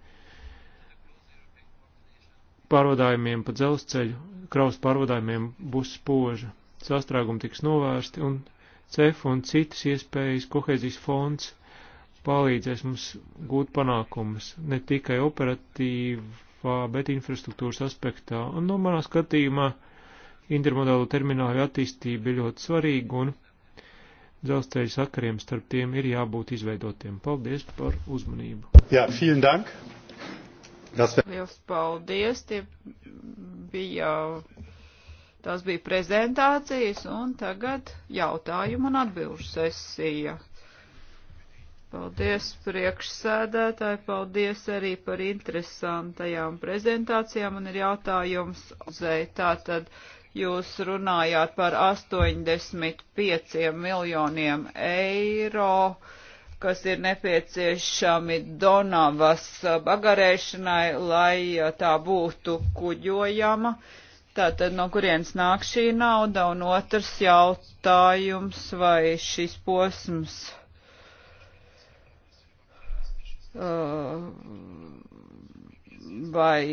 pārvadājumiem pa dzelzceļu, kraus pārvadājumiem būs spoža, sastrēgumi tiks novērsti un CEF un citas iespējas kohēzijas fonds palīdzēs mums gūt panākumus ne tikai operatīvā, bet infrastruktūras aspektā. Un no nu, manā skatījumā intermodālo terminālu attīstība ir ļoti svarīga un dzelzceļa sakariem starp tiem ir jābūt izveidotiem. Paldies par uzmanību. Jā, vielen dank. Tas... Liels paldies. Tie bija, tās bija prezentācijas un tagad jautājumu un atbilžu sesija. Paldies priekšsēdētāji, paldies arī par interesantajām prezentācijām. Man ir jautājums, Zei, tātad jūs runājāt par 85 miljoniem eiro, kas ir nepieciešami Donavas bagarēšanai, lai tā būtu kuģojama. Tātad no kurienes nāk šī nauda? Un otrs jautājums, vai šis posms Uh, vai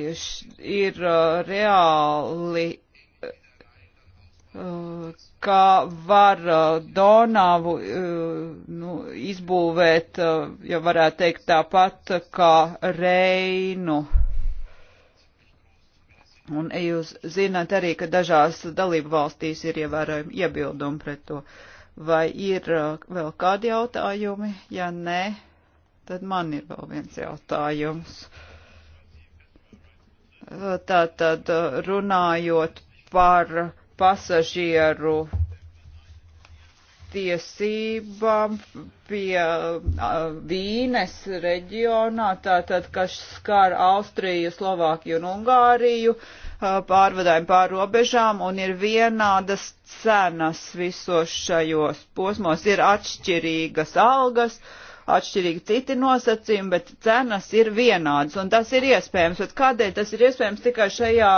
ir uh, reāli, uh, ka var Donavu nu, izbūvēt, ja varētu teikt tāpat, kā Reinu. Un jūs zināt arī, ka dažās dalību valstīs ir ievērojami iebildumi pret to. Vai ir vēl kādi jautājumi? Ja nē, Tad man ir vēl viens jautājums. Tātad runājot par pasažieru tiesībām pie Vīnes reģionā, tātad, kas skar Austriju, Slovākiju un Ungāriju, pārvadājumi pār robežām un ir vienādas cenas visos šajos posmos, ir atšķirīgas algas, uh, atšķirīgi citi nosacījumi, bet cenas ir vienādas, un tas ir iespējams. Bet kādēļ tas ir iespējams tikai šajā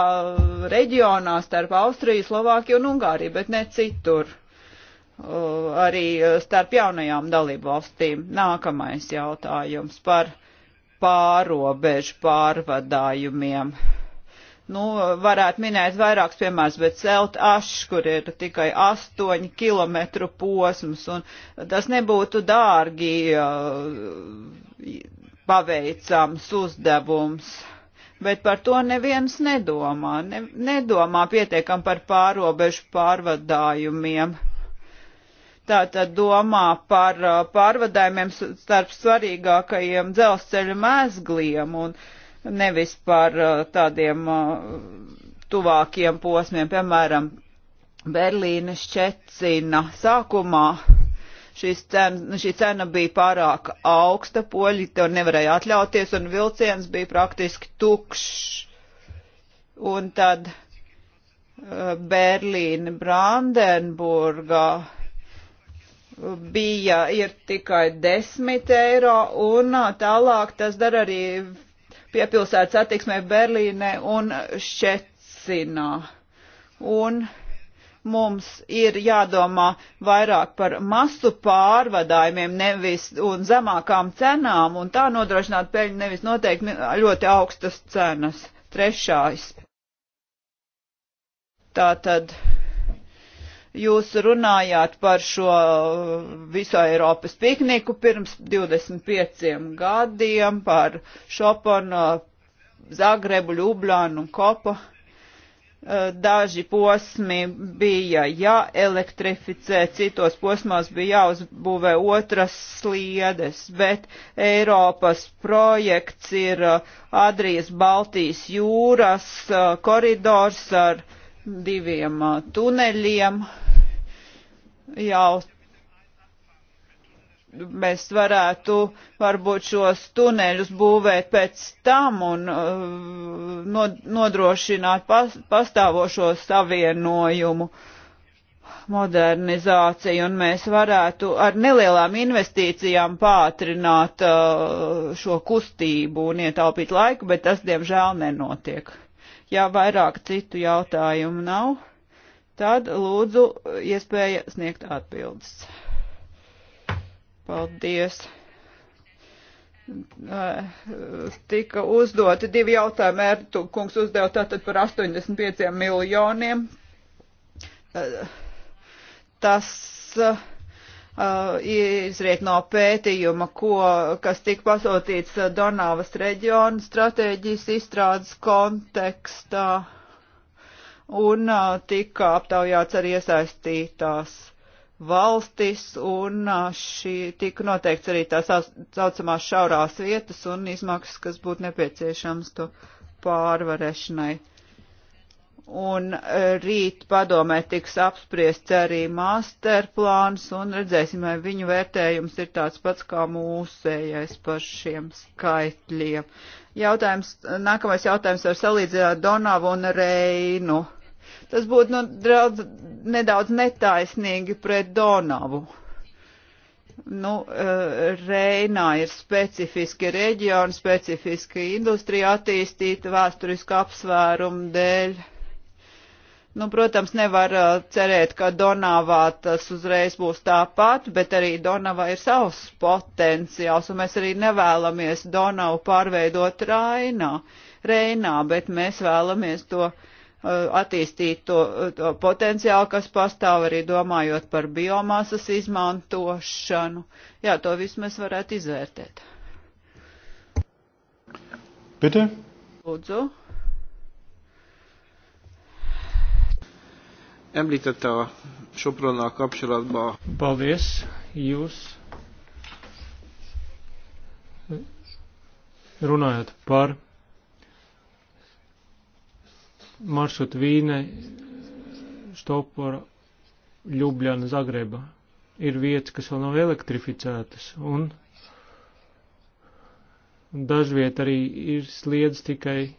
reģionā starp Austriju, Slovākiju un Ungāriju, bet ne citur? Uh, arī uh, starp jaunajām dalību valstīm. Nākamais jautājums par pārobežu pārvadājumiem. Uh, Nu, varētu minēt vairākus piemērus, bet celt ašs, kur ir tikai 8 km posms, un tas nebūtu dārgi uh, paveicams uzdevums bet par to neviens nedomā, ne, nedomā pietiekam par pārobežu pārvadājumiem. Tātad domā par uh, pārvadājumiem starp svarīgākajiem dzelzceļa mēzgliem, un nevis par uh, tādiem uh, tuvākiem posmiem, piemēram, Berlīna šķecina sākumā. Cena, šī cena bija pārāk augsta, poļi to nevarēja atļauties, un vilciens bija praktiski tukšs. Un tad uh, Berlīna Brandenburgā bija ir tikai 10 eiro, un tālāk tas dara arī piepilsētas attiksmē Berlīne un Šķecinā. Un mums ir jādomā vairāk par masu pārvadājumiem nevis un zemākām cenām un tā nodrošināt peļņu nevis noteikti ļoti augstas cenas. Trešais. Tātad Jūs runājāt par šo viso Eiropas pikniku pirms 25 gadiem, par Šopanu, Zagrebu, Ljubljānu un Kopu. Eh, daži posmi bija jāelektrificē, citos posmos bija jāuzbūvē otras sliedes, bet Eiropas projekts ir eh, Adrijas Baltijas jūras eh, koridors ar diviem tuneļiem jau mēs varētu varbūt šos tuneļus būvēt pēc tam un uh, nodrošināt pas, pastāvošo savienojumu modernizāciju, un mēs varētu ar nelielām investīcijām pātrināt uh, šo kustību un ietaupīt laiku, bet tas, diemžēl, nenotiek. Jā, vairāk citu jautājumu nav tad lūdzu iespēja sniegt atbildes. Paldies. Tika uzdoti divi jautājumi, Ertu kungs uzdeva tātad par 85 miljoniem. Tas uh, izriet no pētījuma, ko, kas tika pasūtīts Donavas reģiona stratēģijas izstrādes kontekstā un tika aptaujāts arī iesaistītās valstis, un šī tika noteikts arī tās saucamās šaurās vietas un izmaksas, kas būtu nepieciešams to pārvarēšanai un rīt padomē tiks apspriests arī masterplāns, un redzēsim, vai viņu vērtējums ir tāds pats kā mūsējais par šiem skaitļiem. Jautājums, nākamais jautājums var salīdzināt Donavu un Reinu. Tas būtu nu, draudz, nedaudz netaisnīgi pret Donavu. Nu, eh, Reinā ir specifiski reģioni, specifiski industrija attīstīta vēsturiska apsvērumu dēļ. Nu, protams, nevar eh, cerēt, ka Donavā tas uzreiz būs tāpat, bet arī Donavā ir savs potenciāls, un mēs arī nevēlamies Donavu pārveidot Rainā, Reinā, bet mēs vēlamies to Eh, attīstīt to, eh, to potenciālu, kas pastāv arī domājot par biomasas izmantošanu. Jā, to visu mēs varētu izvērtēt. Bitte? Lūdzu. Említette a Sopronnal kapcsolatban. Paldies, jūs runājat par maršrut Vīne, Štopora, Ljubljana, Zagreba. Ir vietas, kas vēl nav elektrificētas, un dažviet arī ir sliedz tikai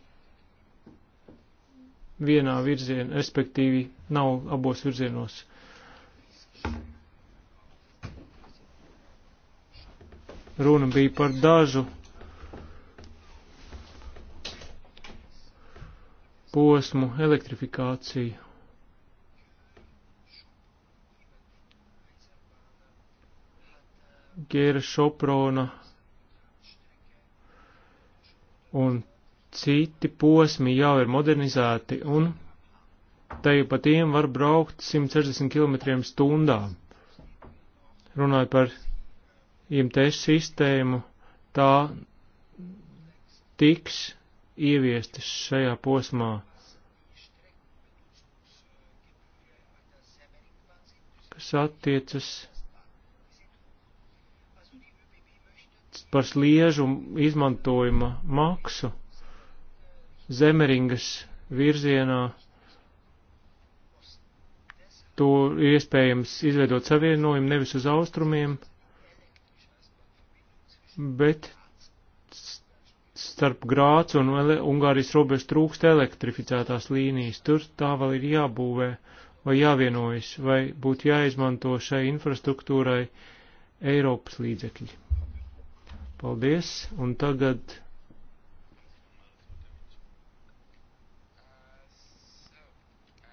vienā virzienā, respektīvi nav abos virzienos. Runa bija par dažu posmu elektrifikāciju. Gēra Šoprona un citi posmi jau ir modernizēti un tajā pa tiem var braukt 160 km stundā. Runāju par IMTS sistēmu, tā tiks ieviestas šajā posmā. kas attiecas par sliežu izmantojuma maksu zemeringas virzienā. To ir iespējams izveidot savienojumu nevis uz austrumiem, bet starp Grācu un Ungārijas robežu trūkst elektrificētās līnijas. Tur tā vēl ir jābūvē. Uh, vai jāvienojas, vai būtu jāizmanto šai infrastruktūrai Eiropas līdzekļi. Paldies, un tagad.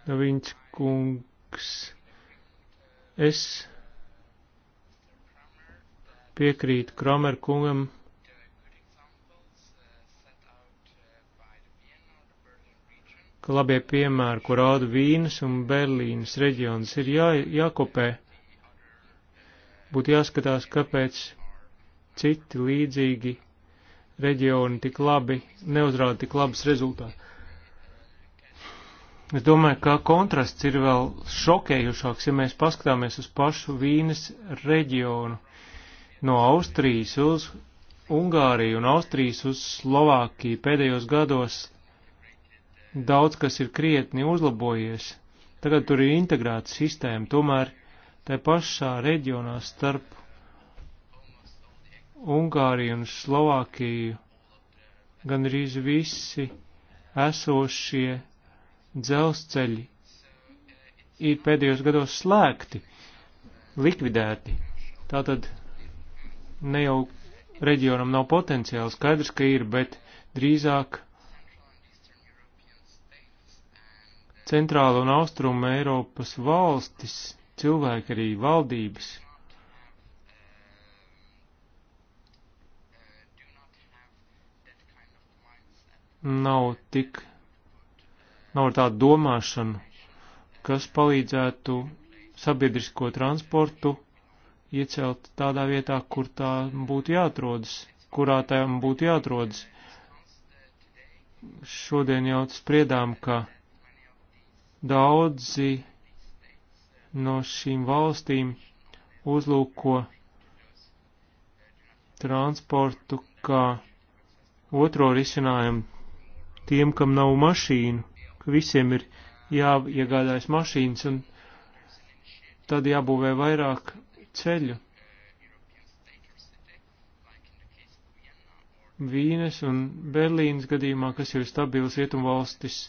Daviņš kungs, es piekrītu Kramer kungam ka labie piemēri, ko rāda Vīnas un Berlīnas reģionas, ir jā, jākopē. Būtu jāskatās, kāpēc citi līdzīgi reģioni tik labi neuzrāda tik labus rezultātus. Es domāju, ka kontrasts ir vēl šokējušāks, ja mēs paskatāmies uz pašu Vīnes reģionu no Austrijas uz Ungāriju un Austrijas uz Slovākiju pēdējos gados daudz kas ir krietni uzlabojies. Tagad tur ir integrēta sistēma, tomēr tai pašā reģionā starp Ungāriju un Slovākiju gandrīz visi esošie dzelzceļi ir pēdējos gados slēgti, likvidēti. Tātad ne jau reģionam nav potenciāls, skaidrs, ka ir, bet drīzāk centrāla un austruma Eiropas valstis, cilvēki arī valdības. Nav tik, nav tāda domāšana, kas palīdzētu sabiedrisko transportu iecelt tādā vietā, kur tā būtu jāatrodas, kurā tajam būtu jāatrodas. Šodien jau spriedām, ka Daudzi no šīm valstīm uzlūko transportu kā otro risinājumu tiem, kam nav mašīnu, ka visiem ir jāiegādājas mašīnas un tad jābūvē vairāk ceļu. Vīnes un Berlīnas gadījumā, kas ir stabils rietumvalstis,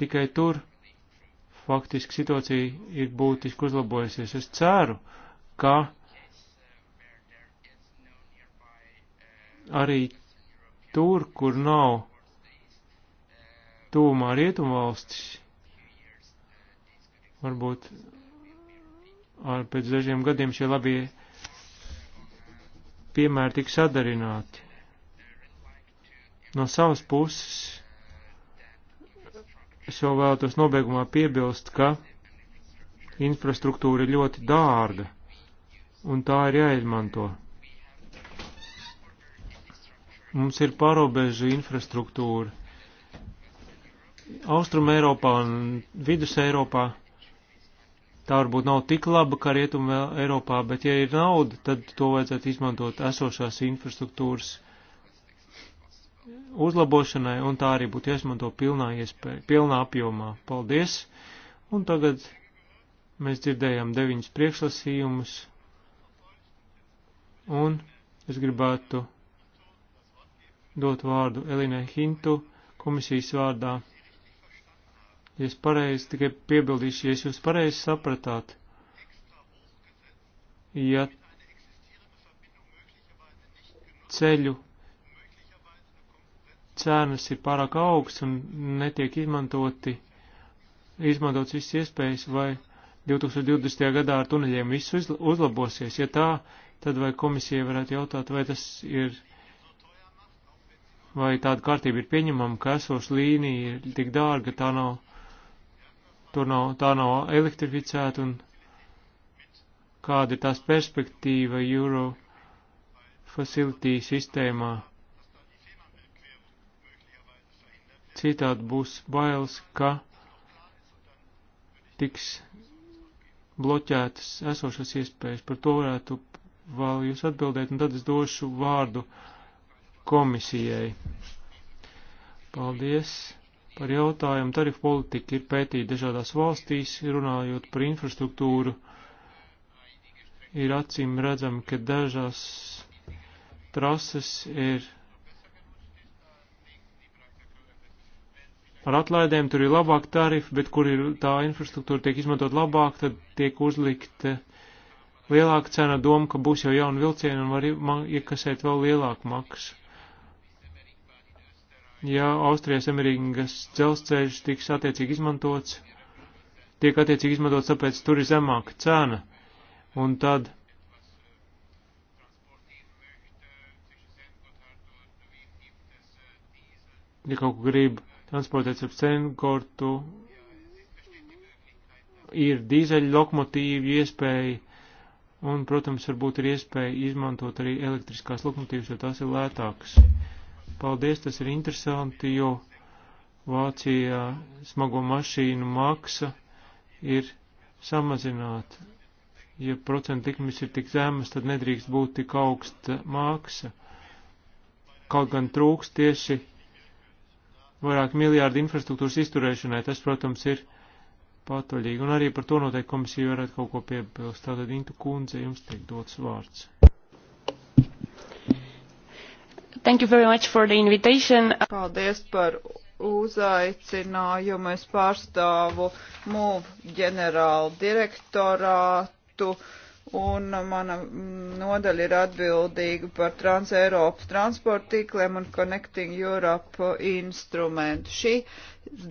tikai tur faktiski situācija ir būtiski uzlabojusies. Es ceru, ka arī tur, kur nav tuvumā rietumvalstis, varbūt ar pēc dažiem gadiem šie labie piemēri tiks sadarināti. No savas puses šo vēlētos nobeigumā piebilst, ka infrastruktūra ir ļoti dārga, un tā ir jāizmanto. Mums ir parobežu infrastruktūra. Austrum Eiropā un Vidus Eiropā tā varbūt nav tik laba kā Rietum Eiropā, bet ja ir nauda, tad to vajadzētu izmantot esošās infrastruktūras uzlabošanai, un tā arī būtu jāizmanto pilnā iespēja, pilnā apjomā. Paldies! Un tagad mēs dzirdējām deviņus priekšlasījumus, un es gribētu dot vārdu Elinai Hintu komisijas vārdā. Ja es pareizi tikai piebildīšu, ja es jūs pareizi sapratāt, ja ceļu cenas ir pārāk augsts un netiek izmantoti, izmantots viss iespējas, vai 2020. gadā ar tuneļiem viss uzlabosies. Ja tā, tad vai komisija varētu jautāt, vai tas ir, vai tāda kārtība ir pieņemama, ka esoša līnija ir tik dārga, tā nav, tur nav, tā nav elektrificēta un kāda ir tās perspektīva Euro facility sistēmā citādi būs bailes, ka tiks bloķētas esošas iespējas. Par to varētu vēl jūs atbildēt, un tad es došu vārdu komisijai. Paldies par jautājumu. Tarifu politika ir pētīta dažādās valstīs, runājot par infrastruktūru. Ir acīm redzami, ka dažās trases ir ar atlaidēm tur ir labāk tarifi, bet kur ir tā infrastruktūra tiek izmantot labāk, tad tiek uzlikt lielāka cena doma, ka būs jau jauna vilciena un var iekasēt vēl lielāku maksu. Ja Austrijas Amerikas dzelzceļš tiks attiecīgi izmantots, tiek attiecīgi izmantots, tāpēc tur ir zemāka cena, un tad ja kaut ko grib transportēts ar cenu kortu, ir dīzeļu lokomotīvu iespēja, un, protams, varbūt ir iespēja izmantot arī elektriskās lokomotīvas, jo tās ir lētākas. Paldies, tas ir interesanti, jo Vācijā smago mašīnu maksa ir samazināta. Ja procentu likmes ir tik zemas, tad nedrīkst būt tik augsta maksa. Kaut gan trūkst tieši vairāk miljārdu infrastruktūras izturēšanai. Tas, protams, ir patoļīgi, un arī par to noteikti komisija varētu kaut ko piebilst. Tātad, Intu kundze, jums tiek dots vārds. Thank you very much for the invitation. Paldies par uzaicinājumu. Es pārstāvu MUV ģenerālu direktorātu. Uh, un mana nodaļa ir atbildīga par Trans-Eiropas transporta tīkliem un Connecting Europe instrumentu. Šī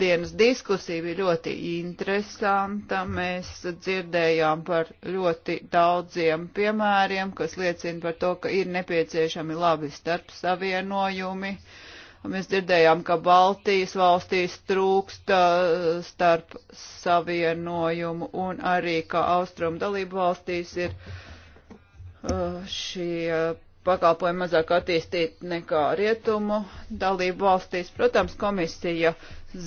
dienas diskusija bija ļoti interesanta. Mēs dzirdējām par ļoti daudziem piemēriem, kas liecina par to, ka ir nepieciešami labi starpsavienojumi. savienojumi Mēs dzirdējām, ka Baltijas valstīs trūkst uh, starp savienojumu un arī, ka austrumu dalību valstīs ir uh, šie pakalpojumi mazāk attīstīti nekā rietumu dalību valstīs. Protams, komisija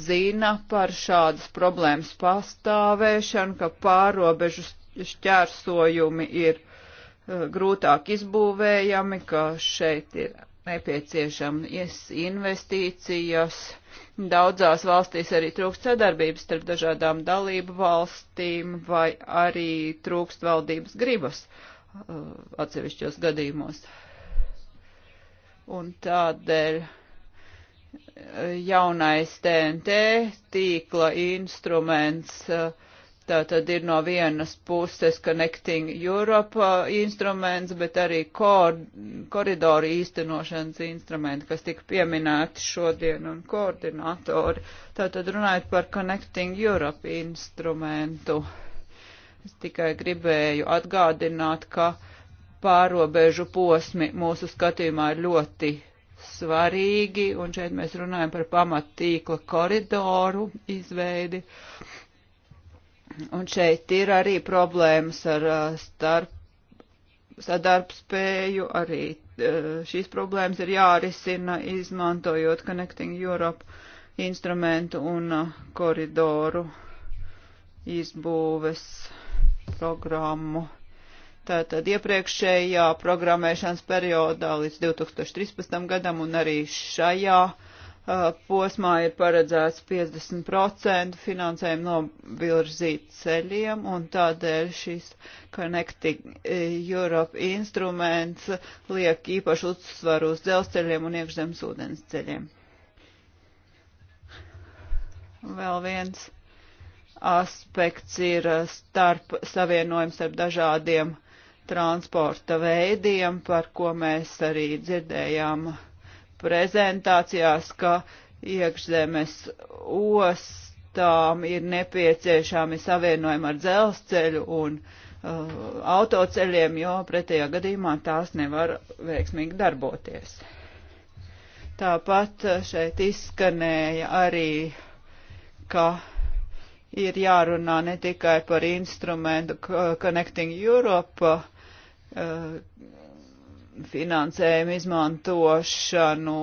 zina par šādas problēmas pastāvēšanu, ka pārobežu šķērsojumi ir uh, grūtāk izbūvējami, ka šeit ir nepieciešamas investīcijas. Daudzās valstīs arī trūkst sadarbības starp dažādām dalību valstīm vai arī trūkst valdības gribas uh, atsevišķos gadījumos. Un tādēļ uh, jaunais TNT tīkla instruments uh, Tā tad ir no vienas puses Connecting Europe uh, instruments, bet arī kor koridoru īstenošanas instrumenti, kas tika pieminēti šodien un koordinatori. Tā tad runājot par Connecting Europe instrumentu. Es tikai gribēju atgādināt, ka pārobežu posmi mūsu skatījumā ir ļoti svarīgi, un šeit mēs runājam par pamatīkla koridoru izveidi. Uh, Un šeit ir arī problēmas ar uh, starp sadarbspēju, arī uh, šīs problēmas ir jārisina, izmantojot Connecting Europe instrumentu un uh, koridoru izbūves programmu. Tātad iepriekšējā programmēšanas periodā līdz 2013. gadam un arī šajā Uh, posmā ir paredzēts 50% finansējumu novirzīt ceļiem, un tādēļ šis Connecting Europe instruments liek īpašu uzsvaru uz dzelzceļiem un iekšzemes ūdens ceļiem. Vēl viens aspekts ir starp savienojums starp dažādiem transporta veidiem, par ko mēs arī dzirdējām uh, prezentācijās, ka iekšzemes ostām ir nepieciešami savienojumi ar dzelzceļu un uh, autoceļiem, jo pretējā gadījumā tās nevar veiksmīgi darboties. Tāpat uh, šeit izskanēja arī, ka ir jārunā ne tikai par instrumentu Connecting Europe, uh, finansējumu izmantošanu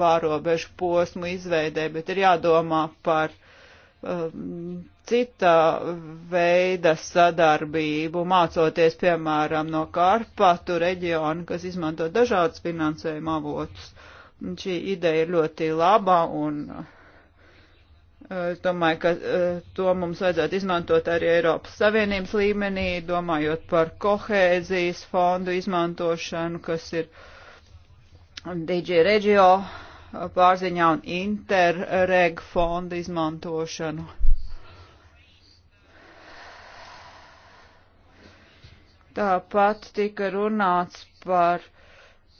pārobežu posmu izveidē, bet ir jādomā par um, cita veida sadarbību, mācoties, piemēram, no Karpatu reģiona, kas izmanto dažādus finansējuma avotus. Un šī ideja ir ļoti laba un uh, Es domāju, ka eh, to mums vajadzētu izmantot arī Eiropas Savienības līmenī, domājot par kohēzijas fondu izmantošanu, kas ir DG Regio pārziņā un Interreg fondu izmantošanu. Tāpat tika runāts par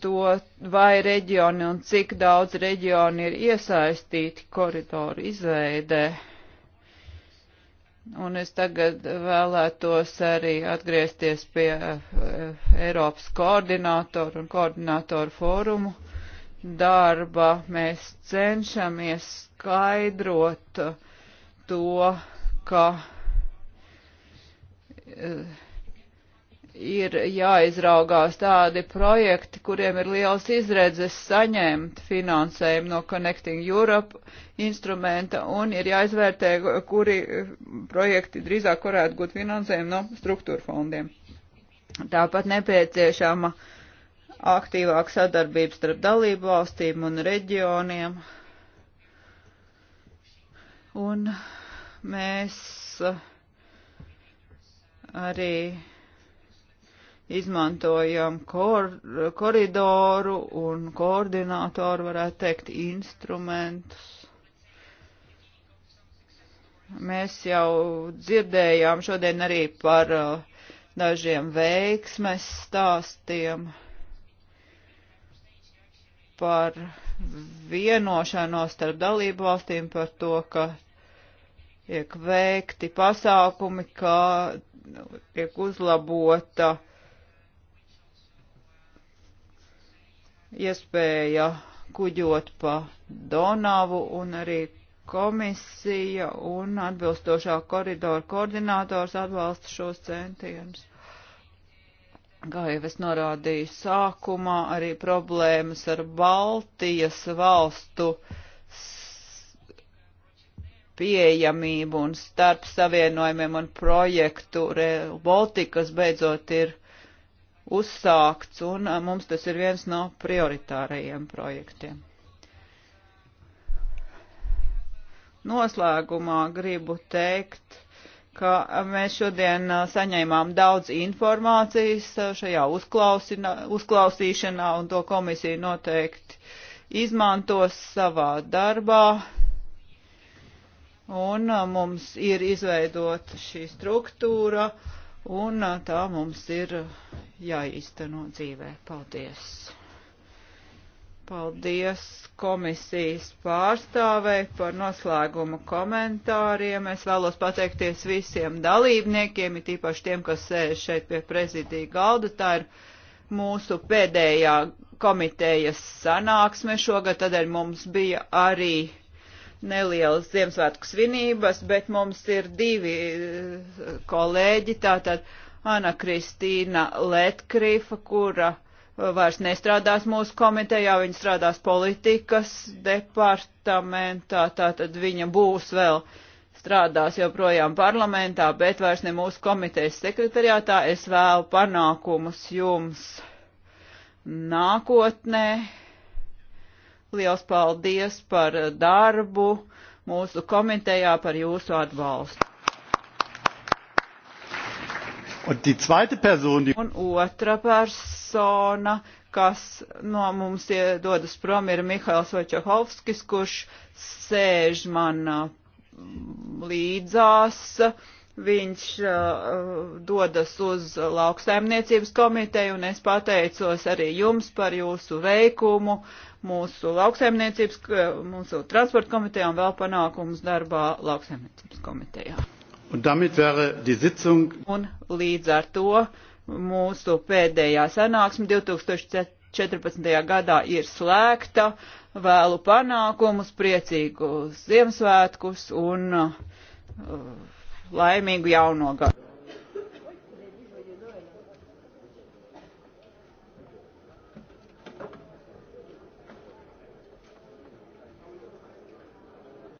to, vai reģioni un cik daudz reģioni ir iesaistīti koridoru izveidē. Un es tagad vēlētos arī atgriezties pie eh, Eiropas koordinātoru un koordinātoru fórumu darba. Mēs cenšamies skaidrot to, ka eh, ir jāizraugās tādi projekti, kuriem ir liels izredzes saņemt finansējumu no Connecting Europe instrumenta, un ir jāizvērtē, kuri projekti drīzāk varētu būt finansējumu no struktūra fondiem. Tāpat nepieciešama aktīvāka sadarbība starp dalību valstīm un reģioniem. Un mēs arī izmantojam kor koridoru un koordinātoru, varētu teikt, instrumentus. Mēs jau dzirdējām šodien arī par uh, dažiem veiksmes stāstiem, par vienošanos starp dalību valstīm, par to, ka tiek veikti pasākumi, kā tiek uzlabota uh, iespēja kuģot pa Donavu un arī komisija un atbilstošā koridora koordinators atbalsta šos centienus. Kā jau es norādīju sākumā, arī problēmas ar Baltijas valstu pieejamību un starp savienojumiem un projektu Baltikas beidzot ir uzsākts, un mums tas ir viens no prioritārajiem projektiem. Noslēgumā gribu teikt, ka mēs šodien saņēmām daudz informācijas šajā uzklausīšanā, un to komisija noteikti izmantos savā darbā. Un mums ir izveidota šī struktūra. Uh, un uh, tā mums ir uh, jāīsteno dzīvē. Paldies! Paldies komisijas pārstāvei par noslēguma komentāriem. Es vēlos pateikties visiem dalībniekiem, it īpaši tiem, kas sēž šeit pie prezidija galda. Tā ir mūsu pēdējā komitejas sanāksme šogad, tādēļ mums bija arī nelielas Ziemassvētku svinības, bet mums ir divi eh, kolēģi, tātad Ana Kristīna Letkrifa, kura eh, vairs nestrādās mūsu komitejā, viņa strādās politikas departamentā, tātad viņa būs vēl strādās joprojām parlamentā, bet vairs ne mūsu komitejas sekretariātā. Es vēlu panākumus jums nākotnē Liels paldies par eh, darbu mūsu komitejā, par jūsu atbalstu. Person, die... Un otra persona, kas no mums dodas prom, ir Mihails Vačahovskis, kurš sēž man eh, līdzās. Viņš uh, dodas uz lauksaimniecības komiteju, un es pateicos arī jums par jūsu veikumu. Uh, mūsu lauksaimniecības, mūsu transporta komitejā un vēl panākumus darbā lauksaimniecības komitejā. Un, sitzung... un līdz ar to mūsu pēdējā sanāksme 2014. gadā ir slēgta. Vēlu panākumus, priecīgus Ziemassvētkus un uh, laimīgu jauno gadu!